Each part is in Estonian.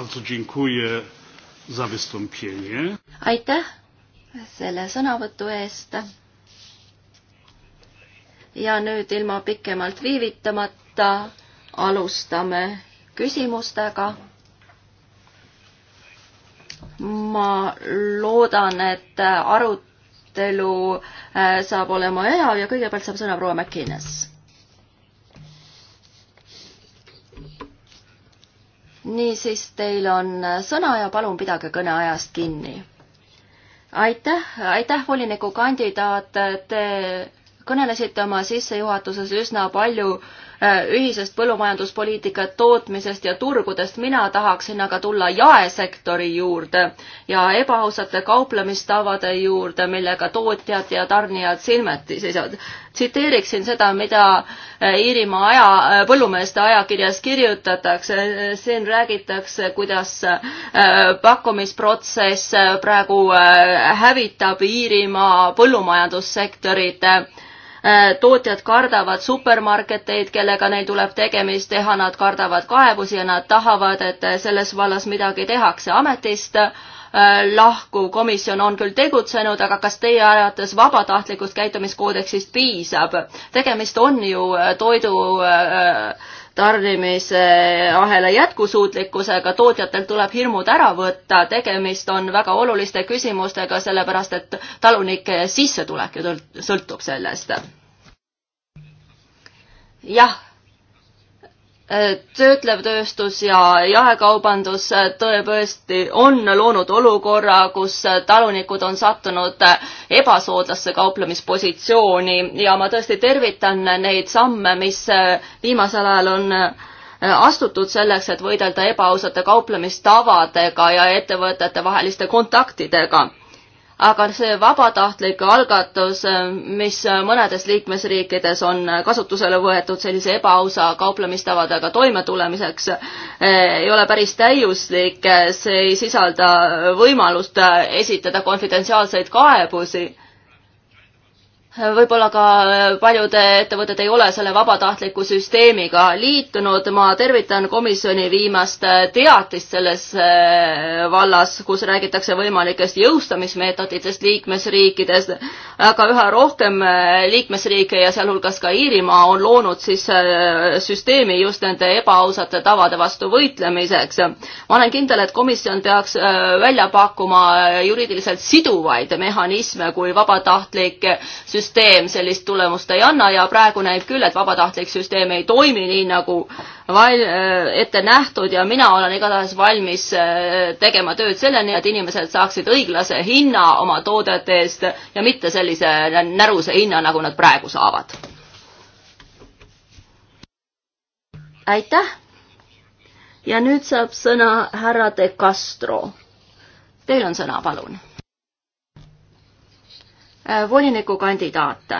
Bardzo dziękuję za wystąpienie. aitäh selle sõnavõtu eest. ja nüüd ilma pikemalt viivitamata alustame küsimustega. ma loodan, et arutelu äh, saab olema hea ja kõigepealt saab sõna proua Mäkkines niisiis, teil on sõna ja palun pidage kõneajast kinni. aitäh, aitäh, volinikukandidaat, te kõnelesite oma sissejuhatuses üsna palju äh, Äh, ühisest põllumajanduspoliitikat, tootmisest ja turgudest, mina tahaksin aga tulla jaesektori juurde ja ebaausate kauplemistavade juurde, millega tootjad ja tarnijad silmeti seisavad. tsiteeriksin seda, mida äh, Iirimaa aja, äh, põllumeeste ajakirjas kirjutatakse, siin räägitakse, kuidas pakkumisprotsess praegu hävitab Iirimaa põllumajandussektorit Äh, tootjad kardavad supermarketeid, kellega neil tuleb tegemist teha, nad kardavad kaebusi ja nad tahavad, et selles vallas midagi tehakse. ametist äh, lahkuv komisjon on küll tegutsenud, aga kas teie arvates vabatahtlikust käitumiskoodeksist piisab? tegemist on ju äh, toidu tarnimisahela jätkusuutlikkusega, tootjatelt tuleb hirmud ära võtta, tegemist on väga oluliste küsimustega, sellepärast et talunike sissetulek ju sõltub sellest. jah Äh, töötlev tööstus ja jaekaubandus äh, tõepoolesti on loonud olukorra, kus äh, talunikud on sattunud ebasoodlasse kauplemispositsiooni ja ma tõesti tervitan neid samme, mis viimasel ajal on astutud selleks, et võidelda ebaausate kauplemistavadega ja ettevõtete vaheliste kontaktidega aga see vabatahtlik algatus, mis mõnedes liikmesriikides on kasutusele võetud sellise ebaausa kauplemistavadega toimetulemiseks, ei ole päris täiuslik, see ei sisalda võimalust esitada konfidentsiaalseid kaebusi võib-olla ka äh, paljud äh, ettevõtted ei ole selle vabatahtliku süsteemiga liitunud. ma tervitan komisjoni viimast äh, teatist selles vallas, kus räägitakse võimalikest jõustamismeetoditest liikmesriikides, aga üha rohkem liikmesriike ja sealhulgas ka Iirimaa on loonud siis süsteemi just nende ebaausate tavade vastu võitlemiseks. ma olen kindel, et komisjon peaks välja pakkuma juriidiliselt siduvaid mehhanisme, kui vabatahtlik süsteem süsteem sellist tulemust ei anna ja praegu näib küll, et vabatahtlik süsteem ei toimi nii nagu val-, äh, ette nähtud ja mina olen igatahes valmis äh, tegema tööd selleni, et inimesed saaksid õiglase hinna oma toodete eest ja mitte sellise näruse hinna, nagu nad praegu saavad. aitäh. ja nüüd saab sõna härra De Castro. Teil on sõna, palun Äh, volinikukandidaat.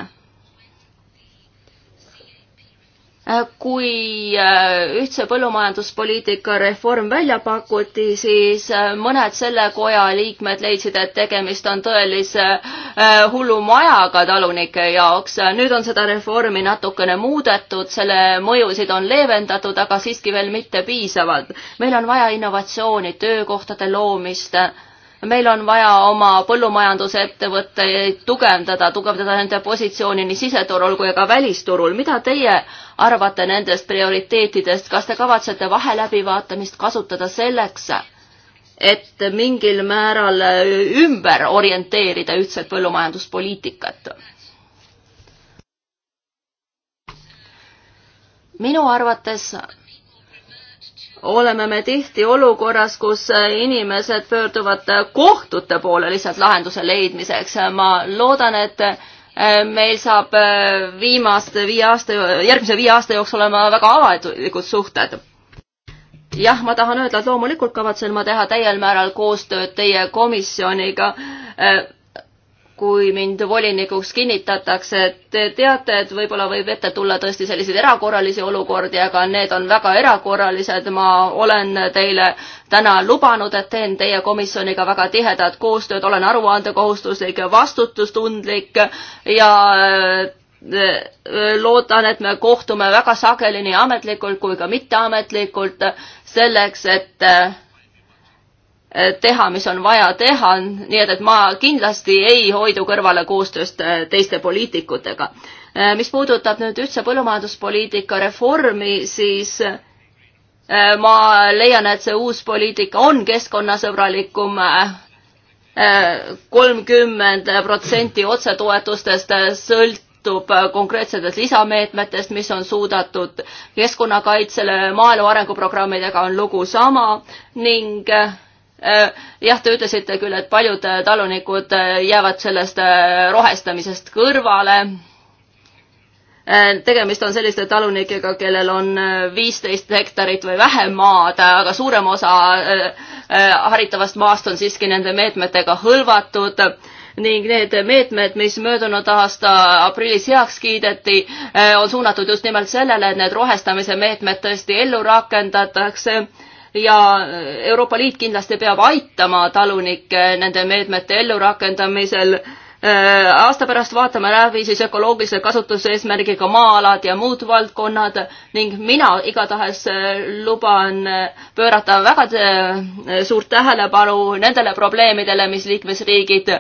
Äh, kui äh, ühtse põllumajanduspoliitika reform välja pakuti, siis mõned selle koja liikmed leidsid, et tegemist on tõelise hullumajaga talunike jaoks. nüüd on seda reformi natukene muudetud, selle mõjusid on leevendatud, aga siiski veel mitte piisavalt. meil on vaja innovatsiooni, töökohtade loomist meil on vaja oma põllumajandusettevõtteid tugevdada, tugevdada nende positsiooni nii siseturul kui ka välisturul. mida teie arvate nendest prioriteetidest, kas te kavatsete vaheläbivaatamist kasutada selleks, et mingil määral ümber orienteerida ühtset põllumajanduspoliitikat? minu arvates oleme me tihti olukorras, kus äh, inimesed pöörduvad äh, kohtute poole lihtsalt lahenduse leidmiseks. ma loodan, et äh, meil saab viimaste viie aasta, järgmise viie aasta jooksul olema väga avalikud suhted. jah, ma tahan öelda, et loomulikult kavatsen ma teha täiel määral koostööd teie komisjoniga kui mind volinikuks kinnitatakse, et teate, et võib-olla võib ette tulla tõesti selliseid erakorralisi olukordi, aga need on väga erakorralised, ma olen teile täna lubanud, et teen teie komisjoniga väga tihedat koostööd, olen aruandekohustuslik ja vastutustundlik ja äh, loodan, et me kohtume väga sageli nii ametlikult kui ka mitteametlikult selleks, et äh, teha, mis on vaja teha, nii et, et ma kindlasti ei hoidu kõrvale koostööst äh, teiste poliitikutega. Äh, mis puudutab nüüd üldse põllumajanduspoliitika reformi, siis äh, ma leian, et see uus poliitika on keskkonnasõbralikum, kolmkümmend protsenti otsetoetustest sõlt-, sõltub konkreetsetest lisameetmetest, mis on suudatud keskkonnakaitsele, maaelu arenguprogrammidega on lugu sama ning äh, Äh, jah, te ütlesite küll, et paljud äh, talunikud äh, jäävad sellest rohestamisest kõrvale. tegemist on selliste talunikega, kellel on viisteist hektarit või vähem maad, aga suurem osa haritavast maast on siiski nende meetmetega hõlvatud ning need meetmed, mis möödunud aasta aprillis heaks kiideti, on suunatud just nimelt sellele, et need rohestamise meetmed tõesti ellu rakendatakse ja Euroopa Liit kindlasti peab aitama talunikke nende meetmete ellurakendamisel Äh, aasta pärast vaatame läbi siis ökoloogilise kasutuse eesmärgiga maa-alad ja muud valdkonnad ning mina igatahes äh, luban äh, pöörata väga suurt tähelepanu nendele probleemidele, mis liikmesriigid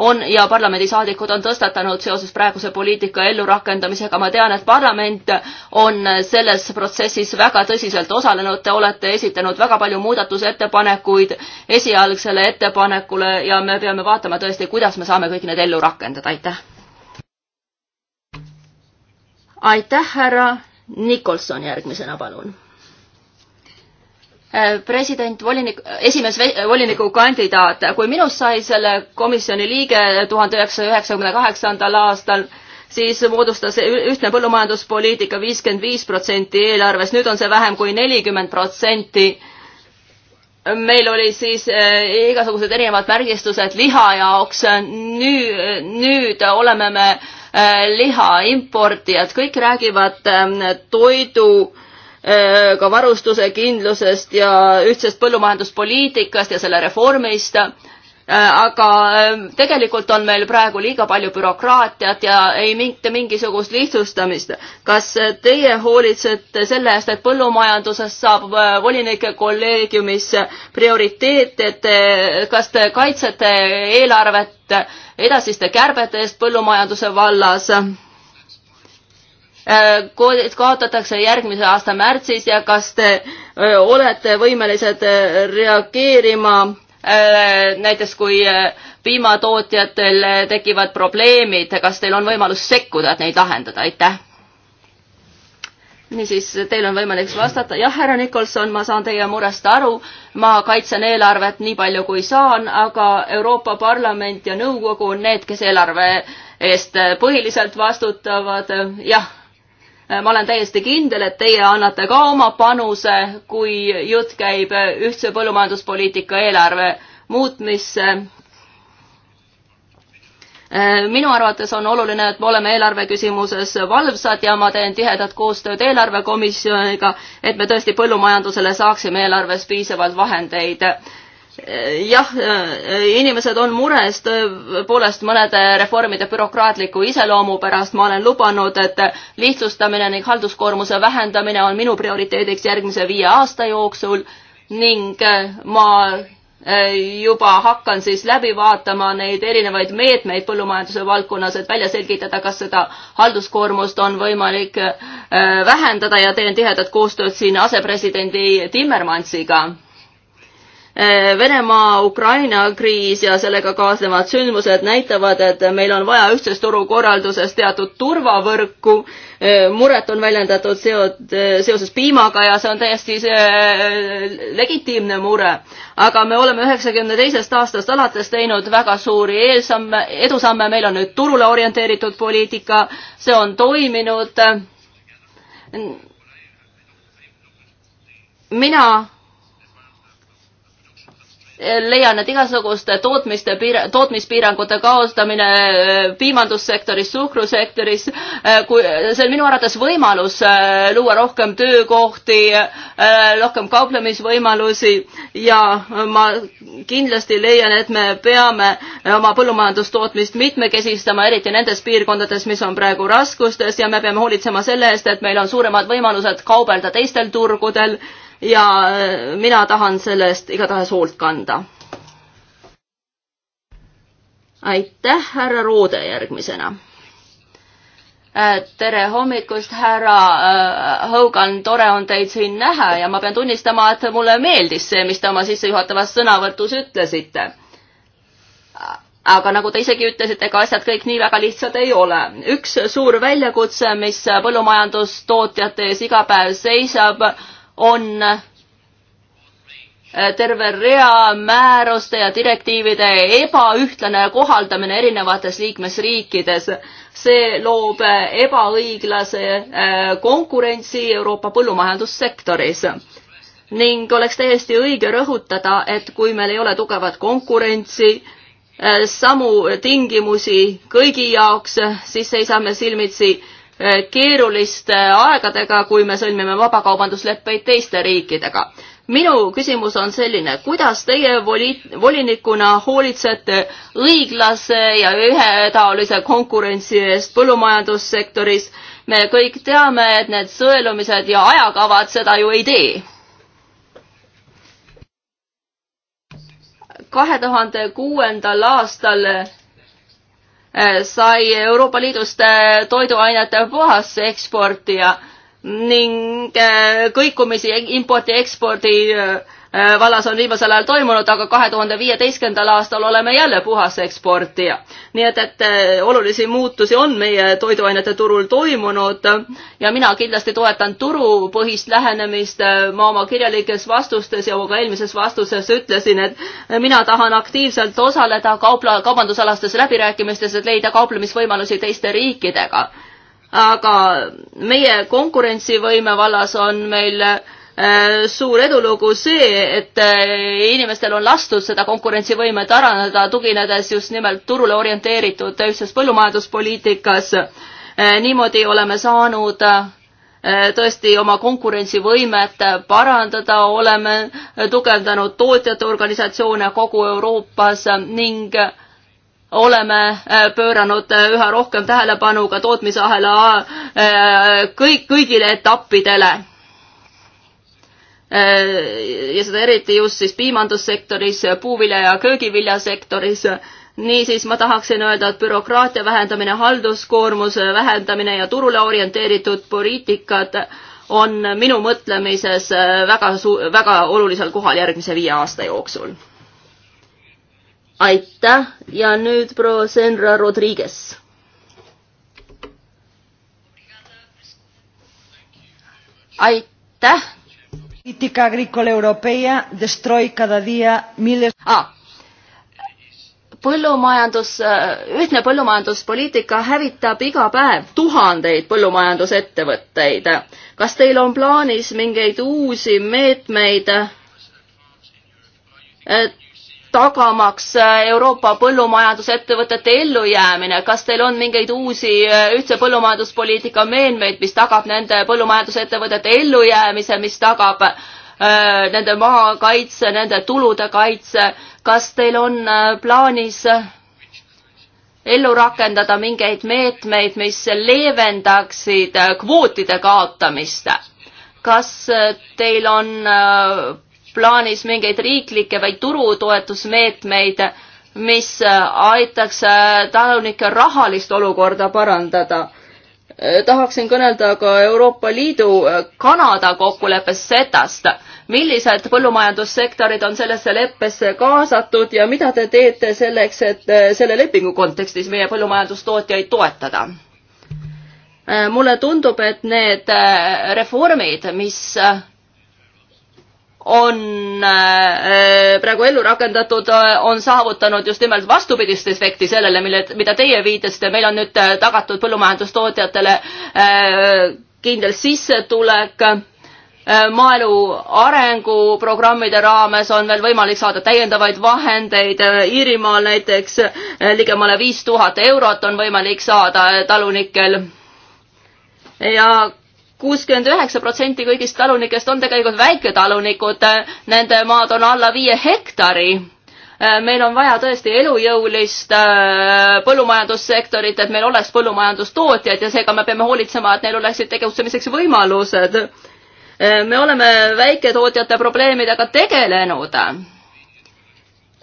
on ja parlamendisaadikud on tõstatanud seoses praeguse poliitika ellurakendamisega. ma tean, et parlament on selles protsessis väga tõsiselt osalenud, te olete esitanud väga palju muudatusettepanekuid esialgsele ettepanekule ja me peame vaatama tõesti, kuidas me saame kõik need ellu ellu rakendada, aitäh. aitäh, härra Nikolson, järgmisena palun. Äh, president, volinik, esimees volinikukandidaat, kui minust sai selle komisjoni liige tuhande üheksasaja üheksakümne kaheksandal aastal, siis moodustas ühtne põllumajanduspoliitika viiskümmend viis protsenti eelarvest, nüüd on see vähem kui nelikümmend protsenti meil oli siis äh, igasugused erinevad märgistused liha jaoks, nüüd, nüüd oleme me äh, liha importijad, kõik räägivad äh, toidu ka varustuse kindlusest ja ühtsest põllumajanduspoliitikast ja selle reformist Äh, aga ähm, tegelikult on meil praegu liiga palju bürokraatiat ja ei mitte mingisugust lihtsustamist. kas teie hoolitsete selle eest, et põllumajanduses saab äh, volinike kolleegiumis prioriteet, et äh, kas te kaitsete eelarvet edasiste kärbete eest põllumajanduse vallas? kaotatakse järgmise aasta märtsis ja kas te olete võimelised reageerima Äh, näiteks kui äh, piimatootjatel äh, tekivad probleemid, kas teil on võimalus sekkuda, et neid lahendada, aitäh? niisiis, teil on võimalik vastata, jah, härra Nikolson, ma saan teie murest aru, ma kaitsen eelarvet nii palju, kui saan, aga Euroopa Parlament ja Nõukogu on need, kes eelarve eest põhiliselt vastutavad, jah Äh, ma olen täiesti kindel, et teie annate ka oma panuse, kui jutt käib äh, ühtse põllumajanduspoliitika eelarve muutmisse. Äh, minu arvates on oluline, et me oleme eelarve küsimuses valvsad ja ma teen tihedat koostööd eelarvekomisjoniga, et me tõesti põllumajandusele saaksime eelarves piisavalt vahendeid jah, inimesed on mures tõepoolest mõnede reformide bürokraatliku iseloomu pärast, ma olen lubanud, et lihtsustamine ning halduskoormuse vähendamine on minu prioriteediks järgmise viie aasta jooksul ning ma eh, juba hakkan siis läbi vaatama neid erinevaid meetmeid põllumajanduse valdkonnas, et välja selgitada, kas seda halduskoormust on võimalik eh, vähendada ja teen tihedat koostööd siin asepresidendi Timmermansiga Eh, Venemaa-Ukraina kriis ja sellega kaasnevad sündmused näitavad, et meil on vaja ühtsest turukorraldusest teatud turvavõrku. Eh, muret on väljendatud seot-, seoses piimaga ja see on täiesti see eh, legitiimne mure. aga me oleme üheksakümne teisest aastast alates teinud väga suuri eelsamme, edusamme, meil on nüüd turule orienteeritud poliitika, see on toiminud. mina leian, et igasuguste tootmiste piir-, tootmispiirangute kaotamine äh, piimandussektoris, suhkrusektoris, äh, kui, see on minu arvates võimalus äh, luua rohkem töökohti, rohkem kauplemisvõimalusi ja ma kindlasti leian, et me peame oma põllumajandustootmist mitmekesistama, eriti nendes piirkondades, mis on praegu raskustes ja me peame hoolitsema selle eest, et meil on suuremad võimalused kaubelda teistel turgudel ja äh, mina tahan selle eest igatahes hoolt kanda. aitäh, härra Roode järgmisena äh, tere hommikust, härra äh, Hogan, tore on teid siin näha ja ma pean tunnistama, et mulle meeldis see, mis te oma sissejuhatavas sõnavõtus ütlesite. aga nagu te isegi ütlesite, ega asjad kõik nii väga lihtsad ei ole. üks suur väljakutse, mis põllumajandustootjate ees iga päev seisab, on äh, terve rea määruste ja direktiivide ebaühtlane kohaldamine erinevates liikmesriikides. see loob äh, ebaõiglase äh, konkurentsi Euroopa põllumajandussektoris. ning oleks täiesti õige rõhutada, et kui meil ei ole tugevat konkurentsi, samu tingimusi kõigi jaoks, siis seisame silmitsi Eh, keeruliste aegadega, kui me sõlmime vabakaubandusleppeid teiste riikidega. minu küsimus on selline, kuidas teie voli, volinikuna hoolitsete õiglase ja ühetaolise konkurentsi eest põllumajandussektoris? me kõik teame, et need sõelumised ja ajakavad seda ju ei tee kahe tuhande kuuendal aastal Eh, sai Euroopa Liidust eh, toiduainete puhast eksportija ning eh, kõikumisi impordi-ekspordi äh, Äh, vallas on viimasel ajal toimunud, aga kahe tuhande viieteistkümnendal aastal oleme jälle puhas eksportija. nii et, et äh, olulisi muutusi on meie toiduainete turul toimunud ja mina kindlasti toetan turupõhist lähenemist. Äh, ma oma kirjalikes vastustes ja ka eelmises vastuses ütlesin, et mina tahan aktiivselt osaleda kaupla, kaubandusalastes läbirääkimistes, et leida kauplemisvõimalusi teiste riikidega. aga meie konkurentsivõime vallas on meil äh, Äh, suur edulugu see, et äh, inimestel on lastud seda konkurentsivõimet areneda, tuginedes just nimelt turule orienteeritud ühtses põllumajanduspoliitikas. Äh, niimoodi oleme saanud tõesti oma konkurentsivõimet parandada, oleme tugevdanud tootjate organisatsioone kogu Euroopas ning oleme pööranud üha rohkem tähelepanu ka tootmisahela kõik, kõigile etappidele Äh, ja seda eriti just siis piimandussektoris, puuvilja ja köögiviljasektoris. niisiis ma tahaksin öelda, et bürokraatia vähendamine, halduskoormuse vähendamine ja turule orienteeritud poliitikad on minu mõtlemises väga su-, väga olulisel kohal järgmise viie aasta jooksul. aitäh ja nüüd proua Senra Rodriguez aitäh, poliitika agrícola europea destroy cada día miles ah. põllumajandus, äh, ühtne põllumajanduspoliitika hävitab iga päev tuhandeid põllumajandusettevõtteid. kas teil on plaanis mingeid uusi meetmeid, et tagamaks äh, Euroopa põllumajandusettevõtete ellujäämine, kas teil on mingeid uusi äh, ühtse põllumajanduspoliitika meetmeid, mis tagab nende põllumajandusettevõtete ellujäämise, mis tagab öö, äh, nende maa kaitse, nende tulude kaitse, kas teil on plaanis ellu rakendada mingeid meetmeid, mis leevendaksid kvootide kaotamist? kas teil on plaanis mingeid riiklikke või turutoetusmeetmeid, mis äh, aitaks äh, talunike rahalist olukorda parandada äh, tahaksin kõnelda ka Euroopa Liidu Kanada kokkuleppest setast. millised põllumajandussektorid on sellesse leppesse kaasatud ja mida te teete selleks, et selle lepingu kontekstis meie põllumajandustootjaid toetada? mulle tundub, et need reformid, mis on äh, praegu ellu rakendatud, äh, on saavutanud just nimelt vastupidist efekti sellele, mille, mida teie viitasite, meil on nüüd äh, tagatud põllumajandustootjatele kindel sissetulek, maaelu arenguprogrammide raames on veel võimalik saada täiendavaid vahendeid, Iirimaal näiteks ligemale viis tuhat eurot on võimalik saada talunikel ja kuuskümmend üheksa protsenti kõigist talunikest on tegelikult väiketalunikud, nende maad on alla viie hektari äh, meil on vaja tõesti elujõulist äh, põllumajandussektorit, et meil oleks põllumajandustootjaid ja seega me peame hoolitsema, et neil oleksid tegutsemiseks võimalused. Äh, me oleme väiketootjate probleemidega tegelenud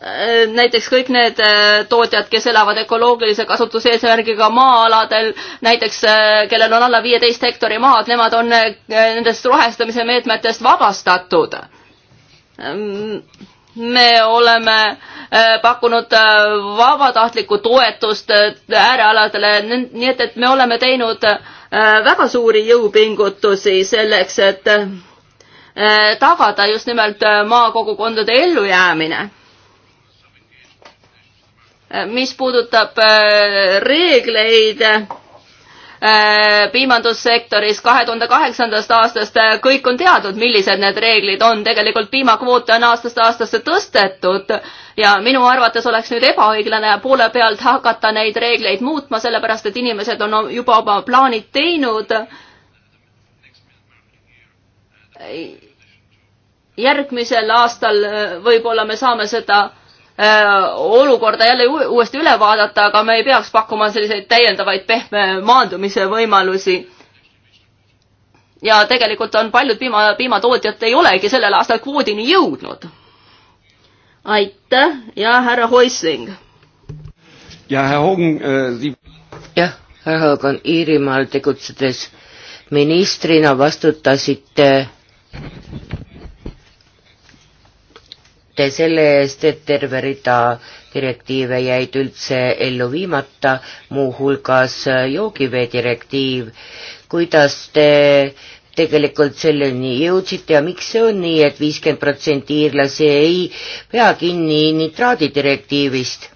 Äh, näiteks kõik need äh, tootjad, kes elavad ökoloogilise kasutuse eesmärgiga maa-aladel, näiteks äh, kellel on alla viieteist hektari maad, nemad on nendest rohestamise meetmetest vabastatud. Ähm, me oleme pakkunud vabatahtlikku toetust äärealadele, nii et, et me oleme teinud väga suuri jõupingutusi selleks, et tagada just nimelt maakogukondade ellujäämine Eh, mis puudutab eh, reegleid eh, piimandussektoris kahe tuhande kaheksandast aastast, kõik on teadnud, millised need reeglid on, tegelikult piimakvoote on aastast aastasse tõstetud ja minu arvates oleks nüüd ebaõiglane poole pealt hakata neid reegleid muutma, sellepärast et inimesed on juba oma plaanid teinud. järgmisel aastal võib-olla me saame seda Äh, olukorda jälle uuesti üle vaadata, aga me ei peaks pakkuma selliseid täiendavaid pehme maandumise võimalusi. ja tegelikult on paljud piima, piimatootjad ei olegi sellel aastal kvoodini jõudnud. aitäh ja härra Hoisling. ja härra Hogan äh, si. jah, härra Hogan, Iirimaal tegutsedes ministrina vastutasite äh, mitte selle eest, et terve rida direktiive jäid üldse ellu viimata, muuhulgas joogivee direktiiv. kuidas te tegelikult selleni jõudsite ja miks see on nii et, et viiskümmend protsenti iirlasi ei pea kinni nitraadidirektiivist?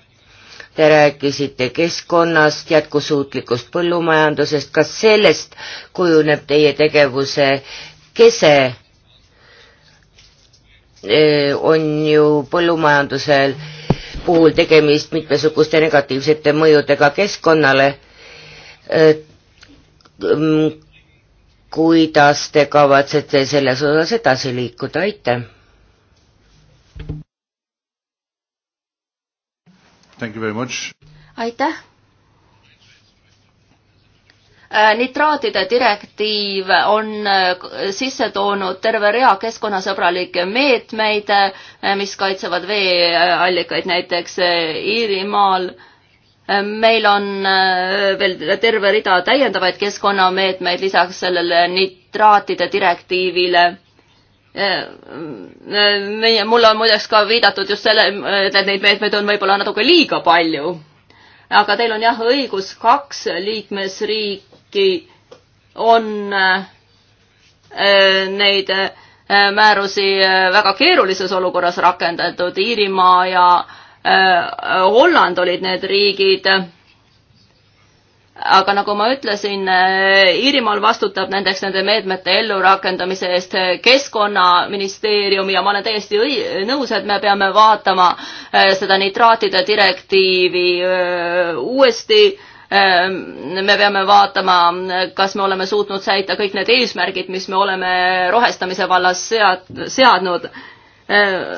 Te rääkisite keskkonnast, jätkusuutlikust põllumajandusest, kas sellest kujuneb teie tegevuse kese? Äh, on ju põllumajandusel puhul tegemist mitmesuguste negatiivsete mõjudega keskkonnale. Äh, kuidas te kavatsete selles osas edasi liikuda, aitäh! aitäh! Äh, nitraatide direktiiv on äh, sisse toonud terve rea keskkonnasõbralikke meetmeid, äh, mis kaitsevad veeallikaid näiteks Iirimaal. meil on veel terve rida täiendavaid keskkonnameetmeid lisaks sellele nitraatide direktiivile meie, mulle on muideks ka viidatud just selle, et neid meetmeid on võib-olla natuke liiga palju. aga teil on jah õigus, kaks liikmesriiki siiski on äh, neid äh, määrusi äh, väga keerulises olukorras rakendatud, Iirimaa ja Holland olid need riigid. aga nagu ma ütlesin, Iirimaal vastutab nendeks nende meetmete ellurakendamise eest Keskkonnaministeerium ja ma olen täiesti nõus, et me peame vaatama seda nitraatide direktiivi uuesti Ehm, me peame vaatama, kas me oleme suutnud säita kõik need eesmärgid, mis me oleme rohestamise vallas sead-, seadnud. Ehm,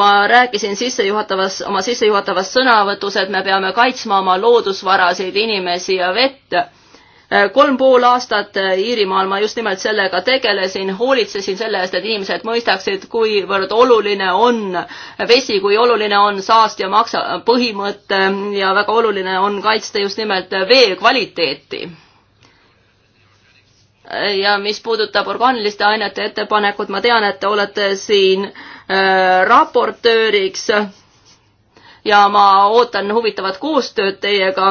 ma rääkisin sissejuhatavas, oma sissejuhatavas sõnavõtus, et me peame kaitsma oma loodusvarasid, inimesi ja vett Äh, kolm pool aastat äh, Iirimaal ma just nimelt sellega tegelesin, hoolitsesin selle eest, et inimesed mõistaksid, kuivõrd oluline on vesi, kui oluline on saast ja maksa põhimõte ja väga oluline on kaitsta just nimelt vee kvaliteeti. Äh, ja mis puudutab orgaaniliste ainete ettepanekut, ma tean, et te olete siin äh, raportööriks ja ma ootan huvitavat koostööd teiega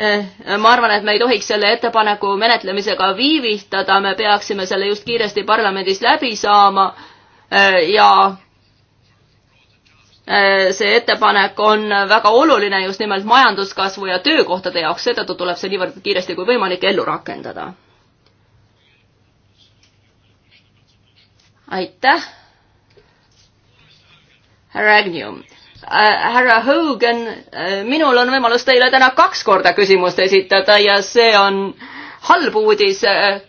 Eh, ma arvan, et me ei tohiks selle ettepaneku menetlemisega viivitada, me peaksime selle just kiiresti parlamendis läbi saama eh, ja eh, see ettepanek on väga oluline just nimelt majanduskasvu ja töökohtade jaoks, seetõttu tuleb see niivõrd kiiresti kui võimalik ellu rakendada. aitäh. härra Agnium Äh, härra Hogan, äh, minul on võimalus teile täna kaks korda küsimust esitada ja see on halb uudis.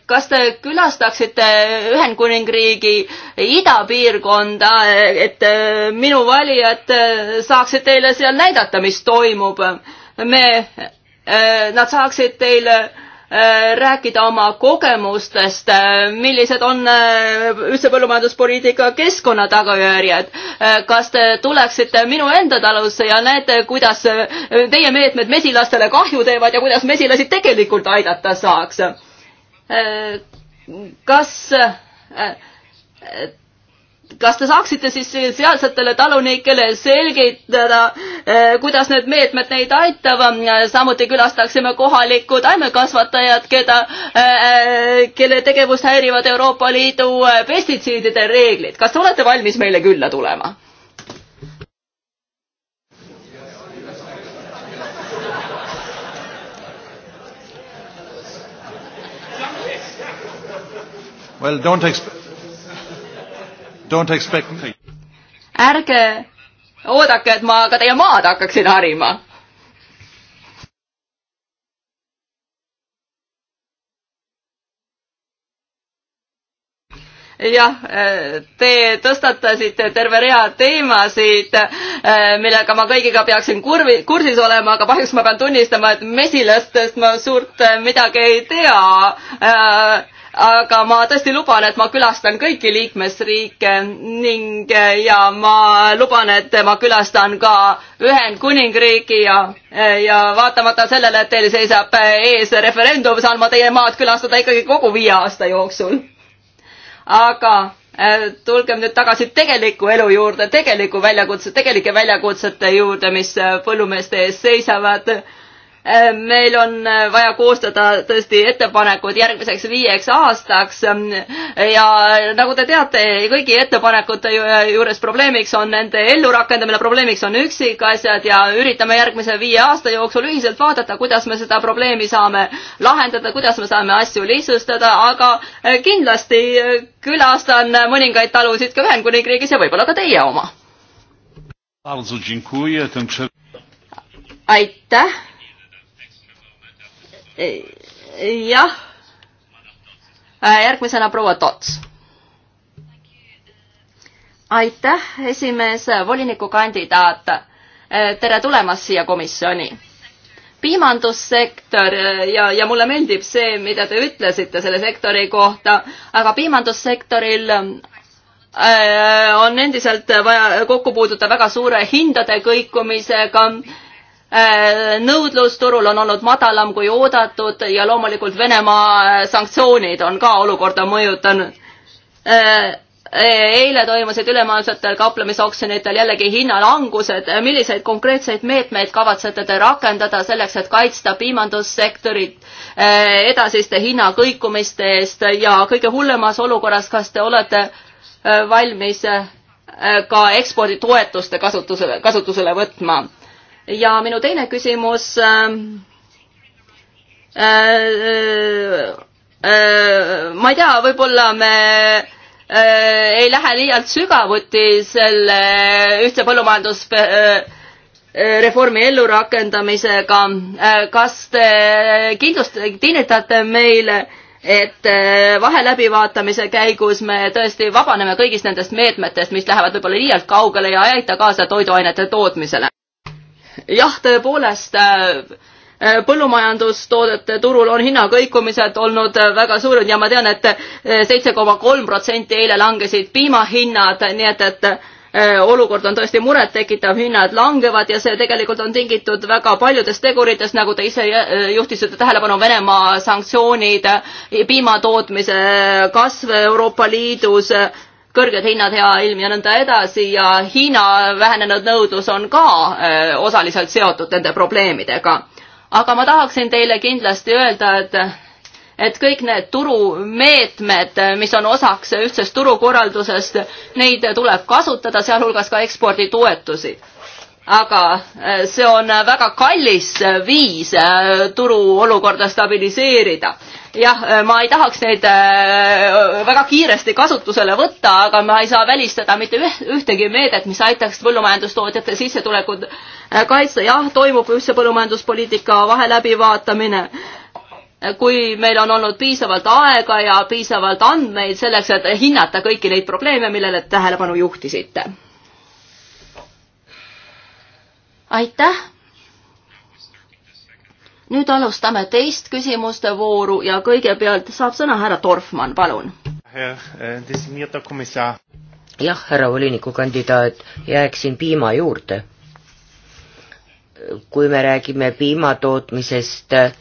kas te külastaksite Ühendkuningriigi idapiirkonda, et äh, minu valijad saaksid teile seal näidata, mis toimub? me, nad saaksid teile Äh, rääkida oma kogemustest, äh, millised on äh, üldse põllumajanduspoliitika keskkonna tagajärjed. kas te tuleksite minu enda talusse ja näete, kuidas teie meetmed mesilastele kahju teevad ja kuidas mesilasi tegelikult aidata saaks? kas kas te saaksite siis sealsetele talunikele selgitada, eh, kuidas need meetmed neid aitavad, samuti külastaksime kohalikku taimekasvatajat, keda, eh, kelle tegevust häirivad Euroopa Liidu eh, pestitsiidide reeglid. kas te olete valmis meile külla tulema? Well, don't expect ärge oodake, et ma ka teie maad hakkaksin harima jah, te tõstatasite terve rea teemasid, millega ma kõigiga peaksin kurvi, kursis olema, aga kahjuks ma pean tunnistama, et mesilastest ma suurt midagi ei tea aga ma tõesti luban, et ma külastan kõiki liikmesriike ning eh, ja ma luban, et ma külastan ka Ühendkuningriigi ja, eh, ja vaatamata sellele, et teil seisab eh, ees referendum, saan ma teie maad külastada ikkagi kogu viie aasta jooksul. aga tulgem nüüd tagasi tegeliku elu juurde, tegeliku väljakutse, tegelike väljakutsete juurde, mis põllumeeste ees seisavad meil on äh, vaja koostada tõesti ettepanekud järgmiseks viieks aastaks ähm, ja nagu te teate, kõigi ettepanekute juures probleemiks on nende ellurakendamine, probleemiks on üksikasjad ja üritame järgmise viie aasta jooksul ühiselt vaadata, kuidas me seda probleemi saame lahendada, kuidas me saame asju lihtsustada, aga äh, kindlasti äh, külastan mõningaid talusid ka Ühendkuningriigis ja võib-olla ka teie oma. aitäh jah. Äh, järgmisena proua Tots. aitäh, esimees, volinikukandidaat. Äh, tere tulemast siia komisjoni piimandussektor äh, ja, ja mulle meeldib see, mida te ütlesite selle sektori kohta, aga piimandussektoril on endiselt vaja kokku puududa väga suure hindade kõikumisega Äh, nõudlusturul on olnud madalam kui oodatud ja loomulikult Venemaa äh, sanktsioonid on ka olukorda mõjutanud. Äh, e, eile toimusid ülemaailmsetel kauplemisoksjonitel jällegi hinnalangused. milliseid konkreetseid meetmeid kavatsete te rakendada selleks, et kaitsta piimandussektorit edasiste hinnakõikumiste eest ja kõige hullemas olukorras, kas te olete valmis ka eksporditoetuste kasutusele, kasutusele võtma? ja minu teine küsimus ähm, äh, äh, äh, ma ei tea, võib-olla me ei lähe liialt sügavuti selle ühtse põllumajandusreformi ellurakendamisega. kas te kindlust-, kinnitate meile, et vahe läbivaatamise käigus me tõesti vabaneme kõigist nendest meetmetest, mis lähevad võib-olla liialt kaugele ja ei aita kaasa toiduainete tootmisele? jah, tõepoolest äh, äh, põllumajandustoodete turul on hinnakõikumised olnud äh, väga suured ja ma tean et, et seitse koma kolm protsenti eile langesid piimahinnad, nii et, et olukord on tõesti murettekitav, hinnad langevad ja see tegelikult on tingitud väga paljudest teguritest, nagu te ise juhtisite tähelepanu, Venemaa sanktsioonid, piimatootmise kasv Euroopa Liidus kõrged hinnad, hea ilm ja nõnda edasi ja Hiina vähenenud nõudlus on ka äh, osaliselt seotud nende probleemidega. aga ma tahaksin teile kindlasti öelda, et et kõik need turumeetmed, mis on osaks ühtsest turukorraldusest, neid tuleb kasutada, sealhulgas ka eksporditoetusi aga äh, see on äh, väga kallis äh, viis turuolukorda stabiliseerida. jah, ma ei tahaks neid väga kiiresti kasutusele võtta, aga ma ei saa välistada mitte ühtegi meedet, mis aitaks põllumajandustootjate sissetulekud kaitsta. jah, toimub ühtse põllumajanduspoliitika vahe läbivaatamine kui meil on olnud piisavalt aega ja piisavalt andmeid selleks, et hinnata kõiki neid probleeme, millele tähelepanu juhtisite aitäh! nüüd alustame teist küsimuste vooru ja kõigepealt saab sõna härra Dorfmann, palun. Äh, jah, härra volinikukandidaat, jääksin piima juurde. kui me räägime piimatootmisest äh,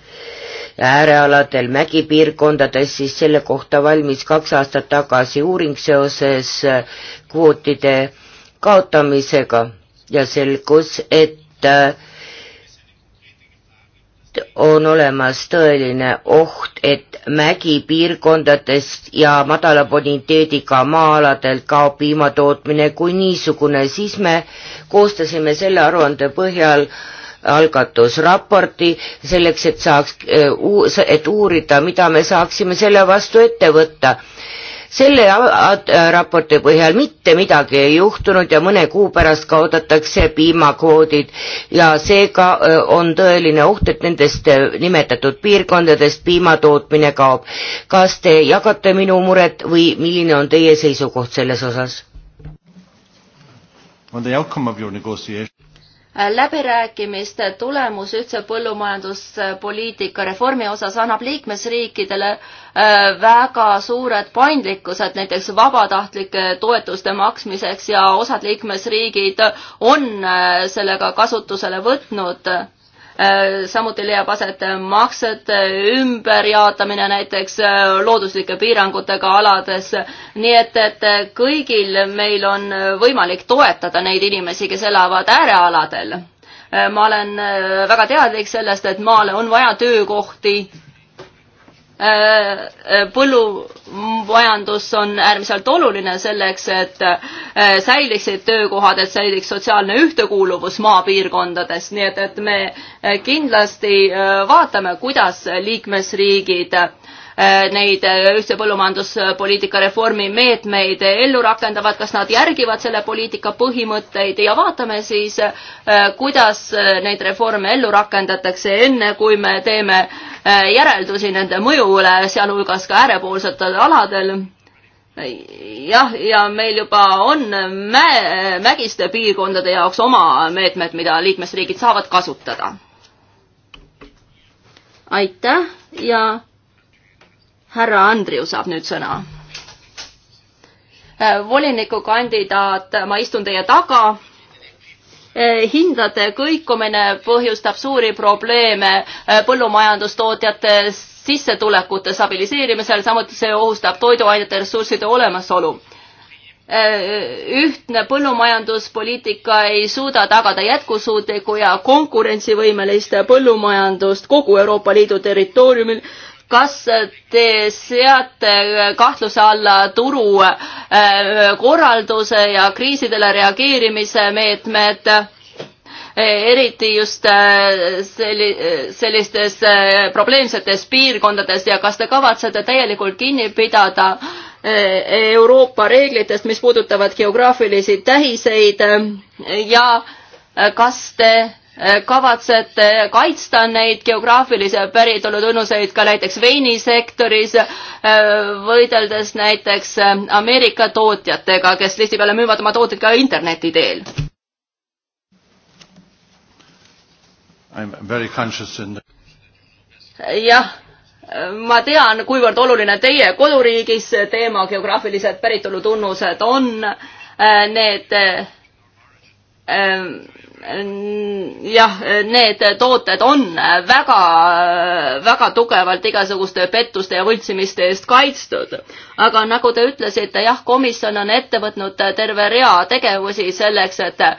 äärealadel mägipiirkondades, siis selle kohta valmis kaks aastat tagasi uuring seoses äh, kvootide kaotamisega ja selgus, et äh, on olemas tõeline oht, et mägipiirkondadest ja madala boniteediga maa-aladelt kaob piimatootmine kui niisugune, siis me koostasime selle aruande põhjal algatusraporti selleks, et saaks, äh, et uurida, mida me saaksime selle vastu ette võtta selle äh, raporti põhjal mitte midagi ei juhtunud ja mõne kuu pärast kaotatakse piimakvoodid ja seega äh, on tõeline oht, et nendest äh, nimetatud piirkondadest piimatootmine kaob. kas te jagate minu muret või milline on teie seisukoht selles osas? On the outcome of your negotiation? läbirääkimiste tulemus ühtse põllumajanduspoliitika reformi osas annab liikmesriikidele äh, väga suured paindlikkused näiteks vabatahtlike toetuste maksmiseks ja osad liikmesriigid on äh, sellega kasutusele võtnud Äh, samuti leiab aset maksete äh, ümberjaotamine näiteks äh, looduslike piirangutega alades. nii et, et kõigil meil on võimalik toetada neid inimesi, kes elavad äärealadel. ma olen väga teadlik sellest, et maale on vaja töökohti Äh, äh, põllumajandus on äärmiselt oluline selleks, et äh, säiliksid töökohad, et säiliks sotsiaalne ühtekuuluvus maapiirkondades, nii et, et me kindlasti vaatame, kuidas liikmesriigid Äh, neid äh, ühtse põllumajanduspoliitika reformi meetmeid ellu rakendavad, kas nad järgivad selle poliitika põhimõtteid ja vaatame siis, äh, kuidas neid reforme ellu rakendatakse, enne kui me teeme järeldusi nende mõju üle, sealhulgas ka äärepoolsetel aladel jah, ja meil juba on mäe, mägiste piirkondade jaoks oma meetmed, mida liikmesriigid saavad kasutada. aitäh ja härra Andriu saab nüüd sõna. Äh, volinikukandidaat, ma istun teie taga äh, hindade kõikumine põhjustab suuri probleeme äh, põllumajandustootjate sissetulekute stabiliseerimisel, samuti see ohustab toiduainete ressursside olemasolu. ühtne põllumajanduspoliitika ei suuda tagada jätkusuutlikku ja konkurentsivõimelist põllumajandust kogu Euroopa Liidu territooriumil kas te seate kahtluse alla turu äh, korralduse ja kriisidele reageerimise meetmed, eriti just äh, selli-, sellistes äh, probleemsetes piirkondades ja kas te kavatsete täielikult kinni pidada Euroopa reeglitest, mis puudutavad geograafilisi tähiseid ja kas te Äh, kavatsete kaitsta neid geograafilise päritolu tunnuseid ka näiteks veinisektoris, äh, võideldes näiteks äh, Ameerika tootjatega, kes tihtipeale müüvad oma tooteid ka interneti teel? jah, ma tean, kuivõrd oluline teie koduriigis teema geograafilised päritolu tunnused on, need jah, need tooted on väga, väga tugevalt igasuguste pettuste ja võltsimiste eest kaitstud. aga nagu te ütlesite, jah, komisjon on ette võtnud terve rea tegevusi selleks, et äh,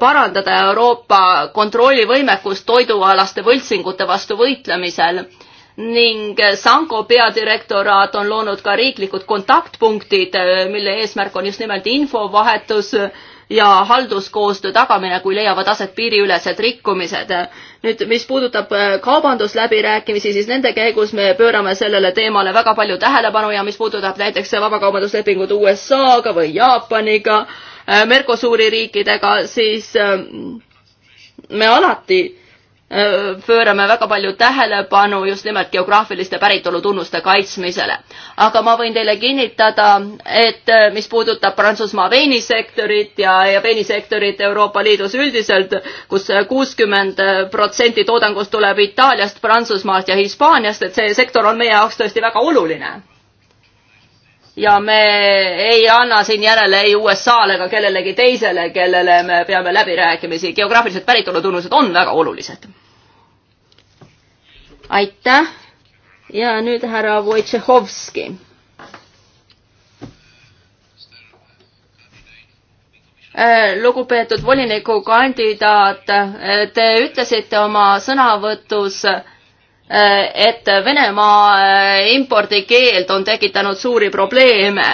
parandada Euroopa kontrollivõimekust toidualaste võltsingute vastu võitlemisel ning Sanko peadirektoraat on loonud ka riiklikud kontaktpunktid, äh, mille eesmärk on just nimelt infovahetus ja halduskoostöö tagamine, kui leiavad aset piiriülesed rikkumised. nüüd, mis puudutab äh, kaubandusläbirääkimisi, siis nende käigus me pöörame sellele teemale väga palju tähelepanu ja mis puudutab näiteks vabakaubanduslepingut USA-ga või Jaapaniga, äh, Mercosuri riikidega, siis ähm, me alati pöörame väga palju tähelepanu just nimelt geograafiliste päritolutunnuste kaitsmisele. aga ma võin teile kinnitada, et äh, mis puudutab Prantsusmaa veinisektorit ja, ja veinisektorit Euroopa Liidus üldiselt kus, kus kuuskümmend äh, protsenti toodangust tuleb Itaaliast, Prantsusmaast ja Hispaaniast, et see sektor on meie jaoks tõesti väga oluline ja me ei anna siin järele ei USA-le ega kellelegi teisele, kellele me peame läbirääkimisi. geograafilised päritolutunnused on väga olulised aitäh ja nüüd härra Wojciechowski. Äh, lugupeetud volinikukandidaat, äh, te ütlesite oma sõnavõtus, äh, et Venemaa impordikeeld on tekitanud suuri probleeme.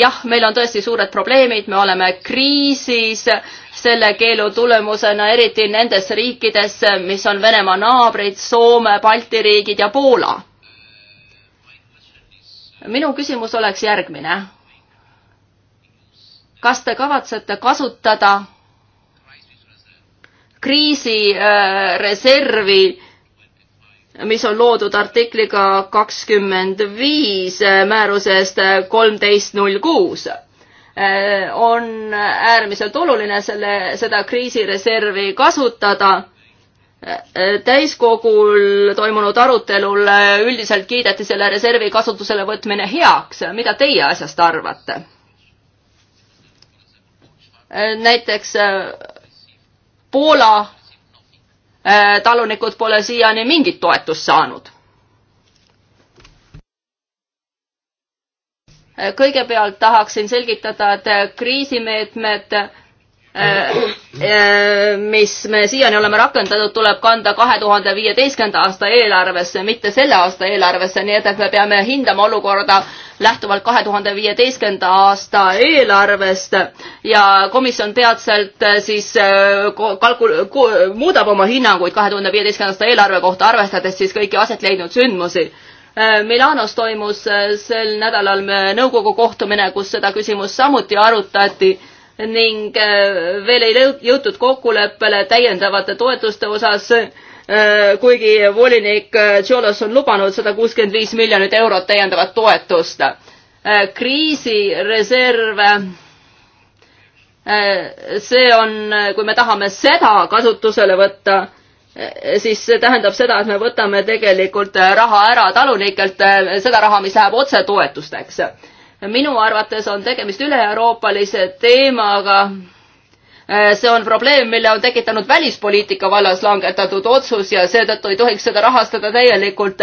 jah, meil on tõesti suured probleemid, me oleme kriisis selle keelu tulemusena, eriti nendes riikides, mis on Venemaa naabrid, Soome, Balti riigid ja Poola. minu küsimus oleks järgmine. kas te kavatsete kasutada kriisireservi, äh, mis on loodud artikliga kakskümmend viis äh, määrusest äh, kolmteist null kuus? Äh, on äärmiselt oluline selle, seda kriisireservi kasutada. Äh, täiskogul toimunud arutelul üldiselt kiideti selle reservi kasutusele võtmine heaks. mida teie asjast arvate? Äh, näiteks Poola talunikud pole siiani mingit toetust saanud kõigepealt tahaksin selgitada, et kriisimeetmed, äh, äh, mis me siiani oleme rakendanud, tuleb kanda kahe tuhande viieteistkümnenda aasta eelarvesse, mitte selle aasta eelarvesse, nii et, et me peame hindama olukorda lähtuvalt kahe tuhande viieteistkümnenda aasta eelarvest ja komisjon peatselt äh, siis kalkul-, muudab oma hinnanguid kahe tuhande viieteistkümnenda aasta eelarve kohta, arvestades siis kõiki aset leidnud sündmusi Äh, Milanos toimus äh, sel nädalal äh, nõukogu kohtumine, kus seda küsimust samuti arutati ning veel ei jõutud kokkuleppele täiendavate toetuste osas, kuigi volinik Tšolos on lubanud sada kuuskümmend viis miljonit eurot täiendavat toetust. kriisireserv, see on, kui me tahame seda kasutusele võtta siis see tähendab seda, et me võtame tegelikult äh, raha ära talunikelt, äh, seda raha, mis läheb otsetoetusteks. minu arvates on tegemist üle-euroopalise teemaga äh, see on probleem, mille on tekitanud välispoliitika vallas langetatud otsus ja seetõttu ei tohiks seda rahastada täielikult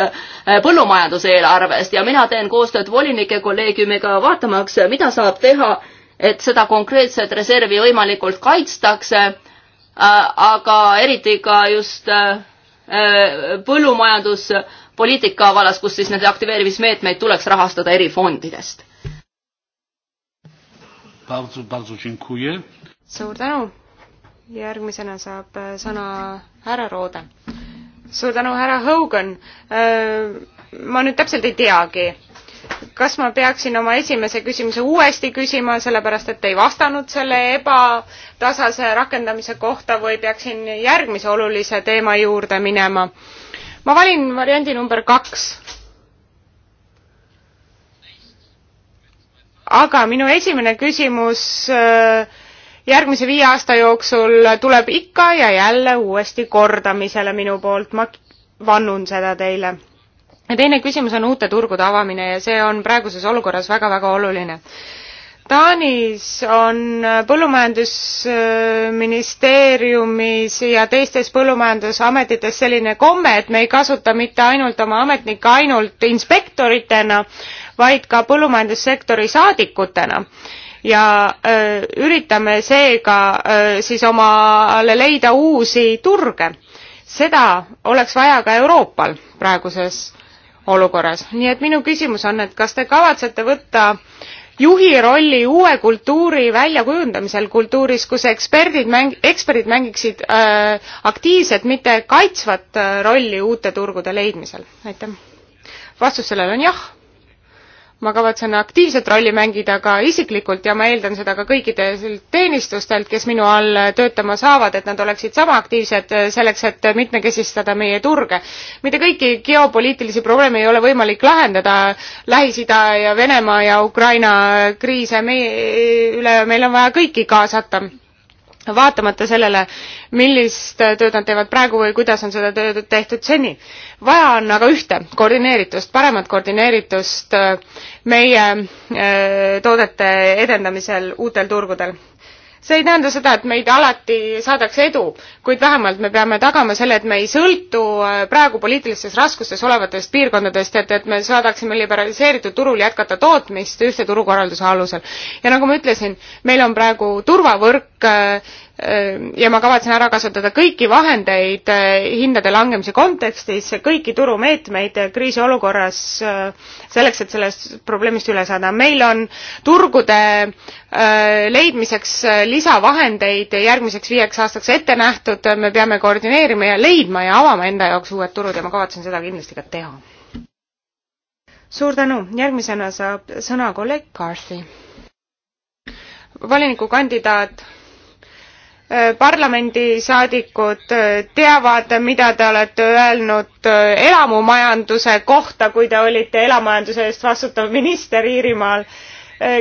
põllumajanduse eelarvest ja mina teen koostööd volinike kolleegiumiga vaatamaks, mida saab teha, et seda konkreetset reservi võimalikult kaitstakse Äh, aga eriti ka just äh, äh, põllumajanduspoliitika vallas, kus siis nende aktiveerimismeetmeid tuleks rahastada erifondidest. suur tänu. järgmisena saab sõna härra Roode. suur tänu, härra Hogan. ma nüüd täpselt ei teagi kas ma peaksin oma esimese küsimuse uuesti küsima, sellepärast et ei vastanud selle ebatasase rakendamise kohta või peaksin järgmise olulise teema juurde minema? ma valin variandi number kaks. aga minu esimene küsimus äh, järgmise viie aasta jooksul tuleb ikka ja jälle uuesti kordamisele minu poolt, ma vannun seda teile ja teine küsimus on uute turgude avamine ja see on praeguses olukorras väga-väga oluline. Taanis on põllumajandusministeeriumis ja teistes põllumajandusametites selline komme, et me ei kasuta mitte ainult oma ametnikke ainult inspektoritena, vaid ka põllumajandussektori saadikutena ja öö, üritame seega öö, siis omale leida uusi turge. seda oleks vaja ka Euroopal praeguses olukorras. nii et minu küsimus on, et kas te kavatsete võtta juhi rolli uue kultuuri väljakujundamisel kultuuris, kus eksperdid mäng-, eksperdid mängiksid äh, aktiivset, mitte kaitsvat äh, rolli uute turgude leidmisel? aitäh. vastus sellele on jah ma kavatsen aktiivset rolli mängida ka isiklikult ja ma eeldan seda ka kõikidelt teenistustelt, kes minu all töötama saavad, et nad oleksid sama aktiivsed äh, selleks, et mitmekesistada meie turge. mitte kõiki geopoliitilisi probleeme ei ole võimalik lahendada, Lähis-Ida ja Venemaa ja Ukraina kriise meie üle, meil on vaja kõiki kaasata vaatamata sellele, millist tööd nad teevad praegu või kuidas on seda tööd tehtud seni. vaja on aga ühte, koordineeritust, paremat koordineeritust äh, meie äh, toodete edendamisel uutel turgudel see ei tähenda seda, et meid alati saadaks edu, kuid vähemalt me peame tagama selle, et me ei sõltu äh, praegu poliitilistes raskustes olevatest piirkondadest, et, et me saadaksime liberaliseeritud turul jätkata tootmist ühtse turukorralduse alusel. ja nagu ma ütlesin, meil on praegu turvavõrk äh, Äh, ja ma kavatsen ära kasutada kõiki vahendeid äh, hindade langemise kontekstis, kõiki turumeetmeid äh, kriisiolukorras selleks, et sellest probleemist üle saada. meil on turgude leidmiseks lisavahendeid järgmiseks viieks aastaks ette nähtud, me peame koordineerima ja leidma ja avama enda jaoks uued turud ja ma kavatsen seda kindlasti ka teha. suur tänu, järgmisena saab sõna kolleeg Carthy. volinikukandidaat Äh, parlamendisaadikud äh, teavad, mida te olete öelnud äh, elamumajanduse kohta, kui te olite elamajanduse eest vastutav minister Iirimaal.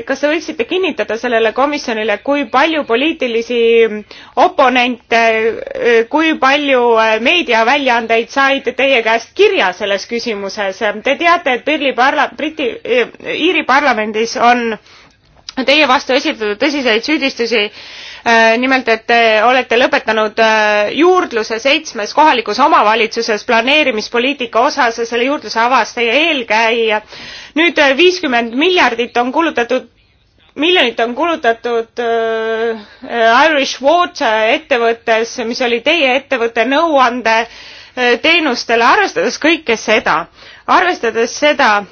kas te võiksite kinnitada sellele komisjonile, kui palju poliitilisi mm, oponente, kui palju meediaväljaandeid said teie käest kirja selles küsimuses? Te teate, et Birli parla-, Briti, Iiri parlamendis on teie vastu esitatud tõsiseid süüdistusi Äh, nimelt, et te olete lõpetanud äh, juurdluse seitsmes kohalikus omavalitsuses planeerimispoliitika osas ja selle juurdluse avas teie eelkäija. nüüd äh, viiskümmend miljardit on kulutatud miljonit on kulutatud äh, Irish Water ettevõttes, mis oli teie ettevõtte nõuandeteenustele, arvestades kõike seda arvestades seda,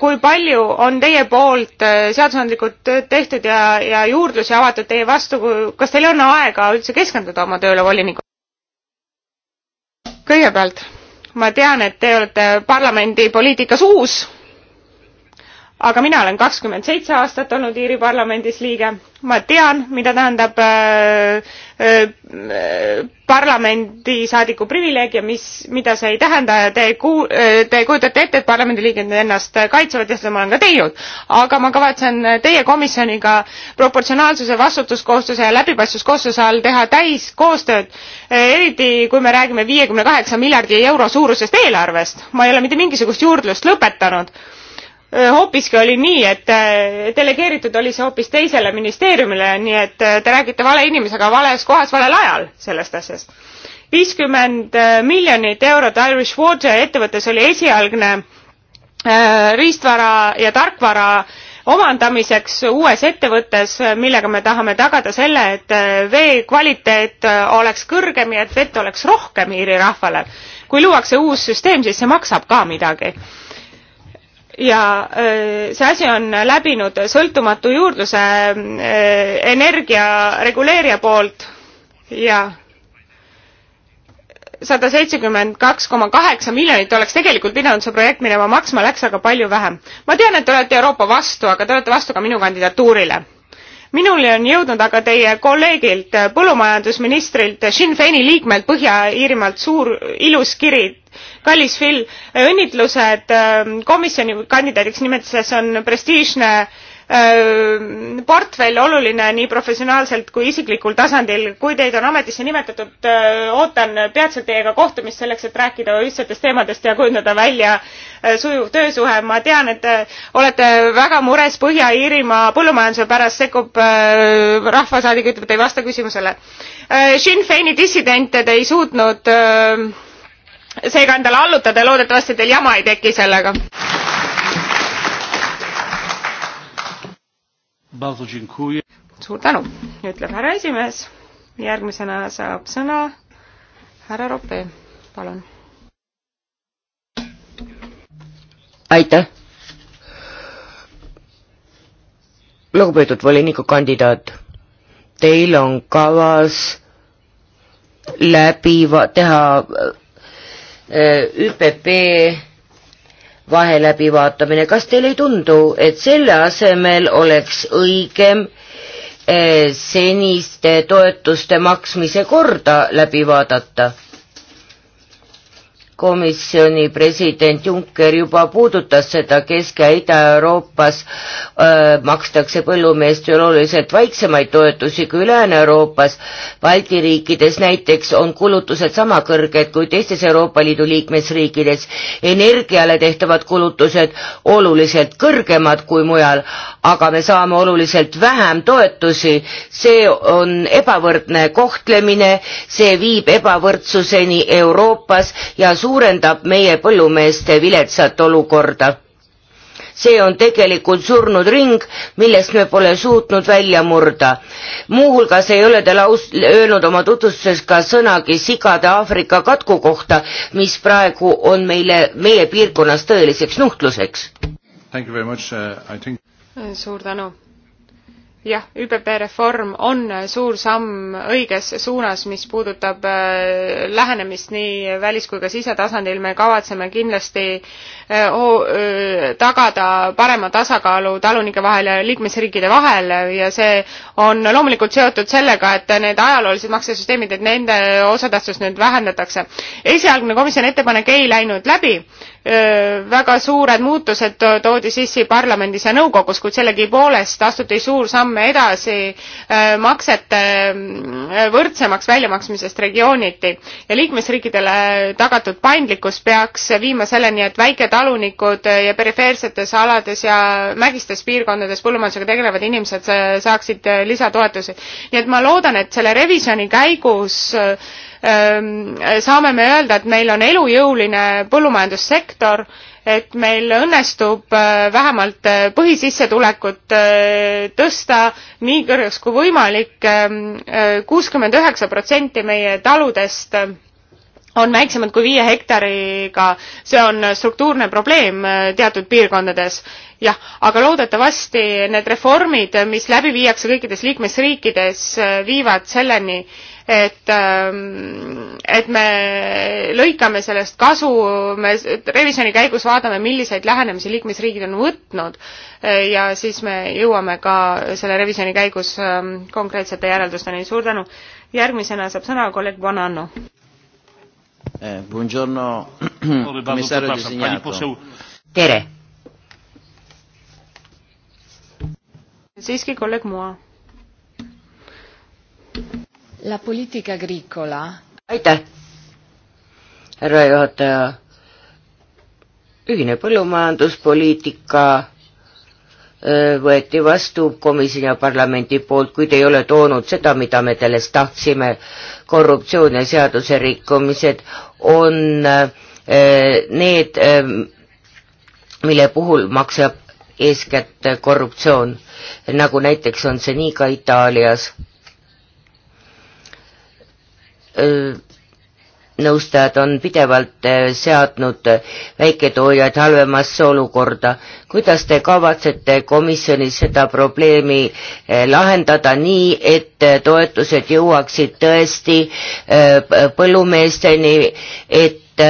kui palju on teie poolt äh, seadusandlikult tööd tehtud ja, ja juurdlusi avatud teie vastu, kas teil on aega üldse keskenduda oma tööle volinikul? kõigepealt, ma tean, et te olete parlamendi poliitikas uus aga mina olen kakskümmend seitse aastat olnud Iiri parlamendis liige, ma tean, mida tähendab äh, äh, parlamendisaadiku privileeg ja mis, mida see ei tähenda ja te ku- äh,, te kujutate ette, et parlamendiliikmed ennast kaitsevad ja seda ma olen ka teinud. aga ma kavatsen teie komisjoniga proportsionaalsuse, vastutuskohustuse ja läbipaistvuskohustuse all teha täis koostööd, äh, eriti kui me räägime viiekümne kaheksa miljardi euro suurusest eelarvest. ma ei ole mitte mingisugust juurdlust lõpetanud Äh, hoopiski oli nii, et äh, delegeeritud oli see hoopis teisele ministeeriumile, nii et äh, te räägite vale inimesega vales kohas valel ajal sellest asjast. viiskümmend miljonit eurot Irish Water ettevõttes oli esialgne riistvara ja tarkvara omandamiseks uues ettevõttes, millega me tahame tagada selle, et vee kvaliteet oleks kõrgem ja et vett oleks rohkem Iiri rahvale. kui luuakse uus süsteem, siis see maksab ka midagi ja äh, see asi on läbinud sõltumatu juurdluse äh, energia reguleerija poolt ja sada seitsekümmend kaks koma kaheksa miljonit oleks tegelikult pidanud see projekt minema maksma, läks aga palju vähem. ma tean, et te olete Euroopa vastu, aga te olete vastu ka minu kandidatuurile minuni on jõudnud aga teie kolleegilt äh, põllumajandusministrilt äh, sinn feini liikmelt põhja-iirimaalt suur ilus kiri kallis phil õnnitlused äh, komisjoni kandidaadiks nimetades on prestiižne Äh, portfell oluline nii professionaalselt kui isiklikul tasandil. kui teid on ametisse nimetatud, äh, ootan peatselt teiega kohtumist selleks, et rääkida ühtsetest teemadest ja kujundada välja äh, sujuv töösuhe. ma tean, et olete väga mures Põhja-Iirimaa põllumajanduse pärast, sekkub rahvasaadik, ütleb, et ei vasta küsimusele. Sinn Feini dissidente te ei suutnud seega endale allutada, loodetavasti teil jama ei teki sellega. suur tänu, ütleb härra esimees. järgmisena saab sõna härra Roppe, palun. aitäh. lugupeetud volinikukandidaat, teil on kavas läbi teha äh, ÜPP vaheläbivaatamine, kas teile ei tundu, et selle asemel oleks õigem eh, seniste toetuste maksmise korda läbi vaadata? komisjoni president Juncker juba puudutas seda, Kesk- ja Ida-Euroopas äh, makstakse põllumeestel oluliselt väiksemaid toetusi kui Lääne-Euroopas. Balti riikides näiteks on kulutused sama kõrged kui teistes Euroopa Liidu liikmesriikides, energiale tehtavad kulutused oluliselt kõrgemad kui mujal, aga me saame oluliselt vähem toetusi, see on ebavõrdne kohtlemine, see viib ebavõrdsuseni Euroopas ja suur suurendab meie põllumeeste viletsat olukorda. see on tegelikult surnud ring, millest me pole suutnud välja murda. muuhulgas ei ole te laus-, öelnud oma tutvustuses ka sõnagi sigade Aafrika katku kohta, mis praegu on meile, meie piirkonnas tõeliseks nuhtluseks. Uh, think... suur tänu jah, ÜPP reform on suur samm õiges suunas, mis puudutab äh, lähenemist nii välis- kui ka sisetasandil, me kavatseme kindlasti äh, äh, tagada parema tasakaalu talunike vahel ja liikmesriikide vahel ja see on loomulikult seotud sellega, et need ajaloolised maksesüsteemid, et nende osatähtsust nüüd vähendatakse. esialgne komisjoni ettepanek ei läinud läbi väga suured muutused toodi sisse parlamendis ja nõukogus, kuid sellegipoolest astuti suur samm edasi maksete võrdsemaks väljamaksmisest regiooniti ja liikmesriikidele tagatud paindlikkus peaks viima selleni, et väiketalunikud ja perifeersetes alades ja mägistes piirkondades põllumajandusega tegelevad inimesed äh, saaksid äh, lisatoetusi. nii et ma loodan, et selle revisjoni käigus äh, Ehm, saame me öelda, et meil on elujõuline põllumajandussektor, et meil õnnestub äh, vähemalt äh, põhisissetulekut äh, tõsta nii kõrgeks kui võimalik, ehm, kuuskümmend üheksa protsenti meie taludest on väiksemad kui viie hektariga, see on struktuurne probleem äh, teatud piirkondades. jah, aga loodetavasti need reformid, mis läbi viiakse kõikides liikmesriikides, äh, viivad selleni, et, ähm, et me lõikame sellest kasu, me revisjoni käigus vaatame, milliseid lähenemisi liikmesriigid on võtnud äh, ja siis me jõuame ka selle revisjoni käigus ähm, konkreetsete järeldusteni. suur tänu! järgmisena saab sõna kolleeg Bonanno. Eh, buongiorno, komisarju designato. tere! siiski kolleeg Moa. La poliitika agricola. aitäh, härra juhataja. ühine põllumajanduspoliitika Äh, võeti vastu komisjoni ja parlamendi poolt, kuid ei ole toonud seda, mida me sellest tahtsime. korruptsioon ja seaduserikkumised on äh, need, äh, mille puhul maksab eeskätt korruptsioon, nagu näiteks on see nii ka Itaalias nõustajad on pidevalt äh, seadnud äh, väiketoojad halvemasse olukorda. kuidas te kavatsete komisjonis seda probleemi äh, lahendada nii, et toetused jõuaksid tõesti põllumeesteni, et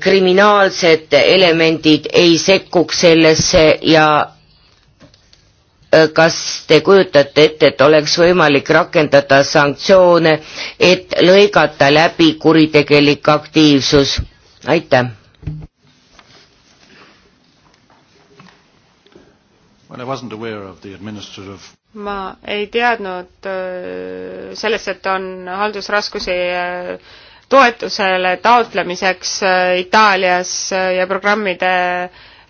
kriminaalsed elemendid ei sekkuks sellesse ja kas te kujutate ette, et oleks võimalik rakendada sanktsioone, et lõigata läbi kuritegelik aktiivsus? aitäh. ma ei teadnud äh, sellest, et on haldusraskusi äh, toetusele taotlemiseks äh, Itaalias ja programmide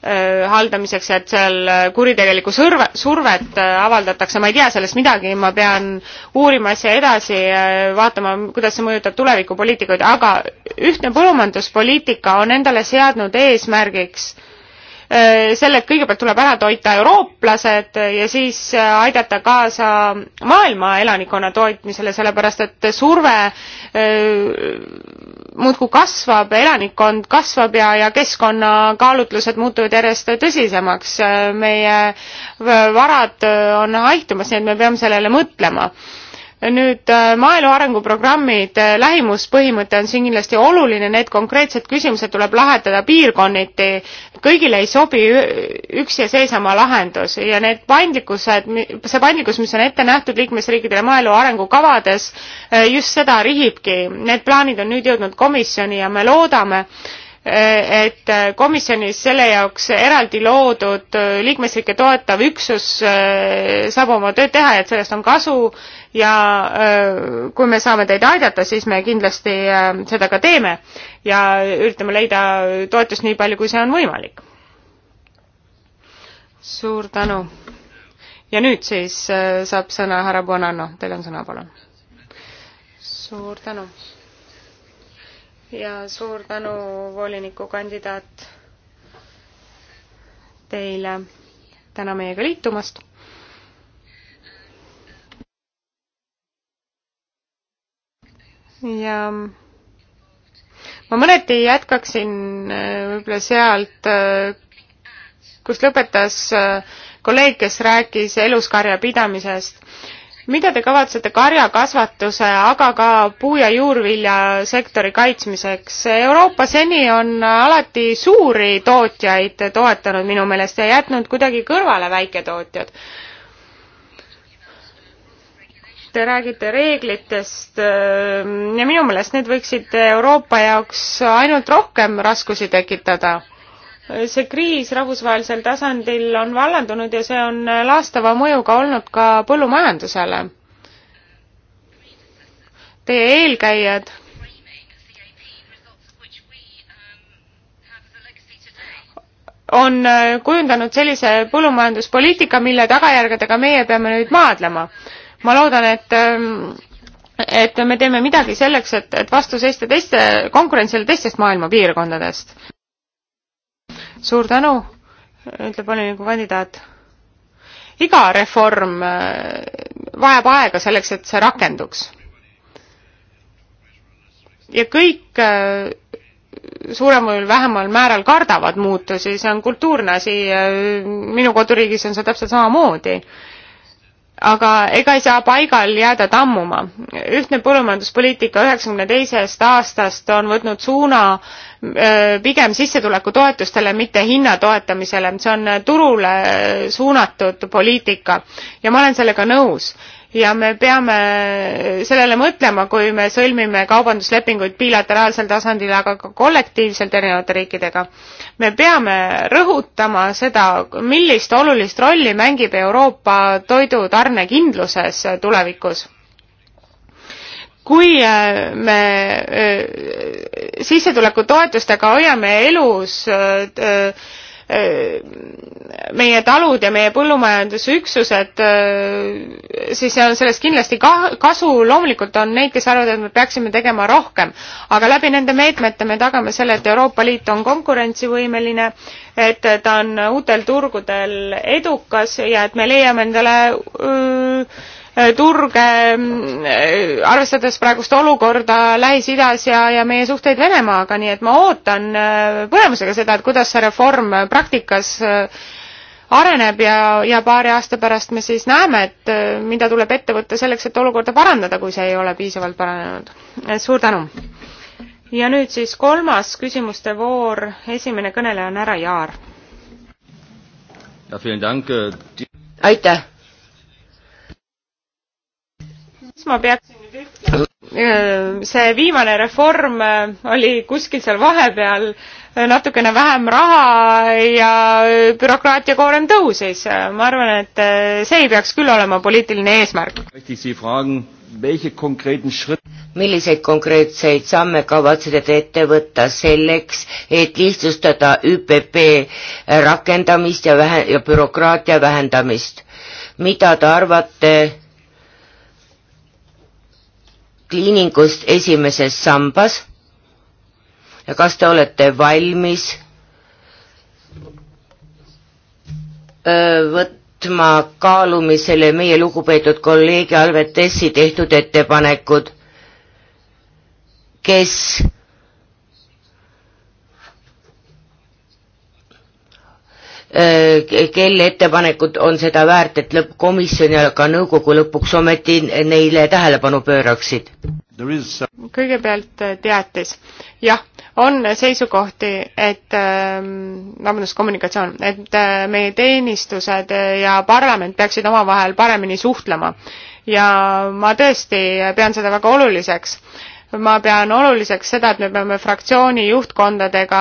Äh, haldamiseks, et seal äh, kuritegelikku surve, survet äh, avaldatakse, ma ei tea sellest midagi, ma pean uurima asja edasi, vaatama, kuidas see mõjutab tulevikupoliitikuid, aga ühtne põllumajanduspoliitika on endale seadnud eesmärgiks selle, et kõigepealt tuleb ära toita eurooplased ja siis aidata kaasa maailma elanikkonna toitmisele, sellepärast et surve muudkui kasvab, elanikkond kasvab ja, ja keskkonnakaalutlused muutuvad järjest tõsisemaks. meie varad on haihtumas, nii et me peame sellele mõtlema nüüd äh, maaelu arenguprogrammid, äh, lähimuspõhimõte on siin kindlasti oluline, need konkreetsed küsimused tuleb lahendada piirkonniti. kõigile ei sobi üks ja seesama lahendus ja need paindlikkused, see paindlikkus, mis on ette nähtud liikmesriikidele maaelu arengukavades, äh, just seda rihibki. Need plaanid on nüüd jõudnud komisjoni ja me loodame, et komisjonis selle jaoks eraldi loodud liikmesriike toetav üksus äh, saab oma tööd teha ja et sellest on kasu ja äh, kui me saame teid aidata, siis me kindlasti äh, seda ka teeme ja üritame leida toetust nii palju, kui see on võimalik. suur tänu. ja nüüd siis saab sõna härra Bonanno, teil on sõna, palun. suur tänu ja suur tänu, volinikukandidaat, teile täna meiega liitumast. ja ma mõneti jätkaksin äh, võib-olla sealt, äh, kus lõpetas äh, kolleeg, kes rääkis eluskarja pidamisest mida te kavatsete karjakasvatuse, aga ka puu- ja juurviljasektori kaitsmiseks? Euroopa seni on alati suuri tootjaid toetanud minu meelest ja jätnud kuidagi kõrvale väiketootjad. Te räägite reeglitest ja minu meelest need võiksid Euroopa jaoks ainult rohkem raskusi tekitada see kriis rahvusvahelisel tasandil on vallandunud ja see on laastava mõjuga olnud ka põllumajandusele. Teie eelkäijad on kujundanud sellise põllumajanduspoliitika, mille tagajärgedega meie peame nüüd maadlema. ma loodan, et et me teeme midagi selleks, et, et vastu seista teiste, konkurentsile teistest maailma piirkondadest suur tänu, ütleb volinikukandidaat. iga reform äh, vajab aega selleks, et see rakenduks. ja kõik äh, suuremal või vähemal määral kardavad muutusi, see on kultuurne asi, äh, minu koduriigis on see täpselt samamoodi aga ega ei saa paigal jääda tammuma. ühtne põllumajanduspoliitika üheksakümne teisest aastast on võtnud suuna pigem sissetulekutoetustele, mitte hinna toetamisele. see on turule äh, suunatud poliitika ja ma olen sellega nõus ja me peame sellele mõtlema, kui me sõlmime kaubanduslepinguid bilateraalsel tasandil, aga ka kollektiivselt erinevate riikidega. me peame rõhutama seda, millist olulist rolli mängib Euroopa toidutarnekindluses tulevikus kui äh, me äh, sissetulekutoetustega hoiame elus öö, äh, meie talud ja meie põllumajandusüksused, siis on sellest kindlasti ka-, kasu, loomulikult on neid, kes arvavad, et me peaksime tegema rohkem. aga läbi nende meetmete me tagame selle, et Euroopa Liit on konkurentsivõimeline, et ta on uutel turgudel edukas ja et me leiame endale öö, turge, äh, arvestades praegust olukorda Lähis-Idas ja, ja meie suhteid Venemaaga, nii et ma ootan äh, põnevusega seda, et kuidas see reform äh, praktikas areneb ja, ja paari aasta pärast me siis näeme, et mida tuleb ette võtta selleks, et olukorda parandada, kui see ei ole piisavalt paranenud. suur tänu! ja nüüd siis kolmas küsimuste voor, esimene kõneleja on härra Jaar. aitäh! ma peaksin nüüd äh, ütlema? see viimane reform äh, oli kuskil seal vahepeal, äh, natukene vähem raha ja bürokraatia koorem tõusis. ma arvan, et see ei peaks küll olema poliitiline eesmärk. milliseid konkreetseid samme kavatsete ette võtta selleks, et lihtsustada ÜPP rakendamist ja vähe- ja bürokraatia vähendamist? mida te arvate kliiningust esimeses sambas ja kas te olete valmis võtma kaalumisele meie lugupeetud kolleegi Alvetessi tehtud ettepanekud, kes Äh, kelle ettepanekud on seda väärt, et lõppkomisjon ja ka nõukogu lõpuks ometi neile tähelepanu pööraksid? kõigepealt äh, teatis. jah, on seisukohti, et ähm, vabandust äh,, kommunikatsioon, et äh, meie teenistused äh, ja parlament peaksid omavahel paremini suhtlema ja ma tõesti pean seda väga oluliseks ma pean oluliseks seda, et me peame fraktsiooni juhtkondadega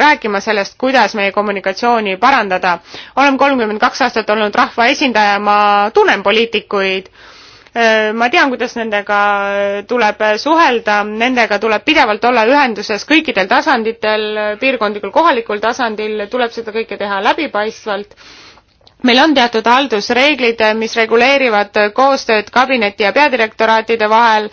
rääkima sellest, kuidas meie kommunikatsiooni parandada. olen kolmkümmend kaks aastat olnud rahvaesindaja, ma tunnen poliitikuid, ma tean, kuidas nendega tuleb suhelda, nendega tuleb pidevalt olla ühenduses kõikidel tasanditel, piirkondlikul, kohalikul tasandil, tuleb seda kõike teha läbipaistvalt meil on teatud haldusreeglid mis reguleerivad koostööd kabineti ja peadirektoraatide vahel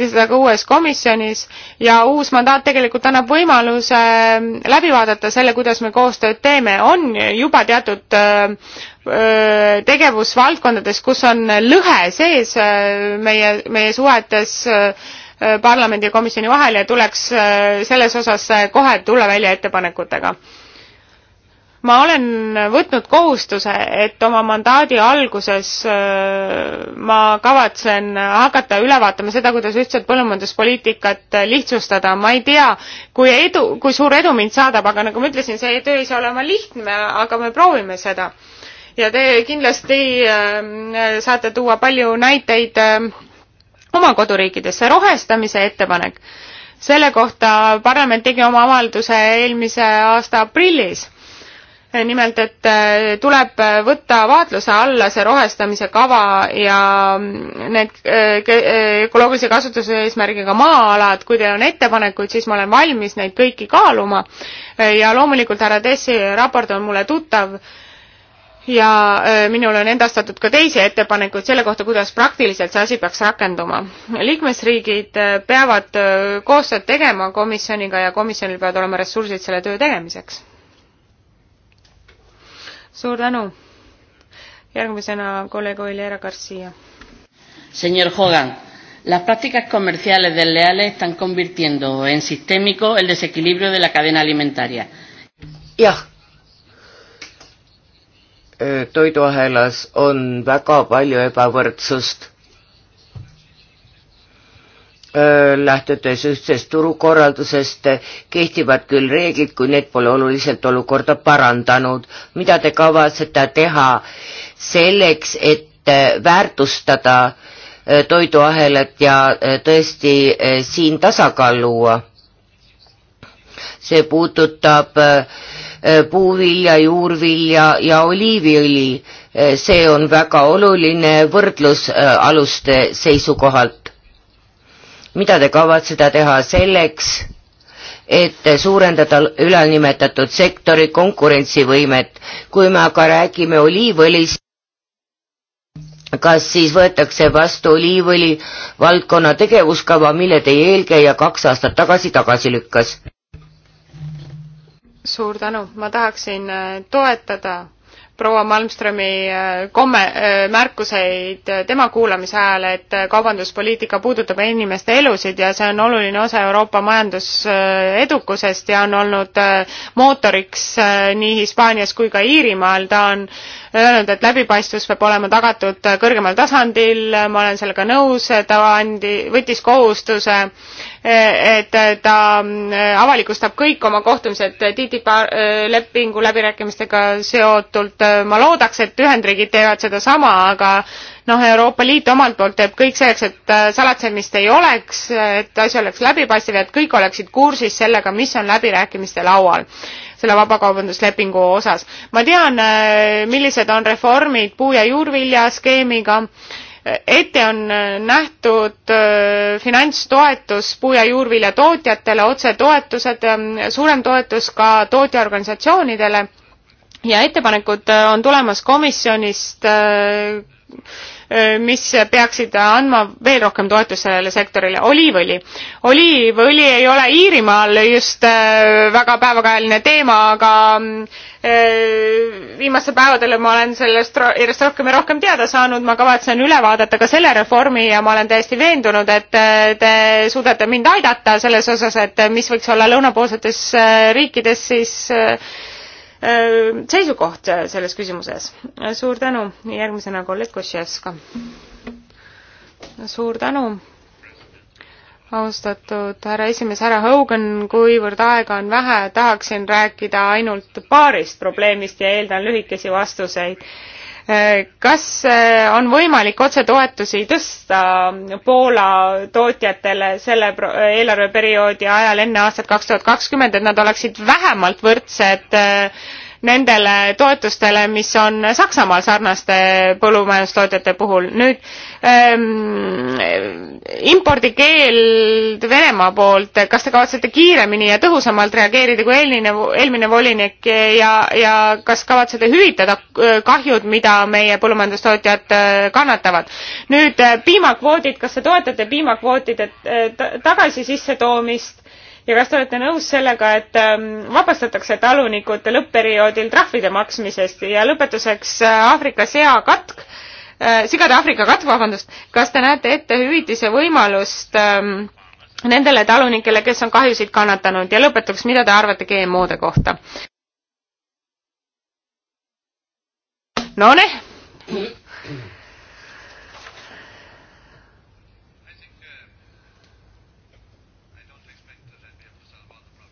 ja seda ka uues komisjonis ja uus mandaat tegelikult annab võimaluse ähm, läbi vaadata selle, kuidas me koostööd teeme, on juba teatud äh, äh, tegevusvaldkondades, kus on lõhe sees äh, meie, meie suhetes parlamendi ja komisjoni vahel ja tuleks selles osas kohe tulla välja ettepanekutega ma olen võtnud kohustuse, et oma mandaadi alguses äh, ma kavatsen hakata üle vaatama seda, kuidas ühtset põllumajanduspoliitikat lihtsustada. ma ei tea, kui edu, kui suur edu mind saadab, aga nagu ma ütlesin, see töö ei saa olema lihtne, aga me proovime seda. ja te kindlasti äh, saate tuua palju näiteid äh, oma koduriikidesse. rohestamise ettepanek. selle kohta parlament tegi oma avalduse eelmise aasta aprillis nimelt, et äh, tuleb võtta vaatluse alla see rohestamise kava ja need äh, äh, ökoloogilise kasutuse eesmärgiga maa-alad, kui teil on ettepanekuid, siis ma olen valmis neid kõiki kaaluma. ja loomulikult härra Tessi raport on mulle tuttav ja minule on edastatud ka teisi ettepanekuid selle kohta, kuidas praktiliselt see asi peaks rakenduma. liikmesriigid peavad koostööd tegema komisjoniga ja komisjonil peavad olema ressursid selle töö tegemiseks suur tänu. järgmisena kolleeg Olivera Garcia. Señor Hogan, las prácticas comerciales desleales están convirtiendo en sistémico el desequilibrio de la cadena alimentaria. jah toiduahelas on väga palju ebavõrdsust lähtudes ühtsest turukorraldusest kehtivad küll reeglid, kui need pole oluliselt olukorda parandanud. mida te kavatsete teha selleks, et äh, väärtustada äh, toiduahelat ja äh, tõesti siin tasakaal luua? see puudutab puuvilja, juurvilja ja oliiviõli. see on väga oluline võrdlusaluste seisukohalt mida te kavatseda teha selleks, et suurendada ülalnimetatud sektori konkurentsivõimet. kui me aga räägime oliivõlist, kas siis võetakse vastu oliivõli valdkonna tegevuskava, mille teie eelkäija kaks aastat tagasi tagasi lükkas? suur tänu, ma tahaksin äh, toetada proua Malmströmi äh, komme, äh, märkuseid äh, tema kuulamise ajal, et kaubanduspoliitika puudutab inimeste elusid ja see on oluline osa Euroopa majandusedukusest ja on olnud mootoriks nii Hispaanias kui ka Iirimaal, ta on olen öelnud, et läbipaistvus peab olema tagatud kõrgemal tasandil, ma olen sellega nõus, ta andi, võttis kohustuse, et ta avalikustab kõik oma kohtumised TTIP äh, lepingu läbirääkimistega seotult, ma loodaks, et Ühendriigid teevad sedasama, aga noh, Euroopa Liit omalt poolt teeb kõik selleks, et äh, salatsemist ei oleks, et asi oleks läbipaistev ja et kõik oleksid kursis sellega, mis on läbirääkimiste laual selle vabakaubanduslepingu osas. ma tean, äh, millised on reformid puu- ja juurviljaskeemiga, ette on äh, nähtud finantstoetus puu- ja juurviljatootjatele, otsetoetused, ähm, suurem toetus ka tootjaorganisatsioonidele ja ettepanekud on tulemas komisjonist Äh, mis peaksid andma veel rohkem toetust sellele sektorile. oliivõli. oliivõli ei ole Iirimaal just äh, väga päevakajaline teema, aga mm, äh, viimastel päevadel ma olen sellest järjest rohkem ja rohkem teada saanud, ma kavatsen üle vaadata ka selle reformi ja ma olen täiesti veendunud, et te suudate mind aidata selles osas, et mis võiks olla lõunapoolsetes riikides siis Äh, seisukoht äh, selles küsimuses. Äh, suur tänu, järgmisena kolleeg Košjevska. suur tänu, austatud härra esimees, härra Hogan, kuivõrd aega on vähe, tahaksin rääkida ainult paarist probleemist ja eeldan lühikesi vastuseid Äh, kas äh, on võimalik otsetoetusi tõsta Poola tootjatele selle eelarveperioodi ajal enne aastat kaks tuhat kakskümmend, et nad oleksid vähemalt võrdsed äh, nendele toetustele, mis on Saksamaal sarnaste põllumajandustootjate puhul. nüüd ähm, impordikeeld Venemaa poolt, kas te kavatsete kiiremini ja tõhusamalt reageerida kui eelmine, eelmine volinik ja, ja kas kavatsete hüvitada äh, kahjud, mida meie põllumajandustootjad äh, kannatavad? nüüd äh, piimakvoodid, kas te toetate piimakvootide tagasisissetoomist? ja kas te olete nõus sellega, et ähm, vabastatakse talunikud lõppperioodil trahvide maksmisest ja lõpetuseks äh, Aafrika seakatk, äh, sigade Aafrika katk, vabandust, kas te näete ette hüvitise võimalust ähm, nendele talunikele, kes on kahjusid kannatanud ja lõpetuseks, mida te arvate GMO-de kohta? Nonii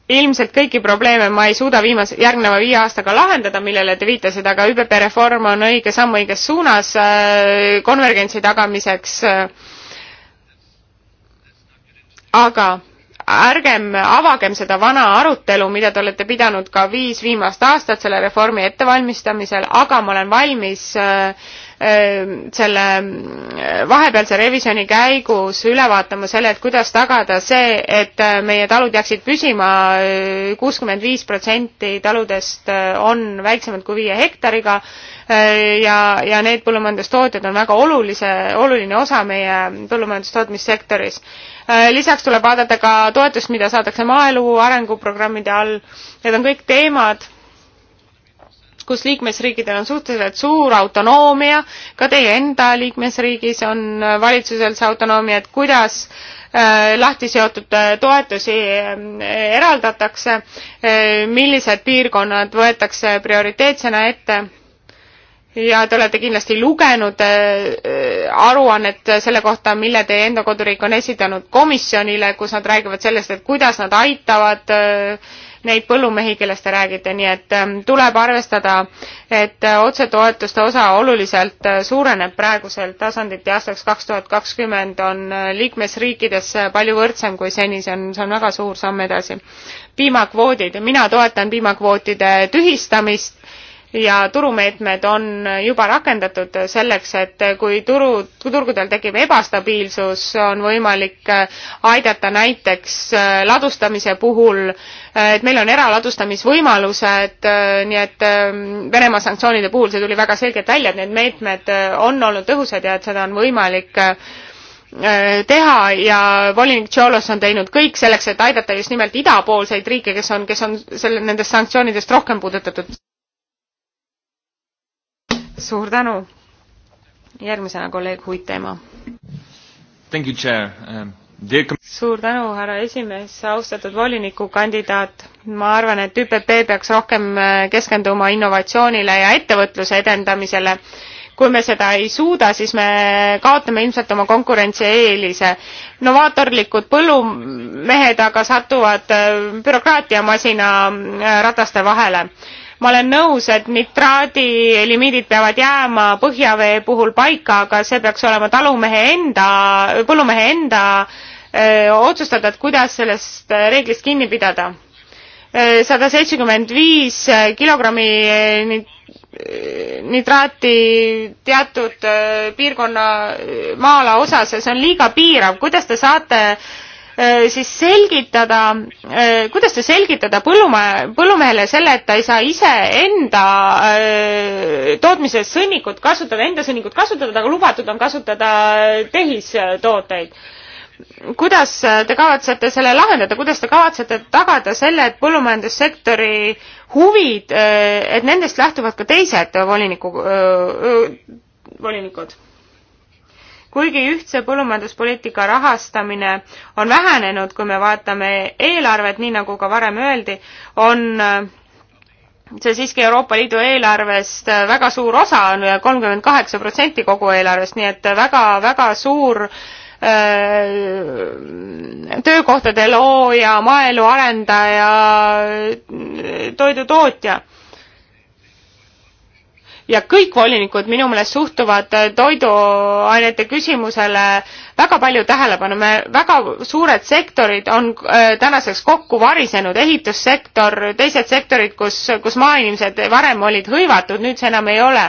ilmselt kõiki probleeme ma ei suuda viimase, järgneva viie aastaga lahendada, millele te viitasite, aga ÜPP reform on õige samm õiges suunas äh, konvergentsi tagamiseks. Äh, aga ärgem avagem seda vana arutelu, mida te olete pidanud ka viis viimast aastat selle reformi ettevalmistamisel, aga ma olen valmis äh, Ehm, selle ehm, vahepealse revisjoni käigus üle vaatama selle, et kuidas tagada see, et ehm, meie talud jääksid püsima, kuuskümmend viis protsenti taludest on väiksemad kui viie hektariga ja, ja need põllumajandustootjad on väga olulise, oluline osa meie põllumajandustootmissektoris lisaks tuleb vaadata ka toetust, mida saadakse maaelu arenguprogrammide all. Need on kõik teemad, kus liikmesriikidel on suhteliselt suur autonoomia, ka teie enda liikmesriigis on äh, valitsusel see autonoomia, et kuidas äh, lahti seotud äh, toetusi eraldatakse, millised piirkonnad võetakse prioriteetsena ette ja te olete kindlasti lugenud aruannet selle kohta, mille teie enda koduriik on esitanud komisjonile, kus nad räägivad sellest, et kuidas nad aitavad äh, neid põllumehi, kellest te räägite, nii et ähm, tuleb arvestada, et äh, otsetoetuste osa oluliselt äh, suureneb praeguselt tasandilt ja aastaks kaks tuhat kakskümmend on äh, liikmesriikides palju võrdsem kui seni, see on, see on väga suur samm edasi. piimakvoodid, mina toetan piimakvootide tühistamist ja turumeetmed on juba rakendatud selleks, et kui turu, kui turgudel tekib ebastabiilsus, on võimalik aidata näiteks ladustamise puhul et meil on eraladustamisvõimalused, äh, nii et ähm, Venemaa sanktsioonide puhul see tuli väga selgelt välja, et need meetmed äh, on olnud tõhusad ja et seda on võimalik äh, teha ja volinik Tšolos on teinud kõik selleks, et aidata just nimelt idapoolseid riike, kes on, kes on selle, nendest sanktsioonidest rohkem puudutatud. suur tänu. järgmisena kolleeg Huit Ema. Thank you, chair um, suur tänu, härra esimees, austatud volinikukandidaat. ma arvan, et ÜPP peaks rohkem äh, keskenduma innovatsioonile ja ettevõtluse edendamisele kui me seda ei suuda, siis me kaotame ilmselt oma konkurentsieelise. novaatorlikud põllumehed aga satuvad äh, bürokraatiamasina äh, rataste vahele. ma olen nõus, et nitraadi limiidid peavad jääma põhjavee puhul paika, aga see peaks olema talumehe enda, põllumehe enda äh, otsustada, et kuidas sellest äh, reeglist kinni pidada. sada seitsekümmend viis äh, kilogrammi äh, nitraati teatud piirkonna maa-ala osas ja see on liiga piirav, kuidas te saate siis selgitada, kuidas te selgitada põllumehe, põllumehele selle, et ta ei saa iseenda tootmises sõnnikut kasutada, enda sõnnikut kasutada, aga lubatud on kasutada tehistooteid? kuidas te kavatsete selle lahendada, kuidas te kavatsete tagada selle, et põllumajandussektori huvid, et nendest lähtuvad ka teised voliniku, volinikud? kuigi ühtse põllumajanduspoliitika rahastamine on vähenenud, kui me vaatame eelarvet, nii nagu ka varem öeldi, on see siiski Euroopa Liidu eelarvest väga suur osa on, kolmkümmend kaheksa protsenti kogu eelarvest, nii et väga-väga suur äh, Äh, töökohtade looja, maaelu arendaja, toidutootja. ja kõik volinikud minu meelest suhtuvad toiduainete küsimusele väga palju tähelepanu, me, väga suured sektorid on äh, tänaseks kokku varisenud, ehitussektor, teised sektorid, kus, kus maainimesed varem olid hõivatud, nüüd see enam ei ole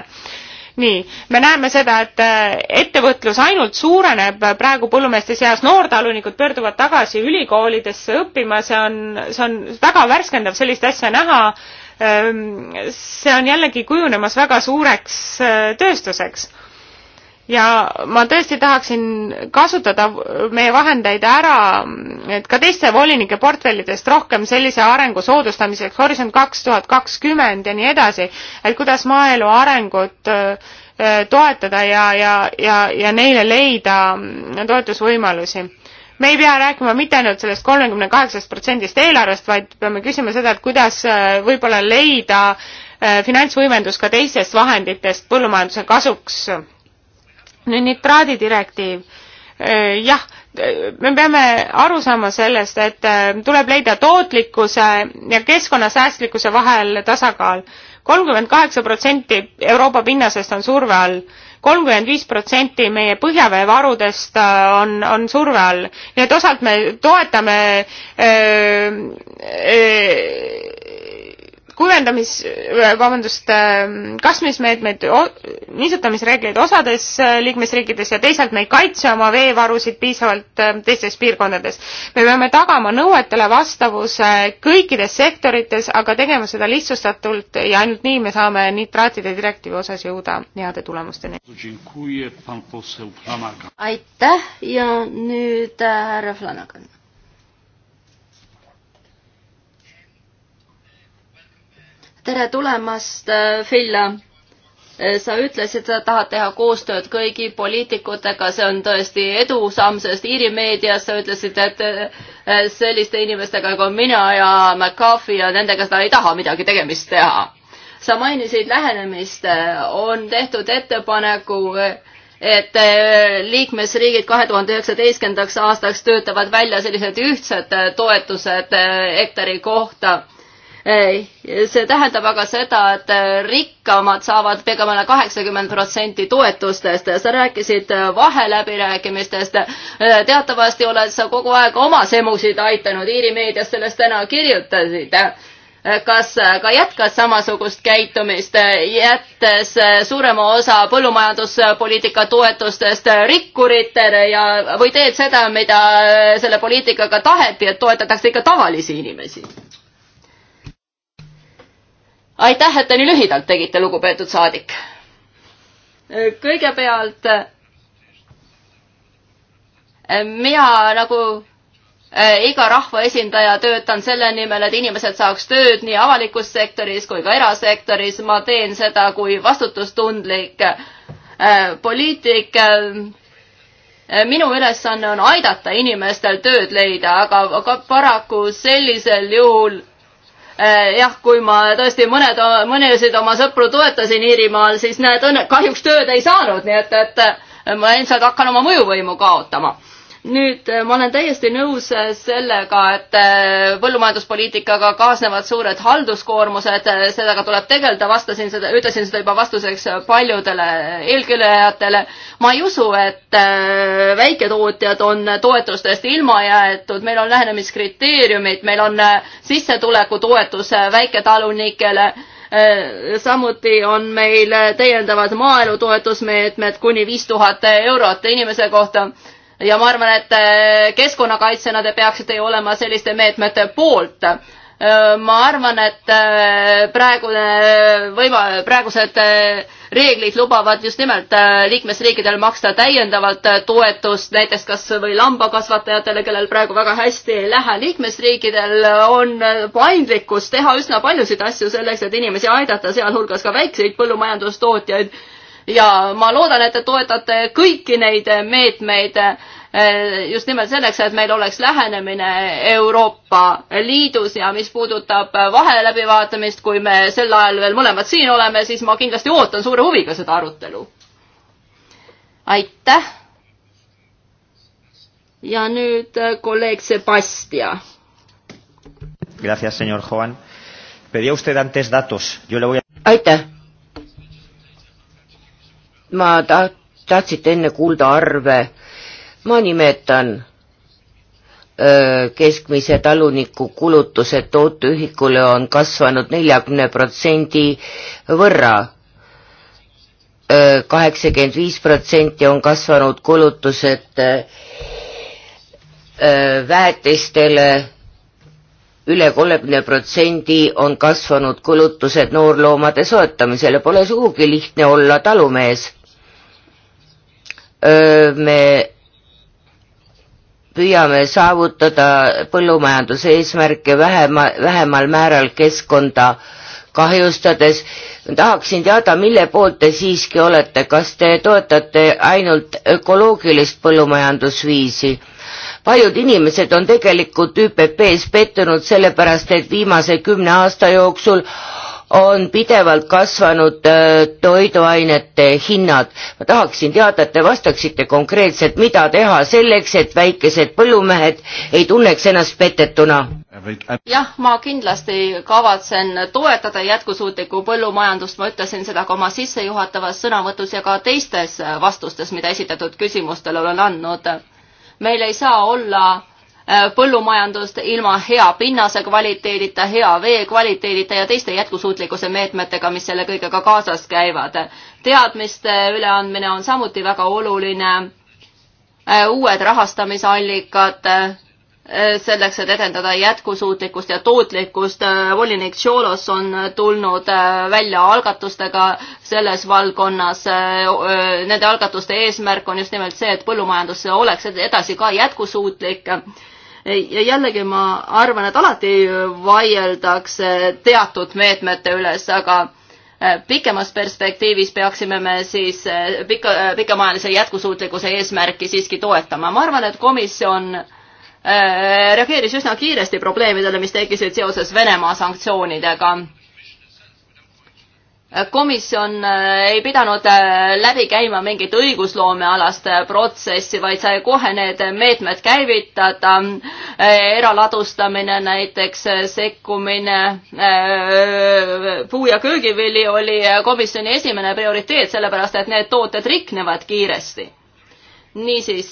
nii, me näeme seda, et äh, ettevõtlus ainult suureneb äh, praegu põllumeeste seas, noortalunikud pöörduvad tagasi ülikoolidesse õppima, see on, see on väga värskendav sellist asja näha. see on jällegi kujunemas väga suureks äh, tööstuseks ja ma tõesti tahaksin kasutada meie vahendeid ära, et ka teiste volinike portfellidest rohkem sellise arengu soodustamiseks, Horisont kaks tuhat kakskümmend ja nii edasi, et kuidas maaelu arengut äh, toetada ja, ja, ja, ja neile leida äh, toetusvõimalusi. me ei pea rääkima mitte ainult sellest kolmekümne kaheksast protsendist eelarvest, vaid peame küsima seda, et kuidas äh, võib-olla leida finantsvõimendus ka teistest vahenditest põllumajanduse kasuks nüüd nitraadidirektiiv, äh, jah, me peame aru saama sellest, et äh, tuleb leida tootlikkuse ja keskkonnasäästlikkuse vahel tasakaal. kolmkümmend kaheksa protsenti Euroopa pinnasest on surve all, kolmkümmend viis protsenti meie põhjaveevarudest äh, on, on surve all. nii et osalt me toetame öö, öö, kuivendamis, äh, vabandust, ähm, kasvamismeetmeid, niisutamisreegleid osades äh, liikmesriikides ja teisalt me ei kaitse oma veevarusid piisavalt äh, teistes piirkondades. me peame tagama nõuetele vastavuse kõikides sektorites, aga tegema seda lihtsustatult ja ainult nii me saame nitraatide direktiivi osas jõuda heade tulemusteni. aitäh ja nüüd härra Flanagan tere tulemast, Phil. Äh, äh, sa ütlesid, sa tahad teha koostööd kõigi poliitikutega, see on tõesti edusamm, sest Iiri meedias sa ütlesid, et äh, selliste inimestega nagu mina ja McCarthy ja nendega sa ei taha midagi tegemist teha. sa mainisid lähenemist, on tehtud ettepaneku et liikmesriigid kahe tuhande üheksateistkümnendaks aastaks töötavad välja sellised ühtsed toetused hektari kohta see tähendab aga seda, et rikkamad saavad ligemale kaheksakümmend protsenti toetustest. sa rääkisid vaheläbirääkimistest. teatavasti oled sa kogu aeg oma semusid aitanud, Iiri meedias sellest täna kirjutasid kas ka jätkad samasugust käitumist, jättes suurema osa põllumajanduspoliitika toetustest rikkuritele ja, või teed seda, mida selle poliitikaga taheti, et toetatakse ikka tavalisi inimesi? aitäh, et te nii lühidalt tegite, lugupeetud saadik. kõigepealt mina nagu eh, iga rahvaesindaja töötan selle nimel, et inimesed saaks tööd nii avalikus sektoris kui ka erasektoris. ma teen seda kui vastutustundlik eh, poliitik. Eh, minu ülesanne on aidata inimestel tööd leida, aga paraku sellisel juhul Äh, jah, kui ma tõesti mõned, mõnesid oma sõpru toetasin Iirimaal, siis näed, õnne, kahjuks tööd ei saanud, nii et, et äh, ma ilmselt hakkan oma mõjuvõimu kaotama nüüd äh, ma olen täiesti nõus äh, sellega, et äh, põllumajanduspoliitikaga kaasnevad suured halduskoormused, sellega tuleb tegeleda, vastasin seda, ütlesin seda juba vastuseks paljudele eelkõnelejatele. ma ei usu, et väiketootjad on toetustest ilma jäetud, meil on lähenemiskriteeriumid, meil on sissetulekutoetus väiketalunikele samuti on meil täiendavad maaelu toetusmeetmed kuni viis tuhat eurot inimese kohta ja ma arvan, et äh, keskkonnakaitsjana te peaksite ju olema selliste meetmete poolt. Äh, ma arvan, et äh, praegune võima-, praegused reeglid lubavad just nimelt liikmesriikidel maksta täiendavalt toetust näiteks kas või lambakasvatajatele, kellel praegu väga hästi ei lähe. liikmesriikidel on paindlikkus teha üsna paljusid asju selleks, et inimesi aidata, sealhulgas ka väikseid põllumajandustootjaid ja ma loodan, et te toetate kõiki neid meetmeid eh, just nimelt selleks, et meil oleks lähenemine Euroopa Liidus ja mis puudutab vahe läbivaatamist, kui me sel ajal veel mõlemad siin oleme, siis ma kindlasti ootan suure huviga seda arutelu. aitäh. ja nüüd eh, kolleeg Sebastia. Gracias, señor Juan. Pedía usted antes datos, yo le voy a. aitäh ma ta-, tahtsite enne kuulda arve, ma nimetan öö, keskmise taluniku kulutused tooteühikule on kasvanud neljakümne protsendi võrra. kaheksakümmend viis protsenti on kasvanud kulutused öö, väetistele üle kolmekümne protsendi on kasvanud kulutused noorloomade soetamisele, pole sugugi lihtne olla talumees me püüame saavutada põllumajanduse eesmärke vähema, vähemal määral keskkonda kahjustades. tahaksin teada, mille poolt te siiski olete, kas te toetate ainult ökoloogilist põllumajandusviisi? paljud inimesed on tegelikult ÜPP-s pettunud sellepärast, et viimase kümne aasta jooksul on pidevalt kasvanud äh, toiduainete hinnad. ma tahaksin teada, et te vastaksite konkreetselt, mida teha selleks, et väikesed põllumehed ei tunneks ennast petetuna? jah, ma kindlasti kavatsen toetada jätkusuutlikku põllumajandust, ma ütlesin seda ka oma sissejuhatavas sõnavõtus ja ka teistes vastustes, mida esitatud küsimustele olen andnud. meil ei saa olla Äh, põllumajandust ilma hea pinnase kvaliteedita, hea vee kvaliteedita ja teiste jätkusuutlikkuse meetmetega, mis selle kõigega ka kaasas käivad. teadmiste üleandmine on samuti väga oluline, äh, uued rahastamisallikad, äh, selleks, et edendada jätkusuutlikkust ja tootlikkust, volinik Tšolos on tulnud välja algatustega selles valdkonnas. Nende algatuste eesmärk on just nimelt see, et põllumajandus oleks edasi ka jätkusuutlik ja jällegi ma arvan, et alati vaieldakse teatud meetmete üles, aga äh, pikemas perspektiivis peaksime me siis äh, pika, äh, pikemaajalise jätkusuutlikkuse eesmärki siiski toetama. ma arvan, et komisjon reageeris üsna kiiresti probleemidele, mis tekkisid seoses Venemaa sanktsioonidega komisjon äh, ei pidanud äh, läbi käima mingit õigusloomealast äh, protsessi, vaid sai kohe need meetmed käivitada. eraladustamine näiteks, sekkumine, puu- ja köögivili oli komisjoni esimene prioriteet, sellepärast et need tooted riknevad kiiresti. niisiis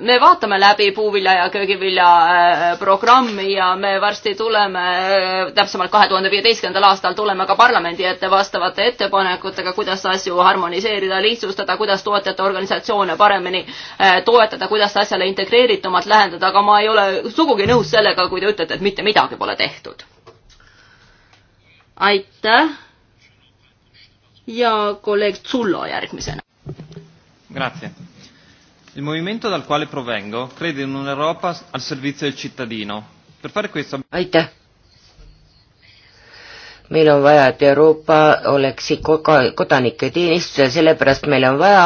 me vaatame läbi puuvilja ja köögivilja äh, programmi ja me varsti tuleme, äh, täpsemalt kahe tuhande viieteistkümnendal aastal tuleme ka parlamendi ette vastavate ettepanekutega, kuidas asju harmoniseerida, lihtsustada, kuidas tootjate organisatsioone paremini äh, toetada, kuidas asjale integreeritumalt lähendada, aga ma ei ole sugugi nõus sellega, kui te ütlete, et mitte midagi pole tehtud. aitäh. ja kolleeg Tsullo järgmisena. Grazie Il movimento dal quale provengo crede in un'Europa al servizio del cittadino. Per fare questo... aitäh! meil on vaja, et Euroopa oleks kodanike teenistus ja sellepärast meil on vaja,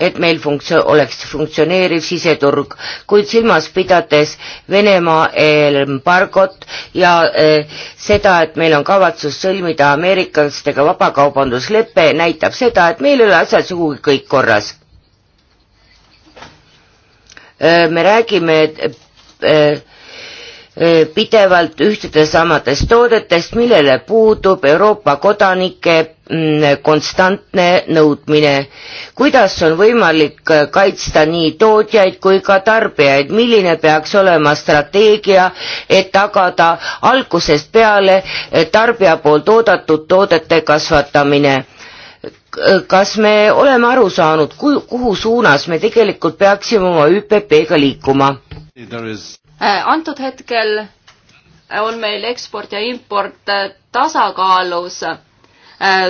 et meil funktsioon, oleks funktsioneeriv siseturg, kuid silmas pidades Venemaa embargot ja eh, seda, et meil on kavatsus sõlmida ameeriklastega vabakaubanduslepe, näitab seda, et meil ei ole asjad sugugi kõik korras me räägime pidevalt ühtede samadest toodetest, millele puudub Euroopa kodanike mm, konstantne nõudmine. kuidas on võimalik kaitsta nii tootjaid kui ka tarbijaid, milline peaks olema strateegia, et tagada algusest peale tarbija poolt oodatud toodete kasvatamine Äh, kas me oleme aru saanud, kuhu suunas me tegelikult peaksime oma ÜPP-ga liikuma? Äh, antud hetkel äh, on meil eksport ja import tasakaalus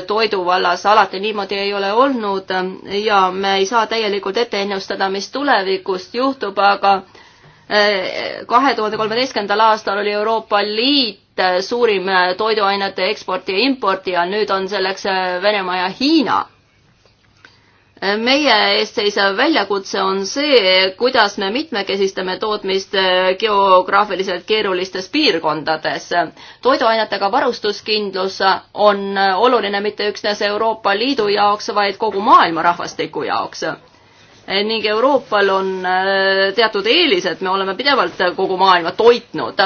toidu vallas, alati niimoodi ei ole olnud ja me ei saa täielikult ette ennustada, mis tulevikus juhtub, aga kahe tuhande kolmeteistkümnendal aastal oli Euroopa Liit suurim toiduainete eksporti ja importi ja nüüd on selleks Venemaa ja Hiina. meie ees seisev väljakutse on see, kuidas me mitmekesistame tootmist geograafiliselt keerulistes piirkondades. toiduainetega varustuskindlus on oluline mitte üksnes Euroopa Liidu jaoks, vaid kogu maailma rahvastiku jaoks Eh, ning Euroopal on eh, teatud eelised, me oleme pidevalt eh, kogu maailma toitnud.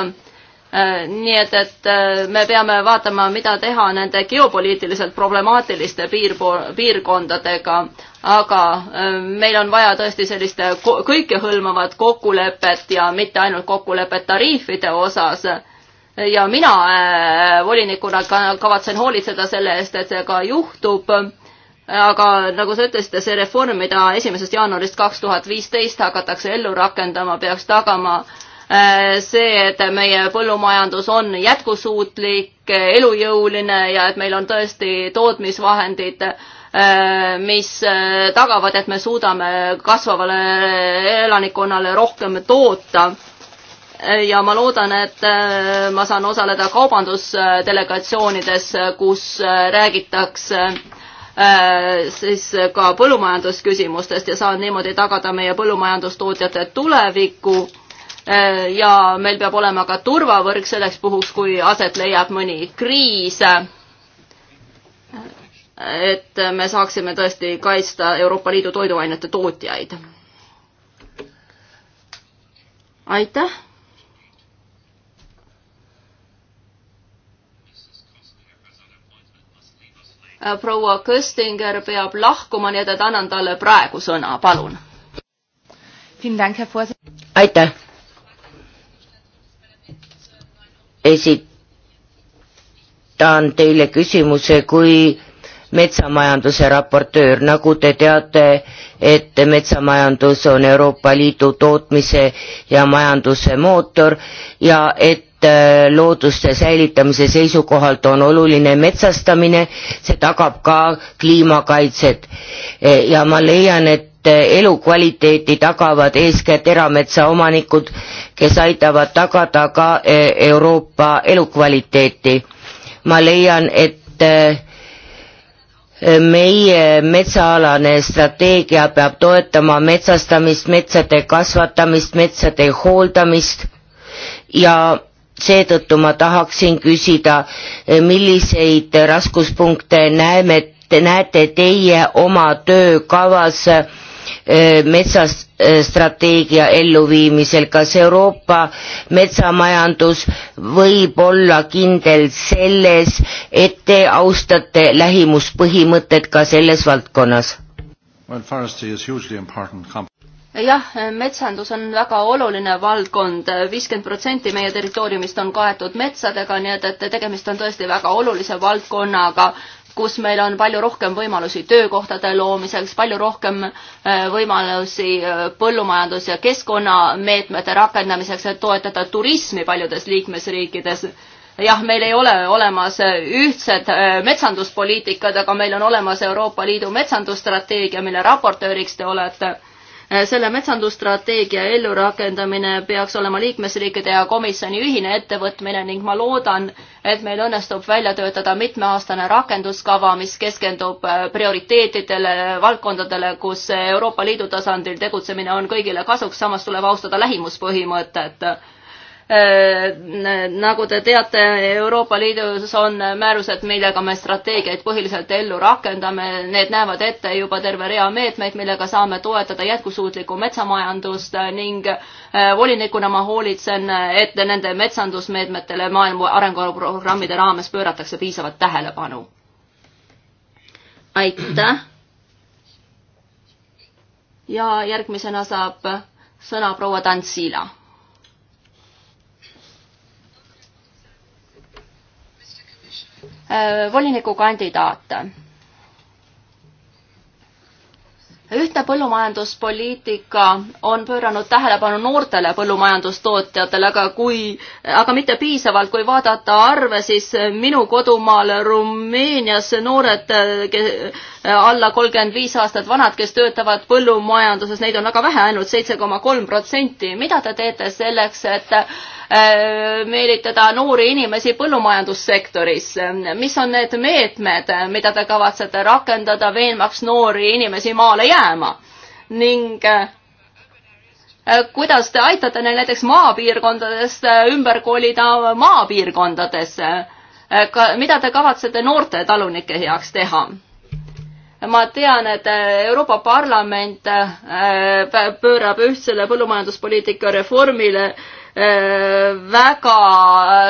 nii et, et me peame vaatama, mida teha nende geopoliitiliselt problemaatiliste piirpo-, piirkondadega, aga meil on vaja tõesti sellist kõikehõlmavat kokkulepet ja mitte ainult kokkulepet tariifide osas ja mina volinikuna kavatsen hoolitseda selle eest, et see ka juhtub aga nagu sa ütlesid, see reform, mida esimesest jaanuarist kaks tuhat viisteist hakatakse ellu rakendama, peaks tagama äh, see, et meie põllumajandus on jätkusuutlik, elujõuline ja et meil on tõesti tootmisvahendid, äh, mis äh, tagavad, et me suudame kasvavale elanikkonnale rohkem toota ja ma loodan, et ma saan osaleda kaubandusdelegatsioonides, kus räägitakse Äh, siis ka põllumajandusküsimustest ja saan niimoodi tagada meie põllumajandustootjate tuleviku äh, ja meil peab olema ka turvavõrk selleks puhuks, kui aset leiab mõni kriis. Äh, et me saaksime tõesti kaitsta Euroopa Liidu toiduainete tootjaid. aitäh Äh, proua Köstinger peab lahkuma, nii et, et annan talle praegu sõna, palun. aitäh. esitan teile küsimuse, kui metsamajanduse raportöör, nagu te teate, et metsamajandus on Euroopa Liidu tootmise ja majanduse mootor ja et Äh, looduste säilitamise seisukohalt on oluline metsastamine, see tagab ka kliimakaitset e, ja ma leian, et äh, elukvaliteeti tagavad eeskätt erametsaomanikud, kes aitavad tagada ka e, Euroopa elukvaliteeti. ma leian, et äh, meie metsaalane strateegia peab toetama metsastamist, metsade kasvatamist, metsade hooldamist ja seetõttu ma tahaksin küsida, milliseid raskuspunkte näeme, näete teie oma töökavas e, metsastrateegia elluviimisel, kas Euroopa metsamajandus võib olla kindel selles, et te austate lähimuspõhimõtet ka selles valdkonnas? Well, jah, metsandus on väga oluline valdkond, viiskümmend protsenti meie territooriumist on kaetud metsadega, nii et, et tegemist on tõesti väga olulise valdkonnaga, kus meil on palju rohkem võimalusi töökohtade loomiseks, palju rohkem äh, võimalusi äh, põllumajandus- ja keskkonnameetmete rakendamiseks, et toetada turismi paljudes liikmesriikides. jah, meil ei ole olemas äh, ühtsed metsanduspoliitikad, aga meil on olemas Euroopa Liidu metsandusstrateegia, mille raportööriks te olete Eh, selle metsandusstrateegia ellurakendamine peaks olema liikmesriikide ja komisjoni ühine ettevõtmine ning ma loodan, et meil õnnestub välja töötada mitmeaastane rakenduskava, mis keskendub eh, prioriteetidele, valdkondadele, kus Euroopa Liidu tasandil tegutsemine on kõigile kasuks, samas tuleb austada lähimuspõhimõtet Äh, nagu te teate, Euroopa Liidus on määrused, millega me strateegiaid põhiliselt ellu rakendame, need näevad ette juba terve rea meetmeid, millega saame toetada jätkusuutlikku metsamajandust ning äh, volinikuna ma hoolitsen, et nende metsandusmeetmetele maailma arenguprogrammide raames pööratakse piisavat tähelepanu. aitäh. ja järgmisena saab sõna proua Tantsila Äh, volinikukandidaat. ühtne põllumajanduspoliitika on pööranud tähelepanu noortele põllumajandustootjatele, aga kui, aga mitte piisavalt, kui vaadata arve, siis minu kodumaal Rumeenias noored alla kolmkümmend viis aastat vanad, kes töötavad põllumajanduses, neid on väga vähe ainult, ainult seitse koma kolm protsenti. mida te teete selleks, et Äh, meelitada noori inimesi põllumajandussektorisse. mis on need meetmed, mida te kavatsete rakendada, veenmaks noori inimesi maale jääma? ning äh, kuidas te aitate neil näiteks maapiirkondadest äh, ümber kolida maapiirkondadesse? ka, mida te kavatsete noorte talunike heaks teha? ma tean, et Euroopa Parlament pöörab ühtsele põllumajanduspoliitika reformile Äh, väga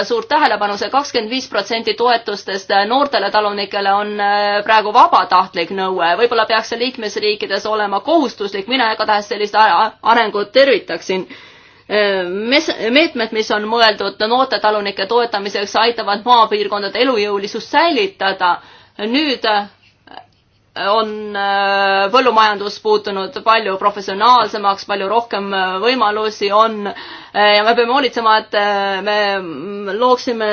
äh, suurt tähelepanu see, see kakskümmend viis protsenti toetustest äh, noortele talunikele on praegu vabatahtlik nõue, võib-olla peaks see liikmesriikides olema kohustuslik, mina igatahes sellist arengut tervitaksin. Mes-, meetmed, mis on mõeldud noorte talunike toetamiseks, aitavad maapiirkondade elujõulisust säilitada. nüüd on äh, põllumajandus puutunud palju professionaalsemaks, palju rohkem äh, võimalusi on äh, ja me peame hoolitsema, et me mm, looksime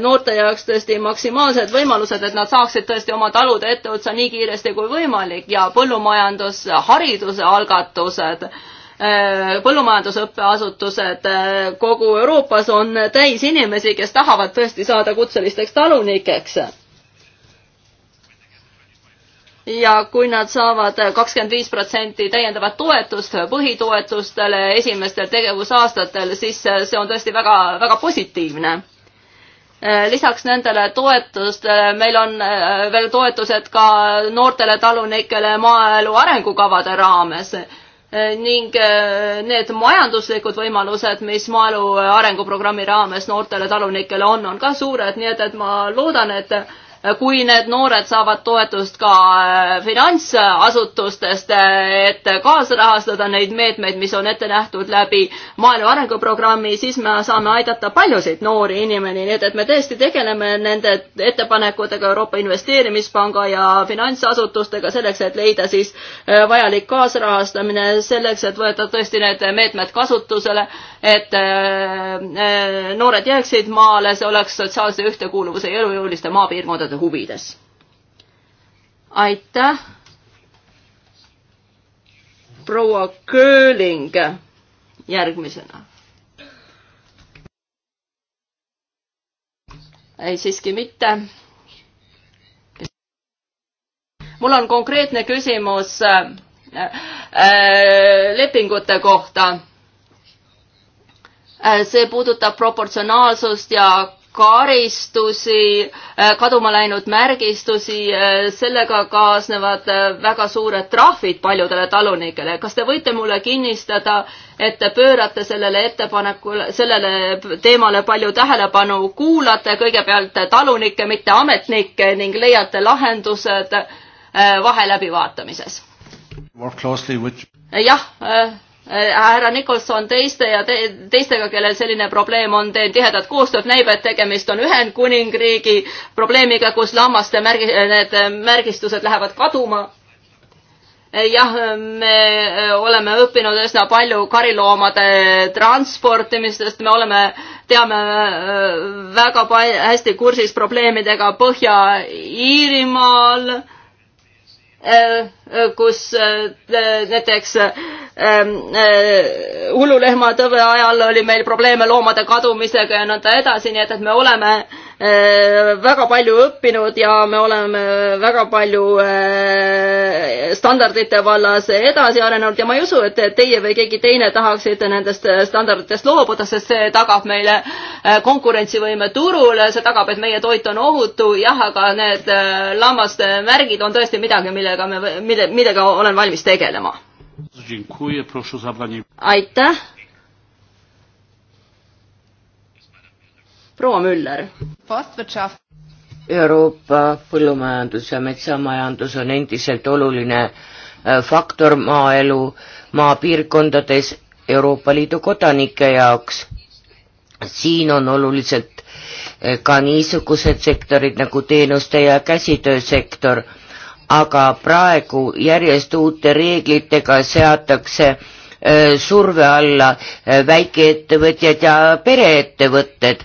noorte jaoks tõesti maksimaalsed võimalused, et nad saaksid tõesti oma talude etteotsa nii kiiresti kui võimalik ja põllumajandushariduse algatused põllumajandusõppeasutused kogu Euroopas on täis inimesi, kes tahavad tõesti saada kutselisteks talunikeks ja kui nad saavad kakskümmend viis protsenti täiendavat toetust põhitoetustele esimestel tegevusaastatel, siis see on tõesti väga, väga positiivne lisaks nendele toetustele meil on äh, veel toetused ka noortele talunikele maaelu arengukavade raames äh, ning äh, need majanduslikud võimalused, mis maaelu arenguprogrammi raames noortele talunikele on, on ka suured, nii et, et ma loodan, et Äh, kui need noored saavad toetust ka äh, finantsasutustest, äh, et kaasrahastada neid meetmeid, mis on ette nähtud läbi maaelu arenguprogrammi, siis me saame aidata paljusid noori inimesi, nii et, et me tõesti tegeleme nende ettepanekutega Euroopa Investeerimispanga ja finantsasutustega selleks, et leida siis vajalik kaasrahastamine selleks, et võtta tõesti need meetmed kasutusele et äh, äh, noored jääksid maale, see oleks sotsiaalse ühtekuuluvuse ja elujõuliste maapiirkondade huvides. aitäh. proua Kööling järgmisena. ei, siiski mitte mul on konkreetne küsimus äh, äh, lepingute kohta. Äh, see puudutab proportsionaalsust ja karistusi, äh, kaduma läinud märgistusi, äh, sellega kaasnevad väga suured trahvid paljudele talunikele. kas te võite mulle kinnistada, et te pöörate sellele ettepanekule, sellele teemale palju tähelepanu, kuulate kõigepealt talunikke, mitte ametnikke ning leiate lahendused vahe läbivaatamises? jah Äh, härra Nikolson teiste ja te, teistega, kellel selline probleem on, teen tihedat koostööd, näib, et tegemist on Ühendkuningriigi probleemiga, kus lammaste märgi, need äh, märgistused lähevad kaduma. Äh, jah, me oleme õppinud üsna palju kariloomade transportimistest, me oleme, teame väga hästi kursis probleemidega Põhja-Iirimaal Äh, äh, kus äh, näiteks ähm, hullulehmatõve ajal oli meil probleeme loomade kadumisega ja nõnda edasi, nii et, et me oleme äh, Äh, väga palju õppinud ja me oleme väga palju äh, standardite vallas edasi arenenud ja ma ei usu, et teie või keegi teine tahaksite nendest äh, standarditest loobuda, sest see tagab meile konkurentsivõime turul, see tagab, et meie toit on ohutu, jah, aga need lammaste märgid on tõesti midagi, millega me, mille, millega olen valmis tegelema. aitäh proua Müller. Euroopa põllumajandus ja metsamajandus on endiselt oluline äh, faktor maaelu maapiirkondades Euroopa Liidu kodanike jaoks. siin on oluliselt äh, ka niisugused sektorid nagu teenuste ja käsitöösektor, aga praegu järjest uute reeglitega seatakse äh, surve alla väikeettevõtjad ja pereettevõtted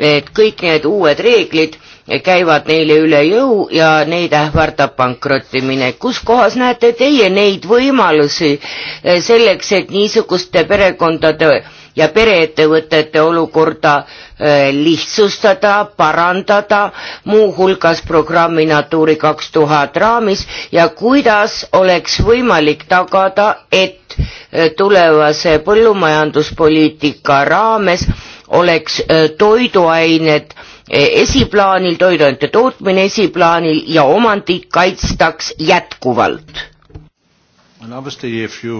et kõik need uued reeglid käivad neile üle jõu ja neid ähvardab pankrotimine. kus kohas näete teie neid võimalusi eh, selleks, et niisuguste perekondade ja pereettevõtete olukorda eh, lihtsustada, parandada, muuhulgas programmi Natuuri 2000 raamis ja kuidas oleks võimalik tagada, et eh, tulevase põllumajanduspoliitika raames oleks äh, toiduained äh, esiplaanil, toiduainete tootmine esiplaanil ja omandit kaitstaks jätkuvalt.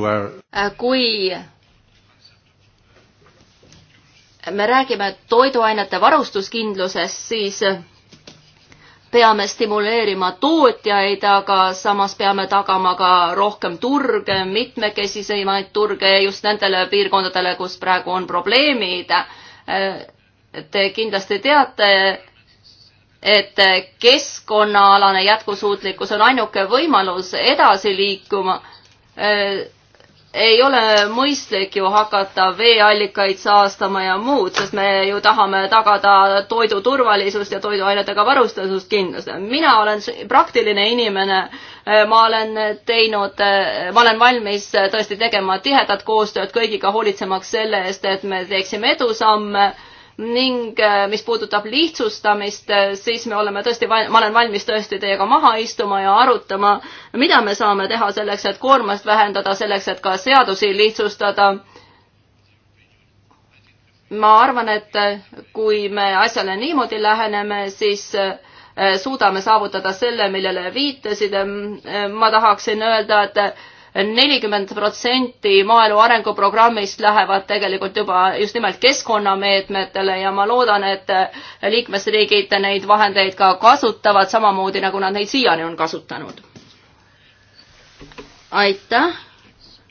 Are... Äh, kui me räägime toiduainete varustuskindlusest, siis peame stimuleerima tootjaid, aga samas peame tagama ka rohkem turge, mitmekesisemaid turge just nendele piirkondadele, kus praegu on probleemid Te kindlasti teate, et keskkonnaalane jätkusuutlikkus on ainuke võimalus edasi liikuma ei ole mõistlik ju hakata veeallikaid saastama ja muud, sest me ju tahame tagada toidu turvalisust ja toiduainetega varustatust kindlasti. mina olen praktiline inimene, ma olen teinud, ma olen valmis tõesti tegema tihedat koostööd kõigiga, hoolitsemaks selle eest, et me teeksime edusamme ning äh, mis puudutab lihtsustamist, äh, siis me oleme tõesti, ma olen valmis tõesti teiega maha istuma ja arutama, mida me saame teha selleks, et koormust vähendada, selleks, et ka seadusi lihtsustada ma arvan, et äh, kui me asjale niimoodi läheneme, siis suudame saavutada selle, millele viitasid. ma tahaksin öelda, et nelikümmend protsenti maaelu arenguprogrammist lähevad tegelikult juba just nimelt keskkonnameetmetele ja ma loodan, et liikmesriigid neid vahendeid ka kasutavad samamoodi, nagu nad neid siiani on kasutanud. aitäh.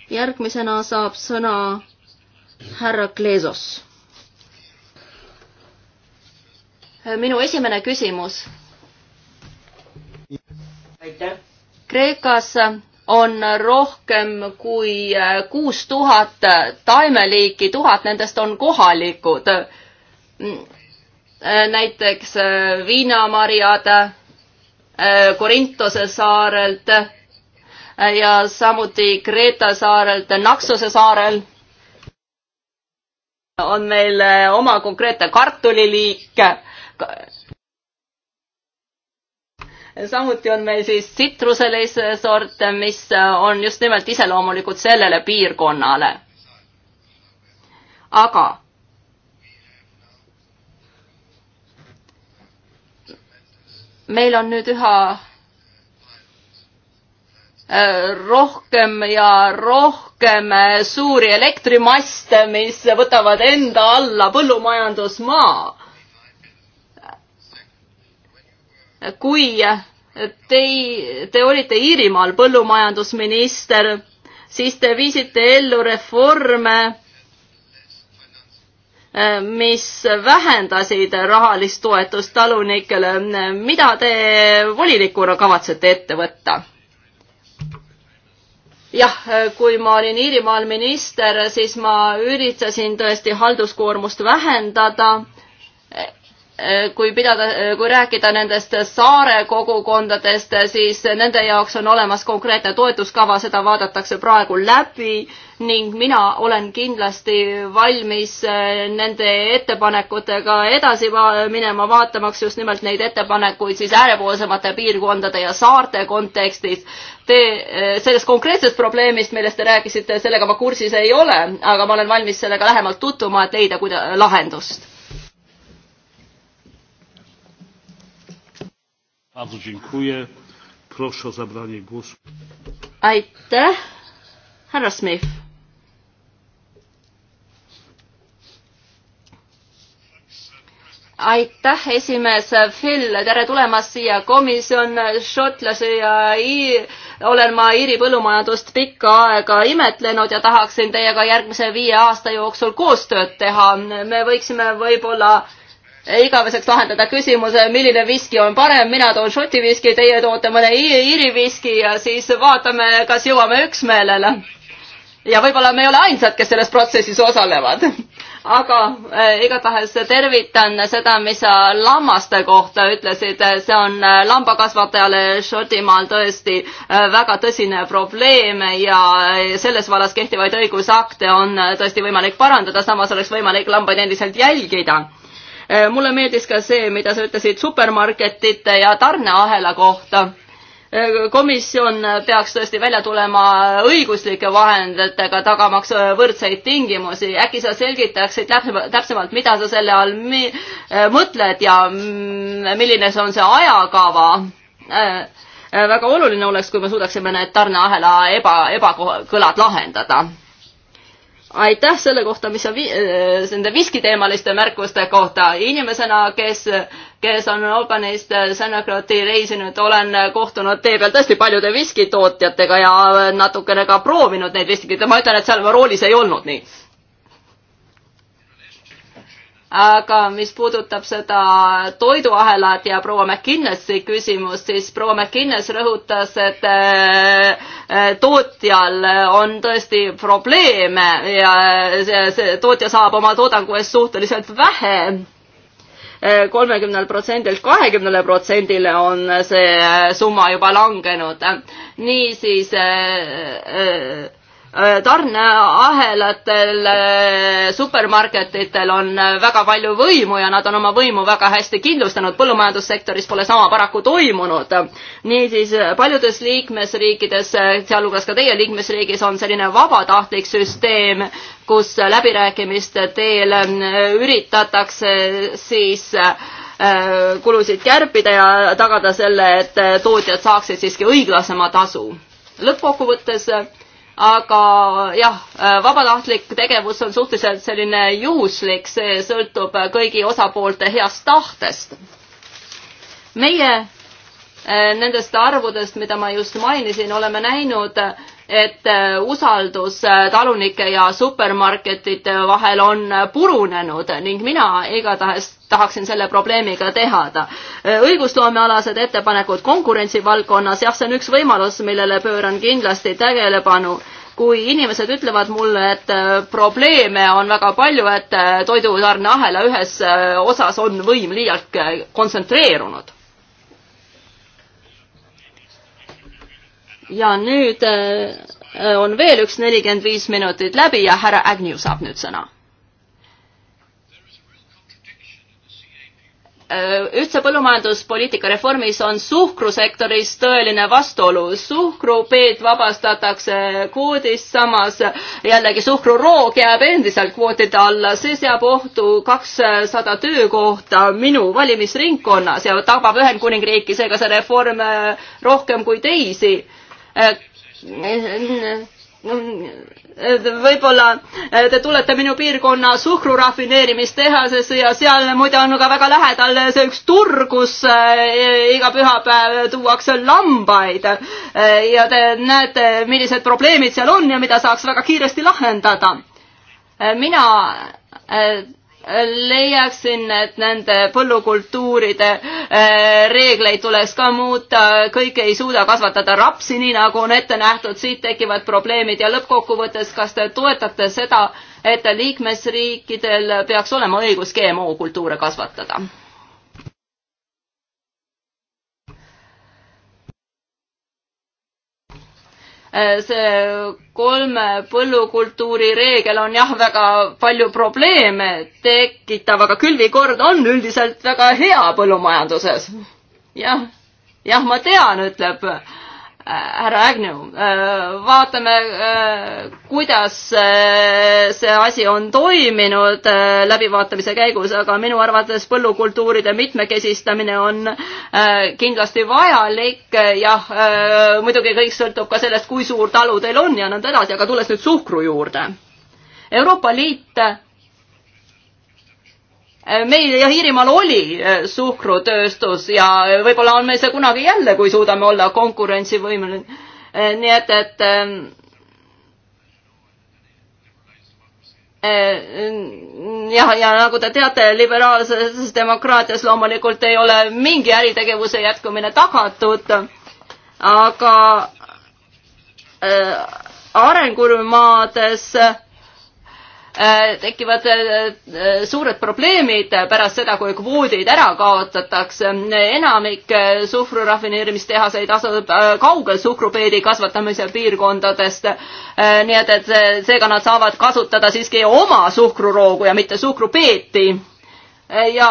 järgmisena saab sõna härra Kleesos. minu esimene küsimus. aitäh. Kreekas on rohkem kui äh, kuus tuhat taimeliiki, tuhat nendest on kohalikud. Mm, äh, näiteks äh, viinamarjad Korintose saarelt ja samuti Kreeta saarelt, Naksuse saarel on meil oma konkreetne kartuliliik samuti on meil siis tsitruselise sorte, mis on just nimelt iseloomulikud sellele piirkonnale. aga meil on nüüd üha äh, rohkem ja rohkem äh, suuri elektrimaste, mis võtavad enda alla põllumajandusmaa kui tei-, te olite Iirimaal põllumajandusminister, siis te viisite ellu reforme, mis vähendasid rahalist toetust talunikele. mida te volinikuna kavatsete ette võtta? jah, kui ma olin Iirimaal minister, siis ma üritasin tõesti halduskoormust vähendada Äh, kui pidada, äh, kui rääkida nendest saare kogukondadest, äh, siis nende jaoks on olemas konkreetne toetuskava, seda vaadatakse praegu läbi ning mina olen kindlasti valmis nende ettepanekutega edasi minema, vaatamaks just nimelt neid ettepanekuid siis äärepoolsemate piirkondade ja saarte kontekstis. Te, sellest konkreetsest probleemist, millest te rääkisite, sellega ma kursis ei ole, aga ma olen valmis sellega lähemalt tutvuma, et leida kuida-, lahendust aitäh, härra Smith. aitäh, esimees Phil, tere tulemast siia, komisjon šotlase ja ii- olen ma Iiri põllumajandust pikka aega imetlenud ja tahaksin teiega järgmise viie aasta jooksul koostööd teha. me võiksime võib-olla igaveseks lahendada küsimuse, milline viski on parem, mina toon šoti viski, teie toote mõne iiri viski ja siis vaatame, kas jõuame üksmeelele. ja võib-olla me ei ole ainsad, kes selles protsessis osalevad. aga äh, igatahes tervitan seda, mis sa lammaste kohta ütlesid, see on eh, lambakasvatajale Šotimaal tõesti eh, väga tõsine probleem ja selles vallas kehtivaid õigusakte on tõesti võimalik parandada, samas oleks võimalik lambaid endiselt jälgida Äh, mulle meeldis ka see, mida sa ütlesid supermarketite ja tarneahela kohta äh, komisjon peaks tõesti välja tulema õiguslike vahenditega, tagamaks äh, võrdseid tingimusi. äkki sa selgitaksid täpsemalt, mida sa selle all mõtled ja mm, milline see on see ajakava? väga oluline oleks, kui me suudaksime need tarneahela eba, ebakõlad lahendada aitäh selle kohta, mis sa vi-, äh, nende viskiteemaliste märkuste kohta. inimesena, kes, kes on Albanist äh, Senecrati reisinud, olen kohtunud tee peal tõesti paljude viskitootjatega ja natukene ka proovinud neid viskiteid ja ma ütlen, et seal Varoolis ei olnud nii aga mis puudutab seda toiduahelat ja proua McKinnesi küsimust, siis proua McKinnes rõhutas, et äh, tootjal on tõesti probleeme ja see, see tootja saab oma toodangu eest suhteliselt vähe. Äh, kolmekümnel protsendilt kahekümnele protsendile on see summa juba langenud. niisiis äh, äh, Äh, tarneahelatel äh, supermarketitel on äh, väga palju võimu ja nad on oma võimu väga hästi kindlustanud, põllumajandussektoris pole sama paraku toimunud. niisiis paljudes liikmesriikides, sealhulgas ka teie liikmesriigis, on selline vabatahtlik süsteem, kus läbirääkimiste teel üritatakse siis kulusid kärpida ja tagada selle, et tootjad saaksid siiski õiglasema tasu. lõppkokkuvõttes aga jah, vabatahtlik tegevus on suhteliselt selline juhuslik, see sõltub kõigi osapoolte heast tahtest. meie eh, nendest arvudest, mida ma just mainisin, oleme näinud, et äh, usaldus äh, talunike ja supermarketite vahel on äh, purunenud ning mina igatahes tahaksin selle probleemiga tehada. õigusloomealased ettepanekud konkurentsi valdkonnas, jah, see on üks võimalus, millele pööran kindlasti tähelepanu kui inimesed ütlevad mulle, et probleeme on väga palju, et toidutarneahela ühes osas on võim liialt kontsentreerunud ja nüüd äh, on veel üks nelikümmend viis minutit läbi ja härra Agnew saab nüüd sõna. Äh, ühtse põllumajanduspoliitika reformis on suhkrusektoris tõeline vastuolu. suhkrupeed vabastatakse kvoodist, samas jällegi suhkruroog jääb endiselt kvootide alla. see seab ohtu kakssada töökohta minu valimisringkonnas ja tabab Ühendkuningriiki, seega see reform äh, rohkem kui teisi Äh, võib-olla äh, te tulete minu piirkonna suhkrurafineerimistehasesse ja seal muide on ka väga lähedal äh, see üks turg, kus iga pühapäev tuuakse lambaid. ja te näete, millised probleemid seal on ja mida saaks väga kiiresti lahendada. mina leiaksin, et nende põllukultuuride äh, reegleid tuleks ka muuta, kõik ei suuda kasvatada rapsi, nii nagu on ette nähtud, siit tekivad probleemid ja lõppkokkuvõttes, kas te toetate seda, et liikmesriikidel peaks olema õigus GMO kultuure kasvatada? Äh, see kolme põllukultuuri reegel on jah, väga palju probleeme tekitav, aga külvikord on üldiselt väga hea põllumajanduses. jah, jah, ma tean, ütleb äh, Äh, härra Agnew, äh, vaatame, äh, kuidas see asi on toiminud läbivaatamise käigus, aga minu arvates põllukultuuride mitmekesistamine on kindlasti vajalik, jah, muidugi kõik sõltub ka sellest, kui suur talu teil on ja nõnda edasi, aga tulles nüüd suhkru juurde. Euroopa Liit Eh, meil ja Iirimaal oli eh, suhkrutööstus ja eh, võib-olla on meil see kunagi jälle, kui suudame olla konkurentsivõimeline. nii et, et ehm, jah, ja nagu te teate, liberaalses demokraatias loomulikult ei ole mingi äritegevuse jätkumine tagatud, aga arengumaades äh, Äh, tekivad äh, äh, suured probleemid pärast seda, kui kvoodid ära kaotatakse. enamik suhkrurafineerimistehaseid asub kaugel suhkrupeedi kasvatamise piirkondadest. nii et, et seega nad saavad kasutada siiski oma suhkruroogu ja mitte suhkrupeeti ja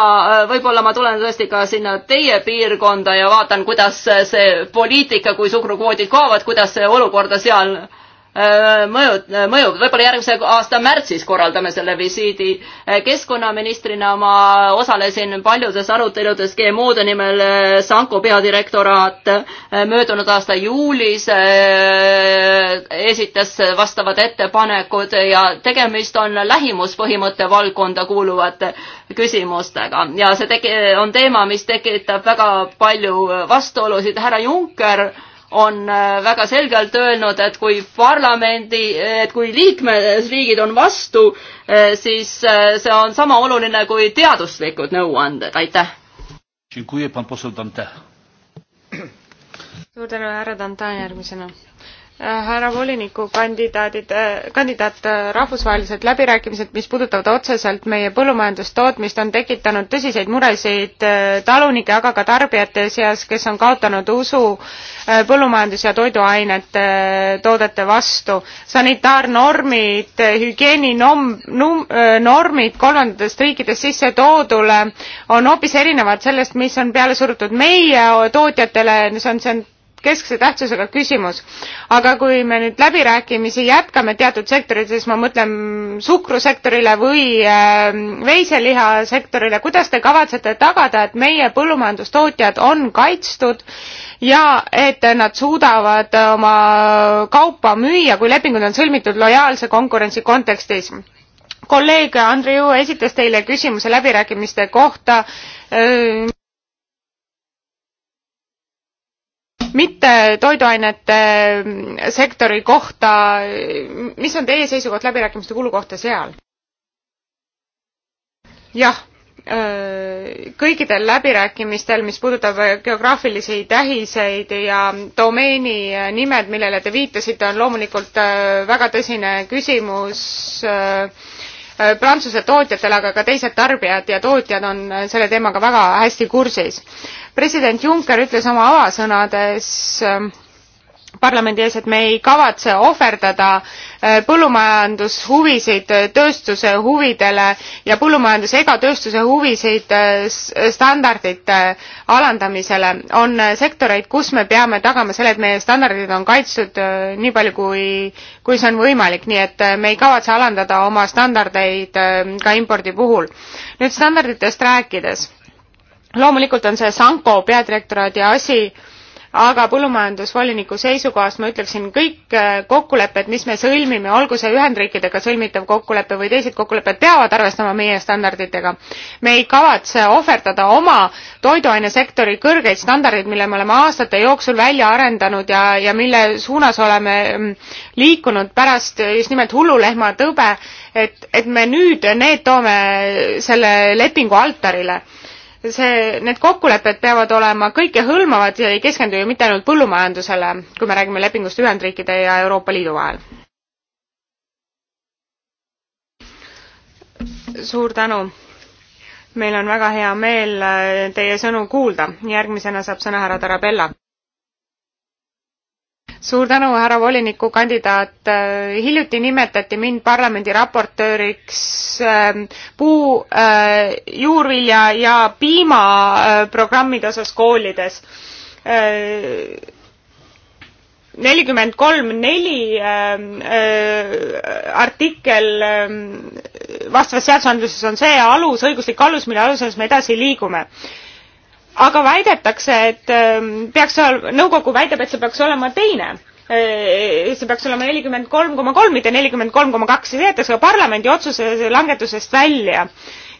võib-olla ma tulen tõesti ka sinna teie piirkonda ja vaatan, kuidas see poliitika, kui suhkrukvoodid kaovad, kuidas see olukorda seal mõjud, äh, mõjub, äh, võib-olla järgmise aasta märtsis korraldame selle visiidi. Äh, keskkonnaministrina ma osalesin paljudes aruteludes GMO-de nimel Sanko peadirektoraat möödunud aasta juulis esitas vastavad ettepanekud ja tegemist on lähimuspõhimõtte valdkonda kuuluvate küsimustega ja see tege-, on teema, mis tekitab väga palju vastuolusid. härra Juncker on äh, väga selgelt öelnud, et kui parlamendi, et kui liikmesriigid on vastu, äh, siis äh, see on sama oluline kui teaduslikud nõuanded, aitäh. suur tänu, härra Dantan järgmisena härra volinikukandidaadid, kandidaat, rahvusvahelised läbirääkimised, mis puudutavad otseselt meie põllumajandustootmist, on tekitanud tõsiseid muresid äh, talunike, aga ka tarbijate seas, kes on kaotanud usu äh, põllumajandus- ja toiduainete äh, toodete vastu. sanitaarnormid, hügieeninormid kolmandatest riikidest sisse toodule on hoopis erinevad sellest, mis on peale surutud meie tootjatele, see on, see on keskse tähtsusega küsimus. aga kui me nüüd läbirääkimisi jätkame teatud sektorites, ma mõtlen suhkrusektorile või ähm, veiselihasektorile, kuidas te kavatsete tagada, et meie põllumajandustootjad on kaitstud ja et nad suudavad äh, oma kaupa müüa, kui lepingud on sõlmitud lojaalse konkurentsi kontekstis? kolleeg Andrei Jõu esitas teile küsimuse läbirääkimiste kohta äh, mitte toiduainete mm, sektori kohta, mis on teie seisukoht läbirääkimiste kulu kohta seal? jah, äh, kõikidel läbirääkimistel, mis puudutab geograafilisi tähiseid ja domeeni äh, nimed, millele te viitasite, on loomulikult äh, väga tõsine küsimus äh, Äh, Prantsuse tootjatele, aga ka teised tarbijad ja tootjad on äh, selle teemaga väga hästi kursis. president Juncker ütles oma avasõnades äh, parlamendi ees, et me ei kavatse ohverdada äh, põllumajandushuvisid äh, tööstuse huvidele ja põllumajandus ega tööstuse huvisid äh, standardite alandamisele. on sektoreid, kus me peame tagama selle, et meie standardid on kaitstud nii palju, kui, kui see on võimalik, nii et me ei kavatse alandada oma standardeid ka impordi puhul. nüüd standarditest rääkides. loomulikult on see Sanko peadirektoraadi asi aga põllumajandusvoliniku seisukohast ma ütleksin, kõik äh, kokkulepped, mis me sõlmime, olgu see Ühendriikidega sõlmitav kokkulepe või teised kokkulepped, peavad arvestama meie standarditega. me ei kavatse ohverdada oma toiduainesektori kõrgeid standardeid, mille me oleme aastate jooksul välja arendanud ja, ja mille suunas oleme mm, liikunud pärast just nimelt hullulehma tõbe, et, et me nüüd need toome selle lepingu altarile see, need kokkulepped peavad olema kõikehõlmavad ja ei keskendu ju mitte ainult põllumajandusele, kui me räägime lepingust Ühendriikide ja Euroopa Liidu vahel. suur tänu. meil on väga hea meel äh, teie sõnu kuulda. järgmisena saab sõna härra Tarabella suur tänu, härra volinikukandidaat. Äh, hiljuti nimetati mind parlamendi raportööriks ähm, puu, äh, juurvilja ja piimaprogrammide äh, osas koolides nelikümmend kolm neli ähm, artikkel äh, vastavas seadusandluses on see alus, õiguslik alus, mille aluses me edasi liigume aga väidetakse, et ähm, peaks, nõukogu väidab, et see peaks olema teine äh, see peaks olema nelikümmend kolm koma kolm, mitte nelikümmend kolm koma kaks, see jäetakse ka parlamendi otsuse langetusest välja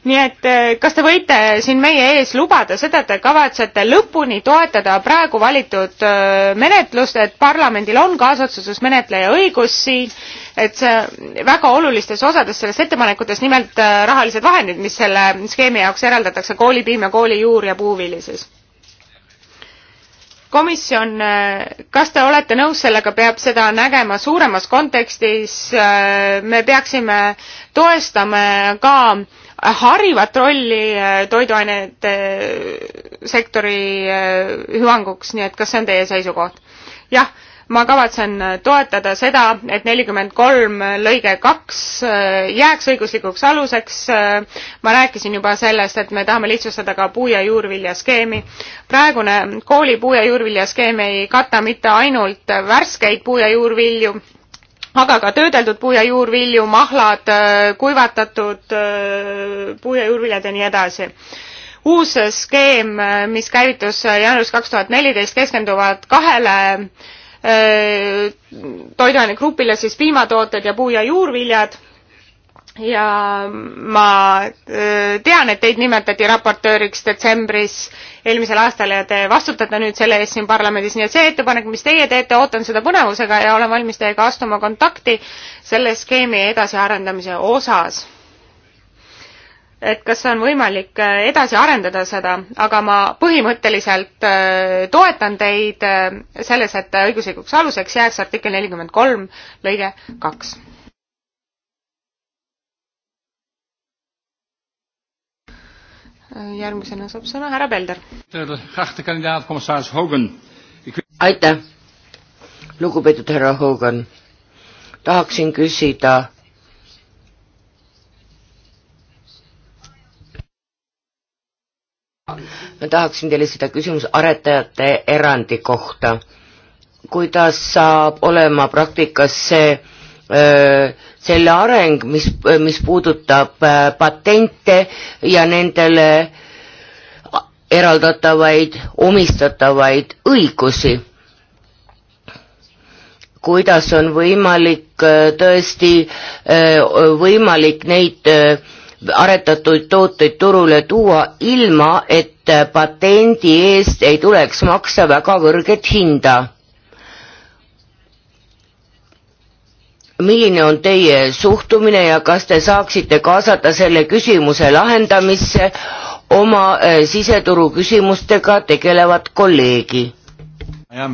nii et äh, kas te võite siin meie ees lubada seda, et te kavatsete lõpuni toetada praegu valitud äh, menetlust, et parlamendil on kaasotsuses menetleja õigus siin, et see väga olulistes osades sellest ettepanekutest, nimelt äh, rahalised vahendid, mis selle skeemi jaoks eraldatakse, koolipiim ja koolijuur ja puuvili siis komisjon, kas te olete nõus sellega, peab seda nägema suuremas kontekstis, me peaksime toestama ka äh, harivat rolli äh, toiduainete äh, sektori äh, hüvanguks, nii et kas see on teie seisukoht? jah, ma kavatsen toetada seda, et nelikümmend kolm lõige kaks jääks õiguslikuks aluseks. ma rääkisin juba sellest, et me tahame lihtsustada ka puu- ja juurviljaskeemi. praegune kooli puu- ja juurviljaskeem ei kata mitte ainult värskeid puu- ja juurvilju aga ka töödeldud puu- ja juurvilju, mahlad, äh, kuivatatud äh, puu- ja juurviljad ja nii edasi. uus skeem, äh, mis käivitus jaanuaris kaks tuhat neliteist, keskenduvad kahele toiduainegrupile siis piimatooted ja puu- ja juurviljad ja ma äh, tean, et teid nimetati raportööriks detsembris eelmisel aastal ja te vastutate nüüd selle eest siin parlamendis, nii et see ettepanek, mis teie teete, ootan seda põnevusega ja olen valmis teiega astuma kontakti selle skeemi edasiarendamise osas. et kas on võimalik äh, edasi arendada seda, aga ma põhimõtteliselt äh, toetan teid selles, et õiguslikuks aluseks jääks artikkel nelikümmend kolm lõige kaks järgmisena saab sõna härra Pelder. aitäh, lugupeetud härra Hogan. tahaksin küsida ma tahaksin teile seda küsimust aretajate erandi kohta. kuidas saab olema praktikas see selle areng, mis, mis puudutab patente ja nendele eraldatavaid, omistatavaid õigusi. kuidas on võimalik tõesti, võimalik neid aretatud tooteid turule tuua ilma, et patendi eest ei tuleks maksta väga kõrget hinda milline on teie suhtumine ja kas te saaksite kaasata selle küsimuse lahendamisse oma äh, siseturu küsimustega tegelevat kolleegi? Äh,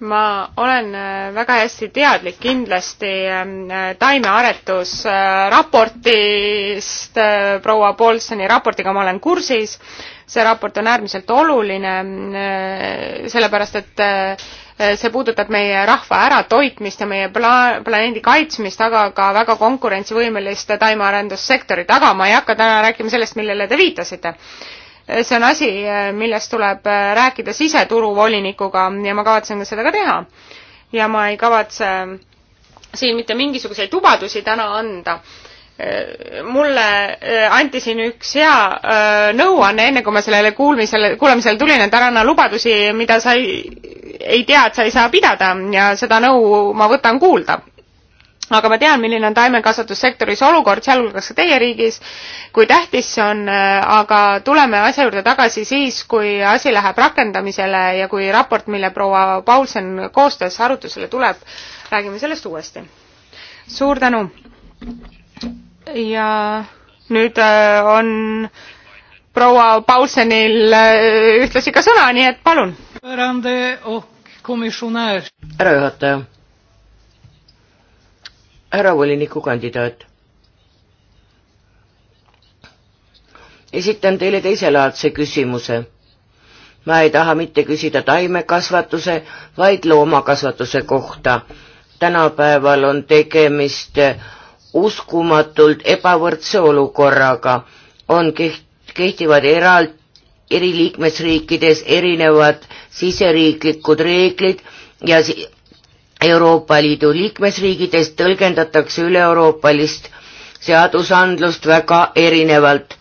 ma olen äh, väga hästi teadlik kindlasti ähm, taimearetusraportist, proua Paulsoni raportiga ma olen kursis, see raport on äärmiselt oluline, sellepärast et Eh, see puudutab meie rahva äratoitmist ja meie pla-, planeedi kaitsmist, aga ka väga konkurentsivõimelist taimearendussektorit, aga ma ei hakka täna rääkima sellest, millele te viitasite. Eh, see on asi, eh, millest tuleb rääkida siseturuvolinikuga ja ma kavatsen ka seda ka teha. ja ma ei kavatse siin mitte mingisuguseid lubadusi täna anda mulle äh, anti siin üks hea äh, nõuanne, enne kui ma sellele kuulmisele, kuulamisele tulin, et ära anna lubadusi, mida sa ei, ei tea, et sa ei saa pidada ja seda nõu ma võtan kuulda. aga ma tean, milline on taimekasvatussektoris olukord, sealhulgas ka teie riigis, kui tähtis see on, äh, aga tuleme asja juurde tagasi siis, kui asi läheb rakendamisele ja kui raport, mille proua Paulsen koostöös arutusele tuleb, räägime sellest uuesti. suur tänu! ja nüüd äh, on proua Paulsenil äh, ühtlasi ka sõna, nii et palun. härra juhataja, härra volinikukandidaat. esitan teile teiselaadse küsimuse. ma ei taha mitte küsida taimekasvatuse, vaid loomakasvatuse kohta. tänapäeval on tegemist äh, uskumatult ebavõrdse olukorraga, on keht-, kehtivad eral-, eri liikmesriikides erinevad siseriiklikud reeglid ja si Euroopa Liidu liikmesriigides tõlgendatakse üle-euroopalist seadusandlust väga erinevalt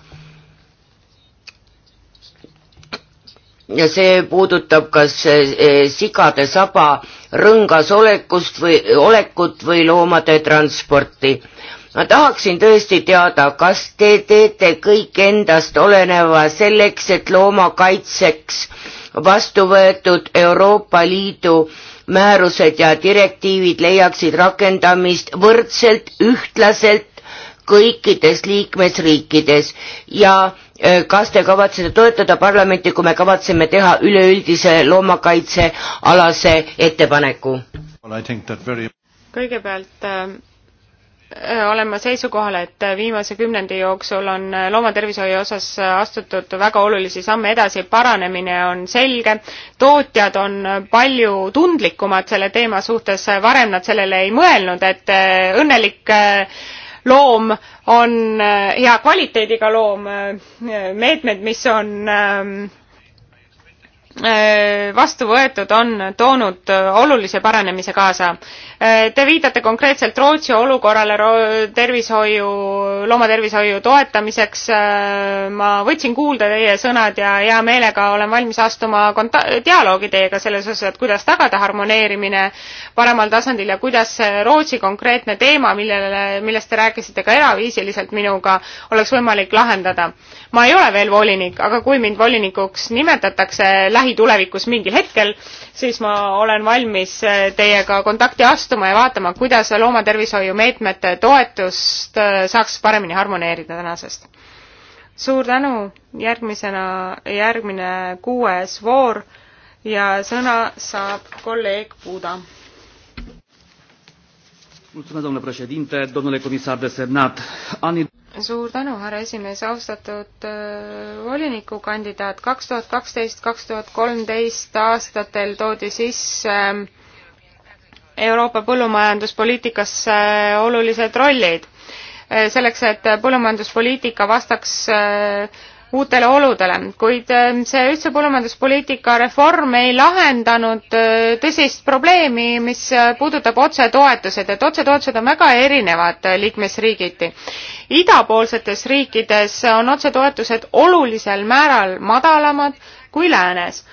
see puudutab kas eh, eh, sigade saba rõngas olekust või olekut või loomade transporti. ma tahaksin tõesti teada, kas te teete kõik endast oleneva selleks, et loomakaitseks vastu võetud Euroopa Liidu määrused ja direktiivid leiaksid rakendamist võrdselt, ühtlaselt kõikides liikmesriikides ja Eh, kas te kavatsete toetada parlamenti, kui me kavatseme teha üleüldise loomakaitsealase ettepaneku? kõigepealt eh, eh, olen ma seisukohal, et viimase kümnendi jooksul on loomatervishoiu osas astutud väga olulisi samme edasi, paranemine on selge, tootjad on palju tundlikumad selle teema suhtes, varem nad sellele ei mõelnud, et õnnelik loom on äh, hea kvaliteediga loom, äh, meetmed, mis on ähm, Äh, vastu võetud, on toonud äh, olulise paranemise kaasa. Äh, te viitate konkreetselt Rootsi olukorrale tervishoiu, loomatervishoiu toetamiseks. ma võtsin kuulda teie sõnad ja hea meelega olen valmis astuma konta-, dialoogi teiega selles osas, et kuidas tagada harmoneerimine paremal tasandil ja kuidas see Rootsi konkreetne teema, millele, millest te rääkisite ka eraviisiliselt minuga, oleks võimalik lahendada. ma ei ole veel volinik, aga kui mind volinikuks nimetatakse lähi või tulevikus mingil hetkel, siis ma olen valmis äh, teiega kontakti astuma ja vaatama, kuidas loomatervishoiumeetmete toetust äh, saaks paremini harmoneerida tänasest. suur tänu, järgmisena, järgmine kuues voor ja sõna saab kolleeg Puuda. mulțumesc, domnule președinte, domnule comisar desemnat. Anii suur tänu, härra esimees, austatud äh, volinikukandidaat, kaks tuhat kaksteist, kaks tuhat kolmteist aastatel toodi sisse ähm, Euroopa põllumajanduspoliitikasse äh, olulised rollid äh, selleks, et põllumajanduspoliitika vastaks uutele oludele, kuid ähm, see ühtse põllumajanduspoliitika reform ei lahendanud äh, tõsist probleemi, mis äh, puudutab otsetoetused, et otsetoetused on väga erinevad äh, liikmesriigiti. idapoolsetes riikides on otsetoetused olulisel määral madalamad kui läänes.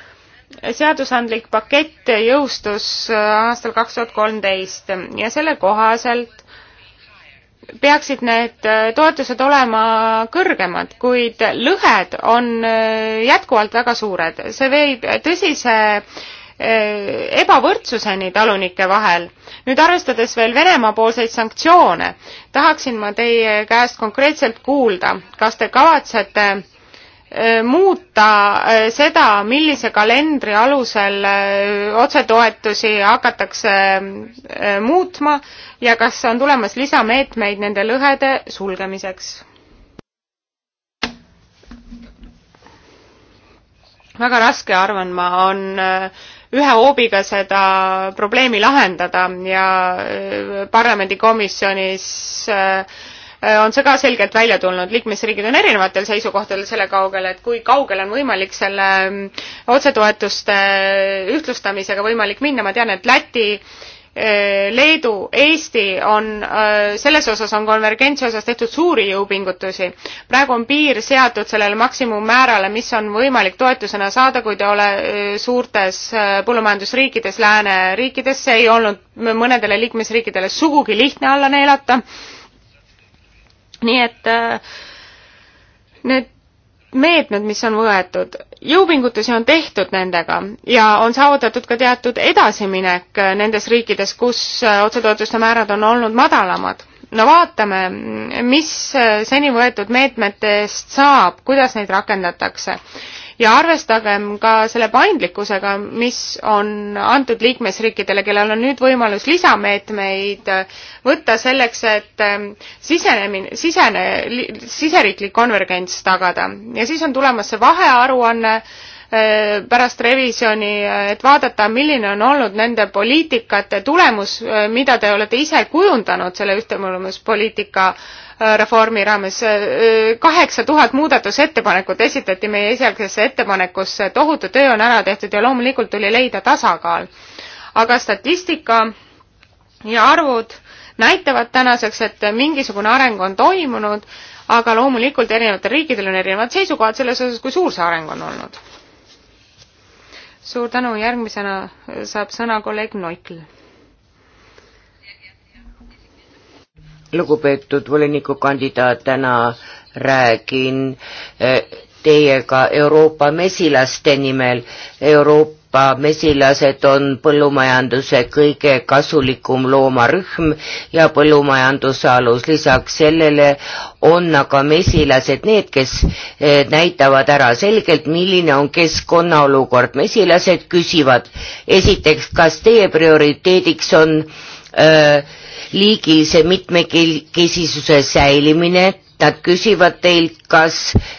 seadusandlik pakett jõustus aastal kaks tuhat kolmteist ja selle kohaselt peaksid need äh, toetused olema kõrgemad, kuid lõhed on äh, jätkuvalt väga suured. see viib tõsise äh, ebavõrdsuseni talunike vahel. nüüd arvestades veel Venemaa-poolseid sanktsioone, tahaksin ma teie käest konkreetselt kuulda, kas te kavatsete Äh, muuta äh, seda, millise kalendri alusel äh, otsetoetusi hakatakse muutma ja kas on tulemas lisameetmeid nende lõhede sulgemiseks? väga raske, arvan ma, on ühe hoobiga seda probleemi lahendada ja parlamendikomisjonis äh, Äh, on see ka selgelt välja tulnud, liikmesriigid on erinevatel seisukohtadel selle kaugel, et kui kaugele on võimalik selle mm, otsetoetuste äh, ühtlustamisega võimalik minna, ma tean, et Läti äh, Leedu, Eesti on, selles osas on konvergentsi osas tehtud suuri jõupingutusi. praegu on piir seatud sellele maksimummäärale, mis on võimalik toetusena saada, kui te ole suurtes põllumajandusriikides, lääneriikides, see ei olnud mõnedele liikmesriikidele sugugi lihtne alla neelata nii et äh, need meetmed, mis on võetud, jõupingutusi on tehtud nendega ja on saavutatud ka teatud edasiminek äh, nendes riikides, kus äh, otsetoetuste määrad on olnud madalamad. no vaatame, mis seni võetud meetmetest saab, kuidas neid rakendatakse ja arvestagem ka selle paindlikkusega, mis on antud liikmesriikidele, kellel on nüüd võimalus lisameetmeid võtta selleks, et ähm, sisenemine, sisene, siseriiklik konvergents tagada. ja siis on tulemas see vahearuanne äh, pärast revisjoni, äh, et vaadata, milline on olnud nende poliitikate tulemus, äh, mida te olete ise kujundanud selle ühtekuuluvuspoliitika reformi raames. kaheksa tuhat muudatusettepanekut esitati meie esialgsesse ettepanekusse, tohutu töö on ära tehtud ja loomulikult tuli leida tasakaal. aga statistika ja arvud näitavad tänaseks, et mingisugune areng on toimunud, aga loomulikult erinevatel riikidel on erinevad seisukohad selles osas, kui suur see areng on olnud. suur tänu, järgmisena saab sõna kolleeg Noikl lugupeetud volinikukandidaat, täna räägin eh, teiega Euroopa mesilaste nimel. Euroopa mesilased on põllumajanduse kõige kasulikum loomarühm ja põllumajanduse alus. lisaks sellele on aga mesilased need, kes eh, näitavad ära selgelt, milline on keskkonna olukord. mesilased küsivad esiteks, kas teie prioriteediks on öö, eh, liigilise mitmekesisuse säilimine, nad küsivad teilt, kas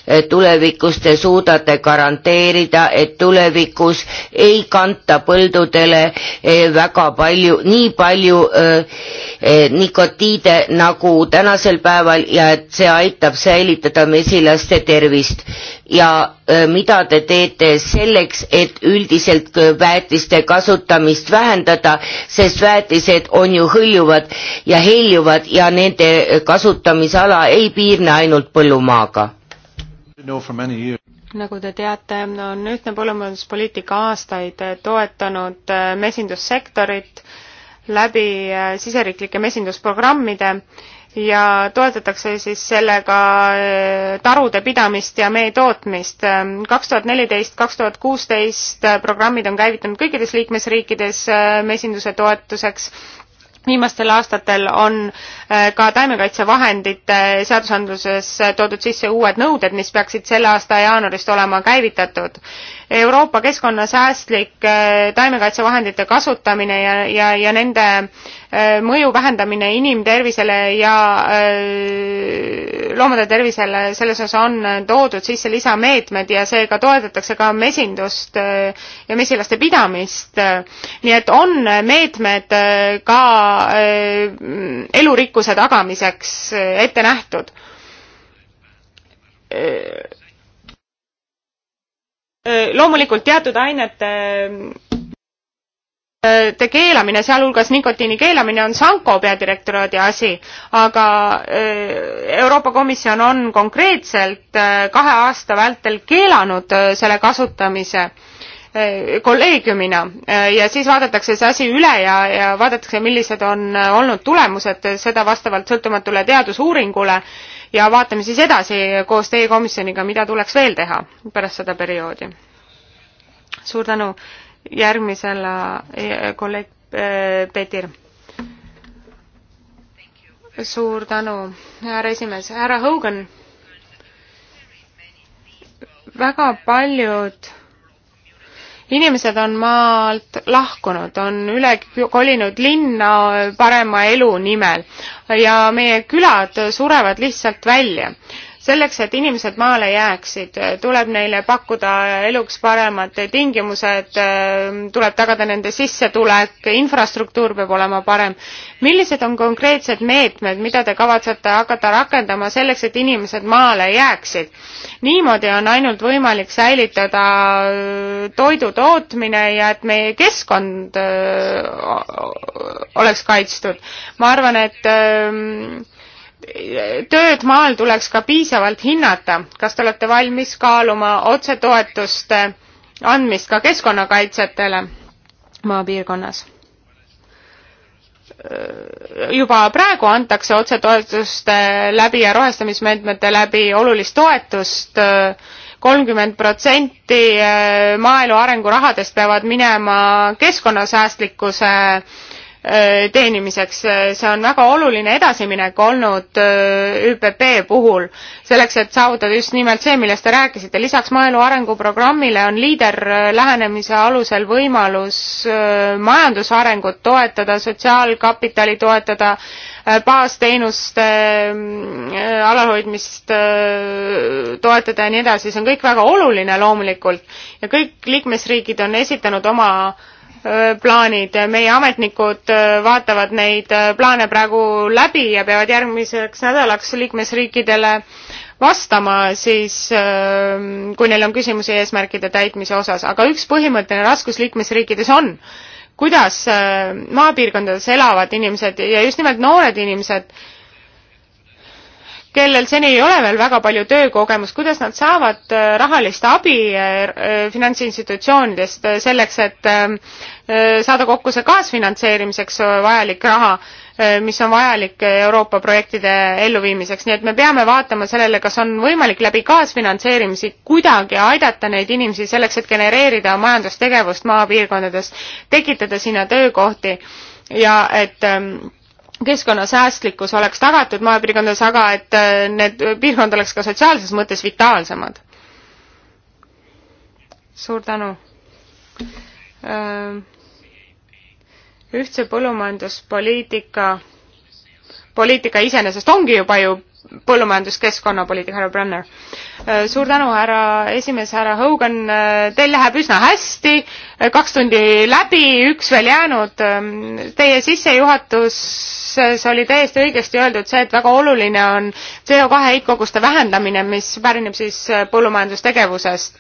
eh, tulevikus te suudate garanteerida, et tulevikus ei kanta põldudele eh, väga palju, nii palju öö, eh, Eh, nikotiide nagu tänasel päeval ja et see aitab säilitada mesilaste tervist ja eh, mida te teete selleks, et üldiselt väetiste kasutamist vähendada, sest väetised on ju hõljuvad ja heljuvad ja nende kasutamisala ei piirne ainult põllumaaga. nagu te teate, on ühtne põllumajanduspoliitika aastaid toetanud eh, mesindussektorit läbi äh, siseriiklike mesindusprogrammide ja toetatakse siis sellega äh, tarude pidamist ja mee tootmist. kaks tuhat neliteist, kaks tuhat kuusteist äh, programmid on käivitunud kõikides liikmesriikides mesinduse toetuseks viimastel aastatel on ka taimekaitsevahendite seadusandluses toodud sisse uued nõuded, mis peaksid selle aasta jaanuarist olema käivitatud. Euroopa keskkonnasäästlik eh, taimekaitsevahendite kasutamine ja, ja, ja nende eh, mõju vähendamine inimtervisele ja eh, loomade tervisele, selles osas on toodud sisse lisameetmed ja seega toetatakse ka mesindust ja mesilaste pidamist. nii et on meetmed ka elurikkuse tagamiseks ette nähtud loomulikult teatud ainete te keelamine, sealhulgas nikotiini keelamine on Sanko peadirektoraadi asi, aga Euroopa Komisjon on konkreetselt kahe aasta vältel keelanud selle kasutamise kolleegiumina ja siis vaadatakse see asi üle ja, ja vaadatakse, millised on olnud tulemused, seda vastavalt sõltumatule teadusuuringule ja vaatame siis edasi koos teie komisjoniga, mida tuleks veel teha pärast seda perioodi. suur tänu järgmisele eh, kolleeg eh, Peeter. suur tänu, härra esimees, härra Hogan. väga paljud inimesed on maalt lahkunud, on üle kolinud linna parema elu nimel ja meie külad surevad lihtsalt välja selleks, et inimesed maale jääksid, tuleb neile pakkuda eluks paremad tingimused, tuleb tagada nende sissetulek, infrastruktuur peab olema parem. millised on konkreetsed meetmed, mida te kavatsete hakata rakendama selleks, et inimesed maale jääksid? niimoodi on ainult võimalik säilitada toidu tootmine ja et meie keskkond oleks kaitstud. ma arvan, et tööd maal tuleks ka piisavalt hinnata. kas te olete valmis kaaluma otsetoetuste andmist ka keskkonnakaitsjatele maapiirkonnas? juba praegu antakse otsetoetuste läbi ja rohestamismeetmete läbi olulist toetust kolmkümmend protsenti eh, maaelu arengurahadest peavad minema keskkonnasäästlikkuse Äh, teenimiseks, äh, see on väga oluline edasiminek olnud äh, ÜPP puhul, selleks et saavutada just nimelt see, millest te rääkisite, lisaks maaelu arenguprogrammile on liider lähenemise alusel võimalus majandusarengut toetada, sotsiaalkapitali toetada, baasteenuste mm, alalhoidmist toetada ja nii edasi, see on kõik väga oluline loomulikult ja kõik liikmesriigid on esitanud oma plaanid, meie ametnikud äh, vaatavad neid äh, plaane praegu läbi ja peavad järgmiseks nädalaks liikmesriikidele vastama siis, ähm, kui neil on küsimusi eesmärkide täitmise osas, aga üks põhimõtteline raskus liikmesriikides on, kuidas äh, maapiirkondades elavad inimesed ja just nimelt noored inimesed kellel seni ei ole veel väga palju töökogemust, kuidas nad saavad äh, rahalist abi äh, äh, finantsinstitutsioonidest selleks, et ähm, saada kokku see kaasfinantseerimiseks vajalik raha, mis on vajalik Euroopa projektide elluviimiseks, nii et me peame vaatama sellele, kas on võimalik läbi kaasfinantseerimisi kuidagi aidata neid inimesi selleks, et genereerida majandustegevust maapiirkondades, tekitada sinna töökohti ja et ähm, keskkonnasäästlikkus oleks tagatud maapiirkondades, aga et äh, need piirkond oleks ka sotsiaalses mõttes vitaalsemad. suur tänu. Ähm, ühtse põllumajanduspoliitika, poliitika iseenesest ongi juba ju põllumajanduskeskkonnapoliitika, härra Brenner. Äh, suur tänu, härra esimees, härra Hogan, äh, teil läheb üsna hästi, äh, kaks tundi läbi, üks veel jäänud. Ähm, teie sissejuhatuses oli täiesti õigesti öeldud see, et väga oluline on CO2 heitkoguste vähendamine, mis pärineb siis põllumajandustegevusest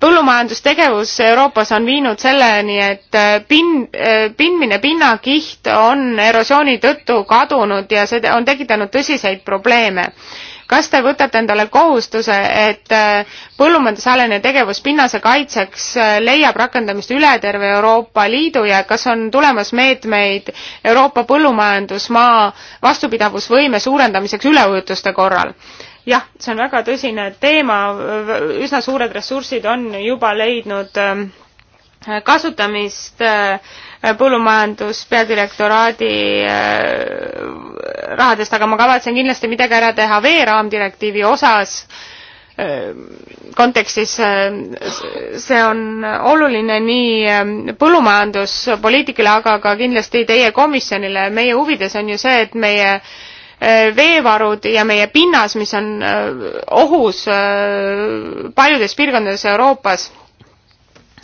põllumajandustegevus Euroopas on viinud selleni, et pin-, pinnmine pinnakiht on erosiooni tõttu kadunud ja see on tekitanud tõsiseid probleeme. kas te võtate endale kohustuse, et põllumajandusalane tegevus pinnase kaitseks leiab rakendamist üle terve Euroopa Liidu ja kas on tulemas meetmeid Euroopa põllumajandusmaa vastupidavusvõime suurendamiseks üleujutuste korral? jah, see on väga tõsine teema, üsna suured ressursid on juba leidnud ähm, kasutamist äh, põllumajandus peadirektoraadi äh, rahadest, aga ma kavatsen kindlasti midagi ära teha veeraamdirektiivi osas ähm, kontekstis äh, see on oluline nii ähm, põllumajanduspoliitikale, aga ka kindlasti teie komisjonile. meie huvides on ju see, et meie Äh, veevarud ja meie pinnas, mis on äh, ohus äh, paljudes piirkondades Euroopas,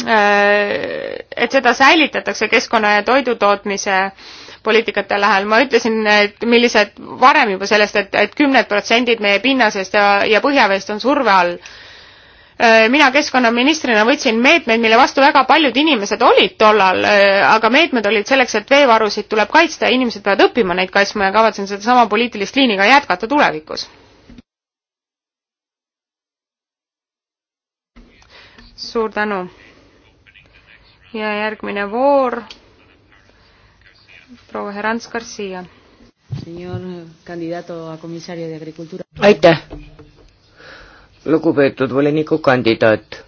et seda säilitatakse keskkonna ja toidutootmise poliitikate lähel. ma ütlesin, et millised varem juba sellest et, et, et kümned protsendid meie pinnasest ja, ja põhjaveest on surve all Äh, mina keskkonnaministrina võtsin meetmeid, mille vastu väga paljud inimesed olid tollal, äh, aga meetmed olid selleks, et veevarusid tuleb kaitsta ja inimesed peavad õppima neid kaitsma ja kavatsen sedasama poliitilist liini ka jätkata tulevikus. suur tänu. ja järgmine voor. proua Herants Garcia. aitäh lugupeetud volinikukandidaat.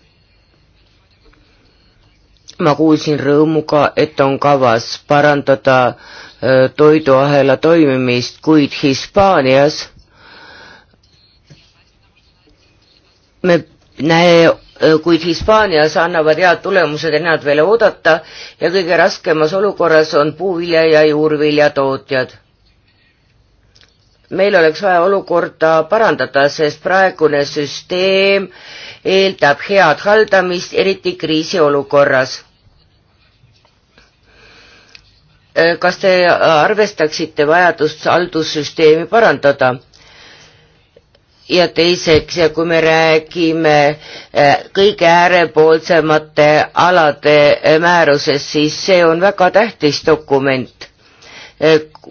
ma kuulsin rõõmuga, et on kavas parandada äh, toiduahela toimimist, kuid Hispaanias me näe, äh, kuid Hispaanias annavad head tulemused enam veel oodata ja kõige raskemas olukorras on puuvilja ja juurviljatootjad meil oleks vaja olukorda parandada, sest praegune süsteem eeldab head haldamist, eriti kriisiolukorras. Äh, kas te arvestaksite vajadust haldussüsteemi parandada? ja teiseks, kui me räägime äh, kõige äärepoolsemate alade äh, määrusest, siis see on väga tähtis dokument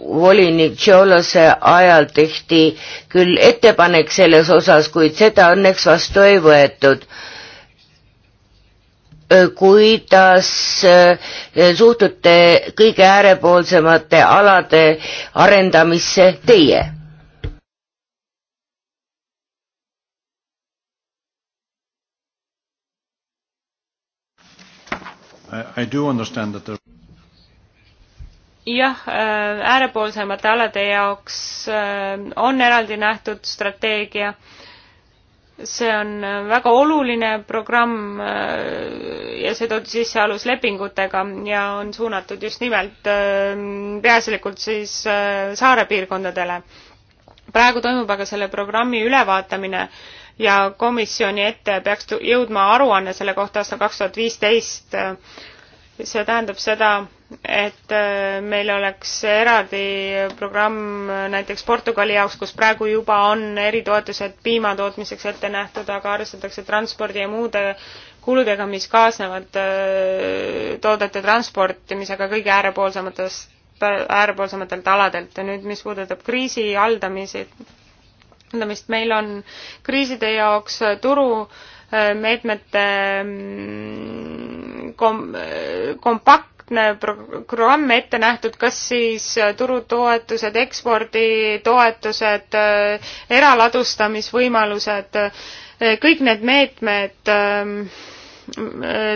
volinik Tšolose ajal tehti küll ettepanek selles osas, kuid seda õnneks vastu ei võetud. kuidas eh, suhtute kõige äärepoolsemate alade arendamisse teie? I do understand that there jah, äh, äärepoolsemate alade jaoks äh, on eraldi nähtud strateegia. see on äh, väga oluline programm ja see toodi sisse aluslepingutega ja on suunatud just nimelt peaasjalikult siis saare piirkondadele. praegu toimub aga selle programmi ülevaatamine ja komisjoni ette peaks jõudma aruanne selle kohta aastal kaks tuhat viisteist see tähendab seda, et äh, meil oleks eraldi programm näiteks Portugali jaoks, kus praegu juba on eritoetused piimatootmiseks ette nähtud, aga arvestatakse transpordi ja muude kuludega, mis kaasnevad äh, toodete transportimisega kõige äärepoolsematest, äärepoolsematelt aladelt ja nüüd, mis puudutab kriisi haldamisi, haldamist, meil on kriiside jaoks turu äh, meetmete mm, kom-, kompaktne programm ette nähtud, kas siis turutoetused, eksporditoetused, eraladustamisvõimalused, kõik need meetmed mm,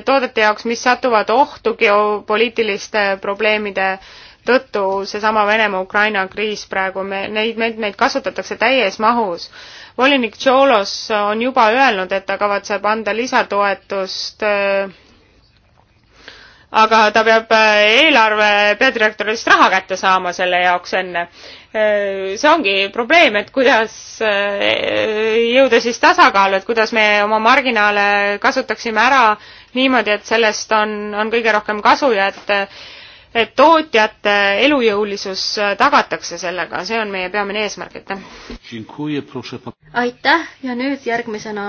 toodete jaoks, mis satuvad ohtu geopoliitiliste probleemide äh, tõttu seesama Venemaa-Ukraina kriis praegu, me, neid meetmeid kasutatakse täies mahus. volinik Tšolos on juba öelnud, et ta kavatseb anda lisatoetust äh, aga ta peab äh, eelarve peadirektorist raha kätte saama selle jaoks enne. Äh, see ongi probleem, et kuidas jõuda siis tasakaalu, et kuidas me oma marginaale kasutaksime ära niimoodi, et sellest on, on kõige rohkem kasu ja et et tootjate elujõulisus tagatakse sellega, see on meie peamine eesmärk, aitäh. aitäh ja nüüd järgmisena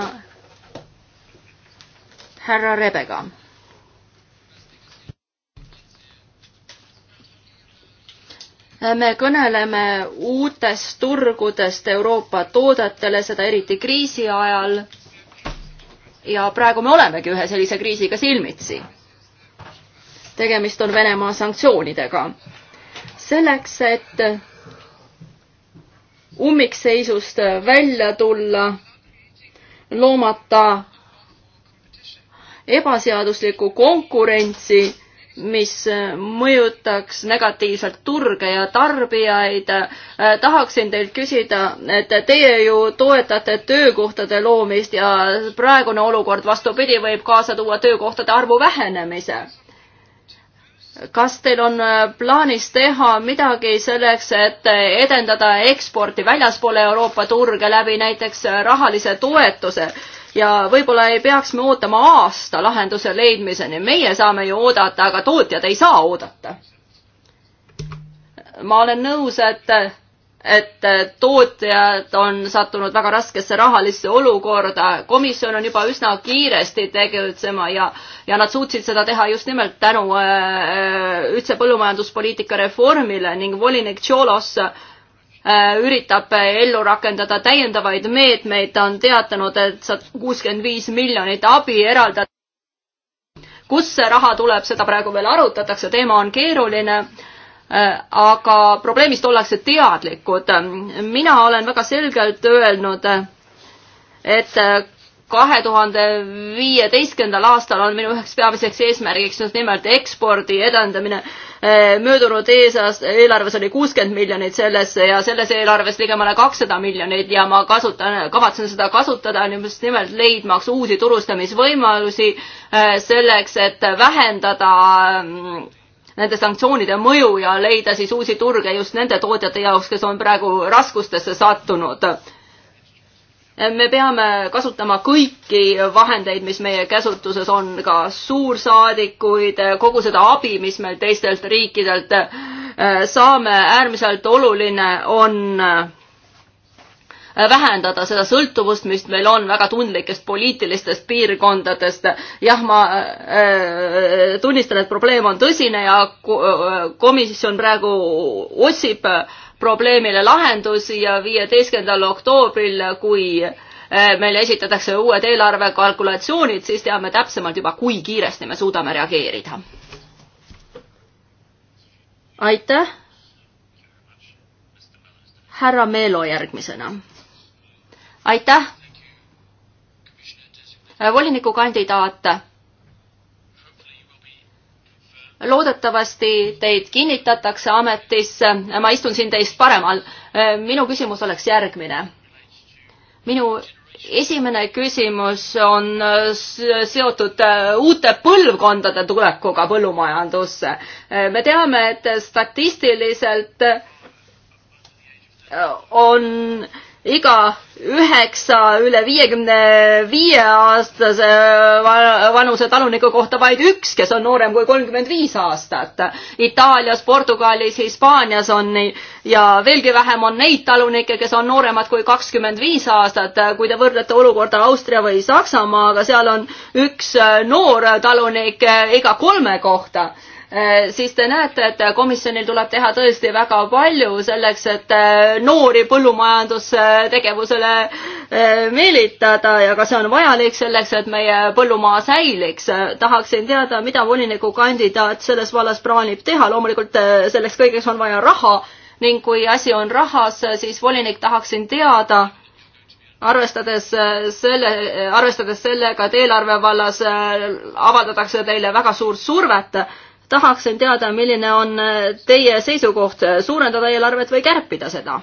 härra Rebega. me kõneleme uutest turgudest Euroopa toodetele, seda eriti kriisi ajal. ja praegu me olemegi ühe sellise kriisiga silmitsi tegemist on Venemaa sanktsioonidega. selleks, et ummikseisust välja tulla, loomata ebaseaduslikku konkurentsi, mis mõjutaks negatiivselt turge ja tarbijaid. tahaksin teilt küsida, et teie ju toetate töökohtade loomist ja praegune olukord vastupidi, võib kaasa tuua töökohtade arvu vähenemise kas teil on äh, plaanis teha midagi selleks, et äh, edendada eksporti väljaspoole Euroopa turge läbi näiteks äh, rahalise toetuse ja võib-olla ei peaks me ootama aasta lahenduse leidmiseni, meie saame ju oodata, aga tootjad ei saa oodata. ma olen nõus, et et äh, tootjad on sattunud väga raskesse rahalisse olukorda, komisjon on juba üsna kiiresti tegutsema ja, ja nad suutsid seda teha just nimelt tänu äh, äh üldse põllumajanduspoliitika reformile ning volinik Tšolos äh, üritab ellu rakendada täiendavaid meetmeid, ta on teatanud, et saab kuuskümmend viis miljonit abi eraldada. kust see raha tuleb, seda praegu veel arutatakse, teema on keeruline Äh, aga probleemist ollakse teadlikud. mina olen väga selgelt öelnud, et kahe tuhande viieteistkümnendal aastal on minu üheks peamiseks eesmärgiks just nimelt ekspordi edendamine. Äh, möödunud eesaast-, eelarves oli kuuskümmend miljonit sellesse ja selles eelarves ligemale kakssada miljonit ja ma kasutan, kavatsen seda kasutada just nimelt leidmaks uusi turustamisvõimalusi äh, selleks, et vähendada mm, nende sanktsioonide mõju ja leida siis uusi turge just nende tootjate jaoks, kes on praegu raskustesse sattunud. me peame kasutama kõiki vahendeid, mis meie käsutuses on, ka suursaadikuid, kogu seda abi, mis meil teistelt riikidelt saame, äärmiselt oluline on vähendada seda sõltuvust, mis meil on väga tundlikest poliitilistest piirkondadest. jah, ma äh, tunnistan, et probleem on tõsine ja komisjon praegu otsib probleemile lahendusi ja viieteistkümnendal oktoobril, kui äh, meile esitatakse uued eelarvekalkulatsioonid, siis teame täpsemalt juba, kui kiiresti me suudame reageerida. aitäh. härra Meelo järgmisena aitäh. Äh, volinikukandidaat. loodetavasti teid kinnitatakse ametisse, ma istun siin teist paremal. Äh, minu küsimus oleks järgmine. minu esimene küsimus on äh, seotud uute põlvkondade tulekuga põllumajandusse. me teame, et statistiliselt on äh, iga üheksa üle viiekümne viie aastase äh, vanuse taluniku kohta vaid üks, kes on noorem kui kolmkümmend viis aastat. Itaalias, Portugalis, Hispaanias on ja veelgi vähem on neid talunikke, kes on nooremad kui kakskümmend viis aastat. kui te võrdlete olukorda Austria või Saksamaaga, seal on üks äh, noor talunik äh, iga kolme kohta Äh, siis te näete, et komisjonil tuleb teha tõesti väga palju selleks, et äh, noori põllumajandustegevusele äh, meelitada ja ka see on vajalik selleks, et meie põllumaa säiliks. tahaksin teada, mida volinikukandidaat selles vallas plaanib teha, loomulikult selleks kõigeks on vaja raha ning kui asi on rahas, siis volinik tahaksin teada, arvestades selle, arvestades sellega, et eelarve vallas avaldatakse teile väga suurt survet, tahaksin teada, milline on äh, teie seisukoht, äh, suurendada eelarvet või kärpida seda?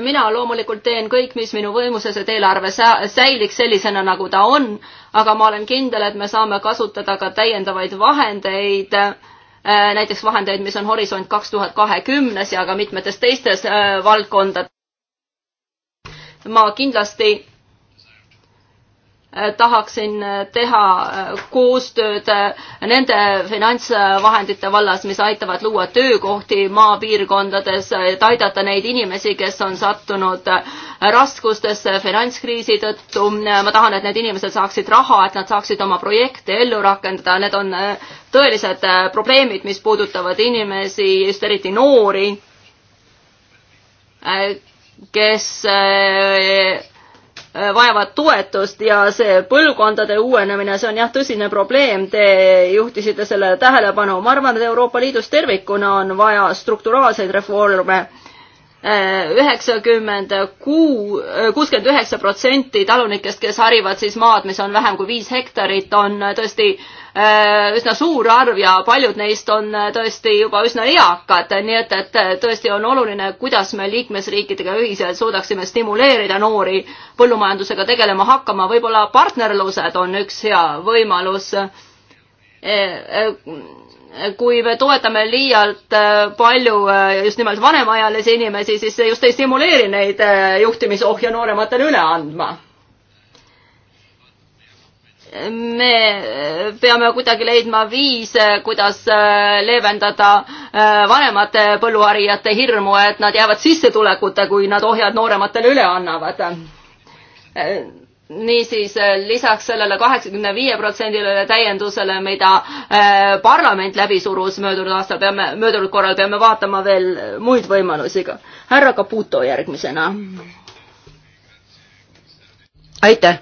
mina loomulikult teen kõik, mis minu võimuses, et eelarve säiliks sellisena, nagu ta on, aga ma olen kindel, et me saame kasutada ka täiendavaid vahendeid, äh, näiteks vahendeid, mis on Horisont kaks tuhat kahekümnes ja ka mitmetes teistes valdkondades. ma kindlasti Äh, tahaksin äh, teha äh, koostööd nende finantsvahendite vallas, mis aitavad luua töökohti maapiirkondades, et aidata neid inimesi, kes on sattunud raskustesse finantskriisi tõttu. ma tahan, et need inimesed saaksid raha, et nad saaksid oma projekte ellu rakendada, need on tõelised probleemid, mis puudutavad inimesi, just eriti noori, kes Äh, vajavad toetust ja see põlvkondade uuenemine, see on jah, tõsine probleem, te juhtisite sellele tähelepanu. ma arvan, et Euroopa Liidus tervikuna on vaja strukturaalseid reforme. Äh, üheksakümmend kuu, äh, kuuskümmend üheksa protsenti talunikest, kes harivad siis maad, mis on vähem kui viis hektarit, on tõesti äh, Äh, üsna suur arv ja paljud neist on äh, tõesti juba üsna eakad, nii et, et äh, tõesti on oluline, kuidas me liikmesriikidega ühiselt suudaksime stimuleerida noori põllumajandusega tegelema hakkama, võib-olla partnerlused on üks hea võimalus. kui me toetame liialt palju just nimelt vanemaealisi inimesi, siis see just ei stimuleeri neid juhtimisohja noorematele üle andma me eh, peame kuidagi leidma viise, kuidas eh, leevendada eh, vanemate põlluharijate hirmu, et nad jäävad sissetulekute, kui nad ohjad noorematele üle annavad. niisiis lisaks sellele kaheksakümne viie protsendile täiendusele, mida parlament läbi surus möödunud aastal, peame, möödunud korral peame vaatama veel muid võimalusi ka. härra Caputo järgmisena. aitäh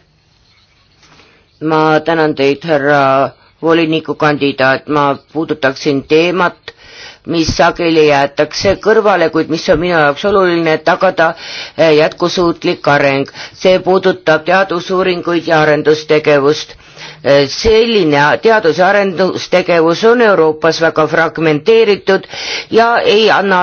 ma tänan teid, härra volinikukandidaat, ma puudutaksin teemat, mis sageli jäetakse kõrvale, kuid mis on minu jaoks oluline, et tagada eh, jätkusuutlik areng. see puudutab teadusuuringuid ja arendustegevust Äh, selline teadus- ja arendustegevus on Euroopas väga fragmenteeritud ja ei anna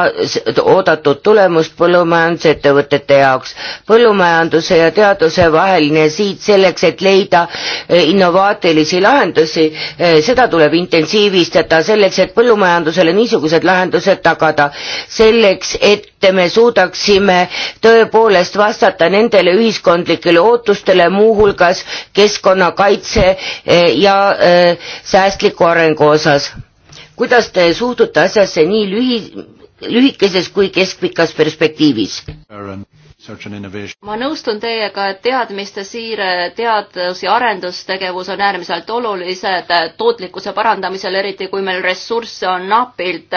oodatud tulemust põllumajandusettevõtete jaoks. põllumajanduse ja teaduse vaheline siit selleks, et leida äh, innovaatilisi lahendusi, äh, seda tuleb intensiivistada selleks, et põllumajandusele niisugused lahendused tagada. selleks, et me suudaksime tõepoolest vastata nendele ühiskondlikele ootustele, muuhulgas keskkonnakaitse kaitse eh, ja eh, säästliku arengu osas. kuidas te suhtute asjasse nii lühi, lühikeses kui keskpikas perspektiivis? ma nõustun teiega, et teadmiste siire, teadus- ja arendustegevus on äärmiselt olulised tootlikkuse parandamisel, eriti kui meil ressursse on napilt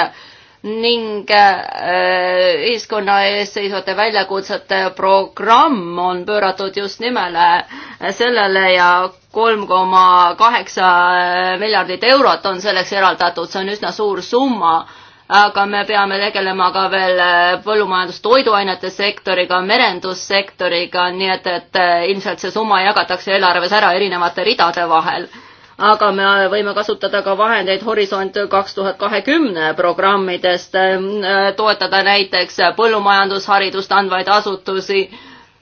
ning äh, ühiskonna ees seisvate väljakutsete programm on pööratud just nimele äh, sellele ja kolm koma kaheksa äh, miljardit eurot on selleks eraldatud, see on üsna suur summa, aga me peame tegelema ka veel põllumajandus-toiduainete sektoriga, merendussektoriga, nii et, et ilmselt see summa jagatakse eelarves ära erinevate ridade vahel aga me võime kasutada ka vahendeid Horisont kaks tuhat kahekümne programmidest, toetada näiteks põllumajandusharidust andvaid asutusi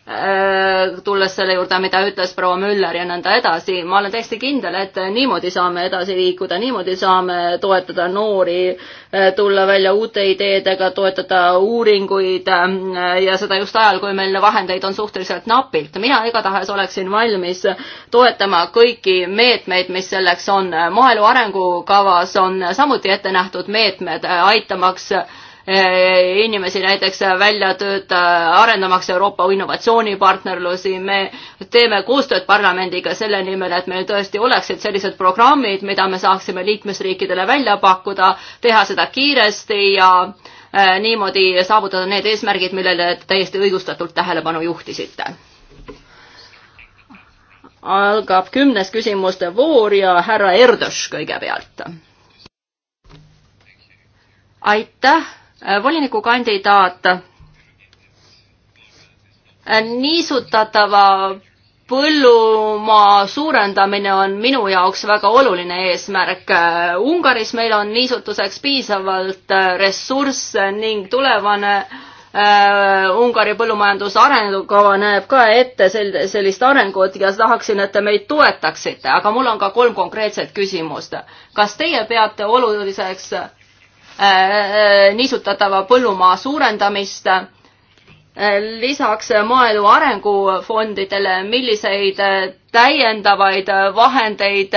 Äh, tulles selle juurde, mida ütles proua Müller ja nõnda edasi, ma olen täiesti kindel, et niimoodi saame edasi liikuda, niimoodi saame toetada noori, äh, tulla välja uute ideedega, toetada uuringuid äh, ja seda just ajal, kui meil vahendeid on suhteliselt napilt. mina igatahes oleksin valmis toetama kõiki meetmeid, mis selleks on. maaelu arengukavas on samuti ette nähtud meetmed aitamaks Eh, inimesi näiteks välja tööta, arendamaks Euroopa innovatsioonipartnerlusi, me teeme koostööd parlamendiga selle nimel, et meil tõesti oleksid sellised programmid, mida me saaksime liikmesriikidele välja pakkuda, teha seda kiiresti ja eh, niimoodi saavutada need eesmärgid, millele täiesti õigustatult tähelepanu juhtisite algab kümnes küsimuste voor ja härra Erdos kõigepealt. aitäh Äh, volinikukandidaat, äh, niisutatava põllumaa suurendamine on minu jaoks väga oluline eesmärk. Äh, Ungaris meil on niisutuseks piisavalt ressursse ning tulevane äh, Ungari põllumajanduse arengukava näeb ka ette sel-, sellist arengut ja tahaksin, et te meid toetaksite, aga mul on ka kolm konkreetset küsimust. kas teie peate oluliseks Äh, äh, niisutatava põllumaa suurendamist. Äh, lisaks maaelu arengufondidele, milliseid täiendavaid vahendeid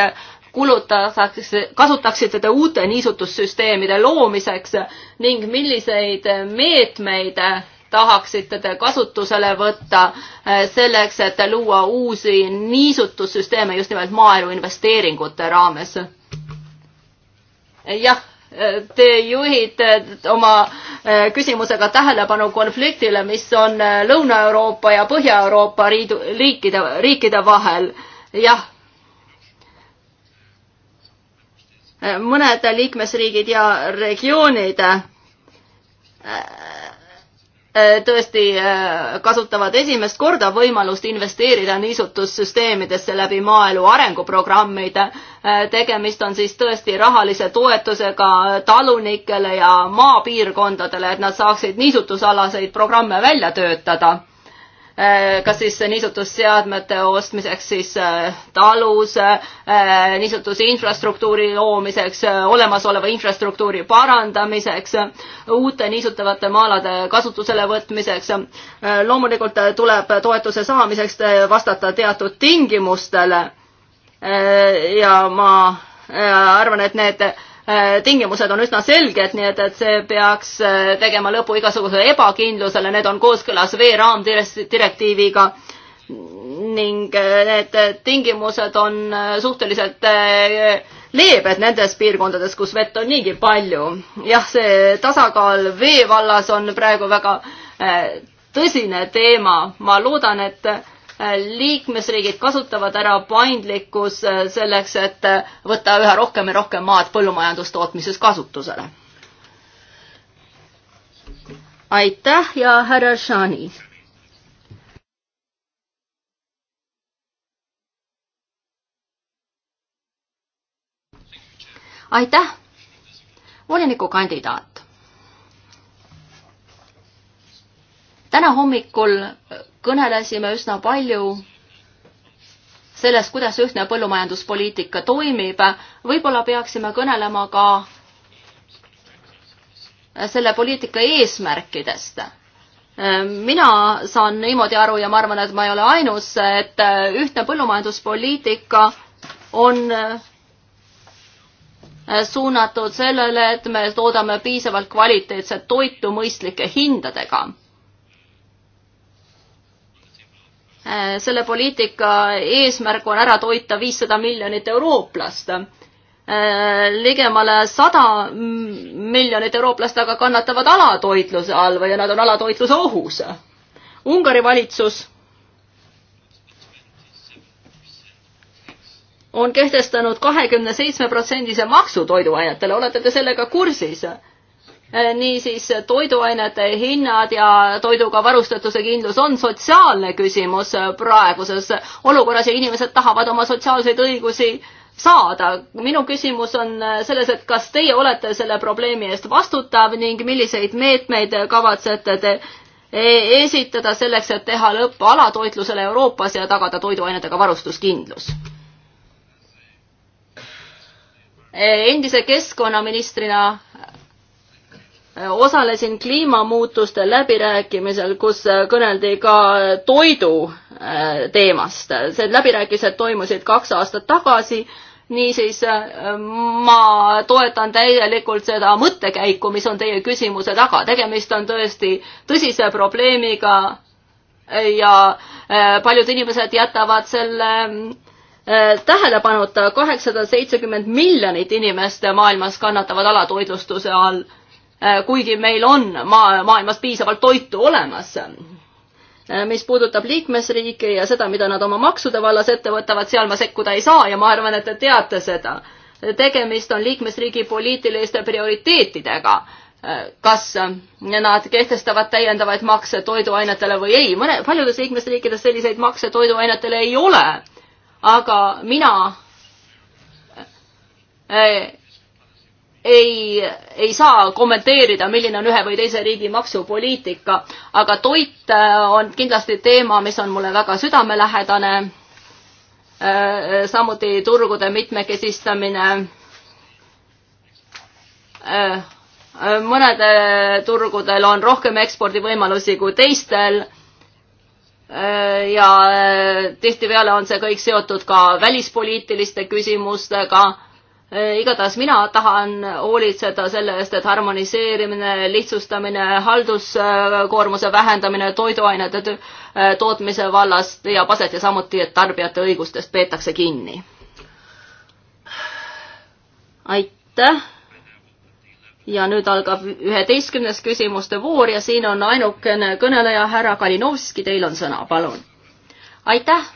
kulutatakse, kasutaksite te uute niisutussüsteemide loomiseks ning milliseid meetmeid tahaksite te kasutusele võtta selleks, et luua uusi niisutussüsteeme just nimelt maaelu investeeringute raames? jah, te juhite eh, oma eh, küsimusega tähelepanu konfliktile, mis on eh, Lõuna-Euroopa ja Põhja-Euroopa riidu, riikide, riikide vahel. jah. mõned liikmesriigid ja regioonid Äh, tõesti äh, kasutavad esimest korda võimalust investeerida niisutussüsteemidesse läbi maaelu arenguprogrammid. Äh, tegemist on siis tõesti rahalise toetusega talunikele ja maapiirkondadele, et nad saaksid niisutusalaseid programme välja töötada Äh, kas siis niisutusseadmete ostmiseks siis äh, talus, äh, niisutusinfrastruktuuri loomiseks, olemasoleva infrastruktuuri parandamiseks, uute niisutavate maalade kasutusele võtmiseks. loomulikult tuleb toetuse saamiseks vastata teatud tingimustele. ja ma arvan, et need Äh, tingimused on üsna selged, nii et, et see peaks äh, tegema lõpu igasugusele ebakindlusele, need on kooskõlas vee raamdirektiiviga ning äh, need tingimused on suhteliselt leebed nendes piirkondades, kus vett on niigi palju. jah, see tasakaal vee vallas on praegu väga tõsine teema, ma loodan, et liikmesriigid kasutavad ära paindlikkus äh, selleks, et äh, võtta üha rohkem ja rohkem maad põllumajandustootmises kasutusele. aitäh ja härra Shani. aitäh, volinikukandidaat. täna hommikul kõnelesime üsna palju sellest, kuidas ühtne põllumajanduspoliitika toimib. võib-olla peaksime kõnelema ka selle poliitika eesmärkidest. mina saan niimoodi aru ja ma arvan, et ma ei ole ainus, et ühtne põllumajanduspoliitika on suunatud sellele, et me toodame piisavalt kvaliteetset toitu mõistlike hindadega. Äh, selle poliitika eesmärk on ära toita viissada miljonit eurooplast. Äh, ligemale sada miljonit eurooplast aga kannatavad alatoitluse all või nad on alatoitluse ohus. Ungari valitsus on kehtestanud kahekümne seitsme protsendise maksu toiduainetele, olete te sellega kursis? Äh, niisiis toiduainete hinnad ja toiduga varustatuse kindlus on sotsiaalne küsimus äh, praeguses olukorras ja inimesed tahavad oma sotsiaalseid õigusi saada. minu küsimus on äh, selles, et kas teie olete selle probleemi eest vastutav ning milliseid meetmeid kavatsete te e-, esitada selleks, et teha lõpp alatoitlusele Euroopas ja tagada toiduainetega varustuskindlus? endise keskkonnaministrina osalesin kliimamuutuste läbirääkimisel, kus kõneldi ka toidu äh, teemast. Need läbirääkimised toimusid kaks aastat tagasi, niisiis äh, ma toetan täielikult seda mõttekäiku, mis on teie küsimuse taga. tegemist on tõesti tõsise probleemiga ja äh, paljud inimesed jätavad selle tähelepanuta, kaheksasada seitsekümmend miljonit inimest maailmas kannatavad alatoitlustuse all Äh, kuigi meil on maa, maailmas piisavalt toitu olemas äh, mis puudutab liikmesriike ja seda, mida nad oma maksude vallas ette võtavad, seal ma sekkuda ei saa ja ma arvan, et te teate seda. tegemist on liikmesriigi poliitiliste prioriteetidega. Äh, kas nad kehtestavad täiendavaid makse toiduainetele või ei, mõne, paljudes liikmesriikides selliseid makse toiduainetele ei ole. aga mina ei, ei saa kommenteerida, milline on ühe või teise riigi maksupoliitika, aga toit äh, on kindlasti teema, mis on mulle väga südamelähedane. Äh, samuti turgude mitmekesistamine. Äh, mõnedel turgudel on rohkem ekspordivõimalusi kui teistel ja tihtipeale on see kõik seotud ka välispoliitiliste küsimustega Äh, igatahes mina tahan hoolitseda selle eest, et harmoniseerimine, lihtsustamine, halduskoormuse vähendamine toiduainete äh, tootmise vallas leiab aset ja samuti, et tarbijate õigustest peetakse kinni. aitäh. ja nüüd algab üheteistkümnes küsimuste voor ja siin on ainukene kõneleja, härra Kalinovski, teil on sõna, palun. aitäh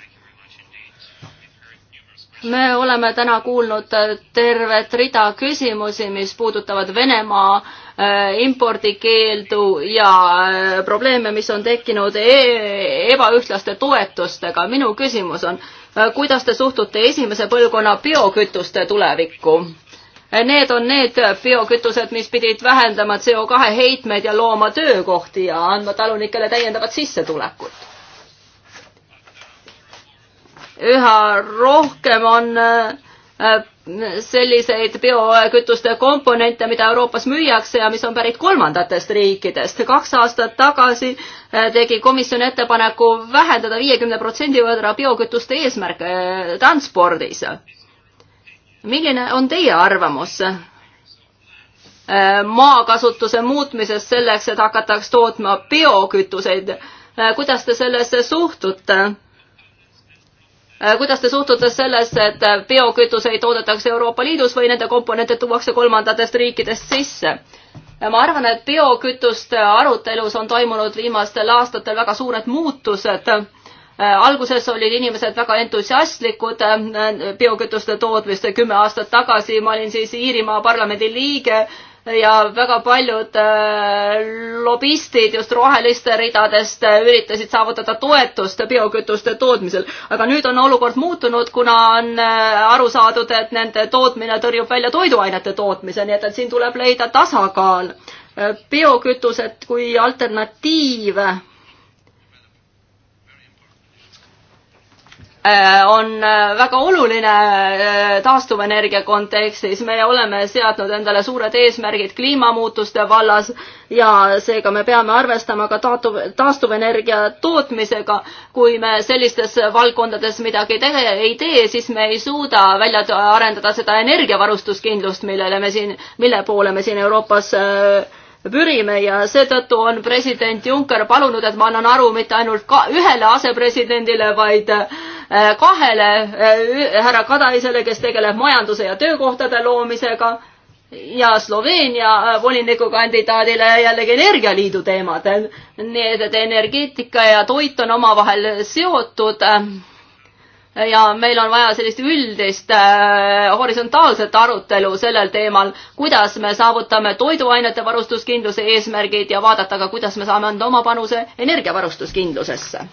me oleme täna kuulnud äh, tervet rida küsimusi, mis puudutavad Venemaa äh, impordikeeldu ja äh, probleeme, mis on tekkinud e ebaühtlaste toetustega. minu küsimus on, kuidas te suhtute esimese põlvkonna biokütuste tulevikku? Need on need biokütused, mis pidid vähendama CO2 heitmeid ja looma töökohti ja andma talunikele täiendavat sissetulekut üha rohkem on äh, selliseid biokütuste komponente, mida Euroopas müüakse ja mis on pärit kolmandatest riikidest. kaks aastat tagasi äh, tegi komisjon ettepaneku vähendada viiekümne protsendi võrra biokütuste eesmärke äh, transpordis. milline on teie arvamus? maakasutuse muutmisest selleks, et hakataks tootma biokütuseid. kuidas te sellesse suhtute? Äh, kuidas te suhtute sellesse, et äh, biokütuseid toodetakse Euroopa Liidus või nende komponente tuuakse kolmandatest riikidest sisse? Äh, ma arvan, et biokütuste arutelus on toimunud viimastel aastatel väga suured muutused. alguses olid inimesed väga entusiastlikud biokütuste tootmiste, kümme aastat tagasi ma olin siis Iirimaa parlamendi liige ja väga paljud äh, lobistid just roheliste ridadest äh, üritasid saavutada toetust biokütuste tootmisel. aga nüüd on olukord muutunud, kuna on äh, aru saadud, et nende tootmine tõrjub välja toiduainete tootmise, nii et, et siin tuleb leida tasakaal. biokütused kui alternatiiv Äh, on äh, väga oluline äh, taastuvenergia kontekstis. me oleme seadnud endale suured eesmärgid kliimamuutuste vallas ja seega me peame arvestama ka taastuvenergia tootmisega. kui me sellistes valdkondades midagi te ei tee, siis me ei suuda välja arendada seda energiavarustuskindlust, millele me siin, mille poole me siin Euroopas äh, pürime ja seetõttu on president Juncker palunud, et ma annan aru mitte ainult ka ühele asepresidendile, vaid äh, kahele äh, härra Kadaisele, kes tegeleb majanduse ja töökohtade loomisega ja Sloveenia äh, volinikukandidaadile jällegi energialiidu teemadel. nii et energeetika ja toit on omavahel seotud ja meil on vaja sellist üldist äh, horisontaalset arutelu sellel teemal, kuidas me saavutame toiduainete varustuskindluse eesmärgid ja vaadata ka, kuidas me saame anda oma panuse energiavarustuskindlusesse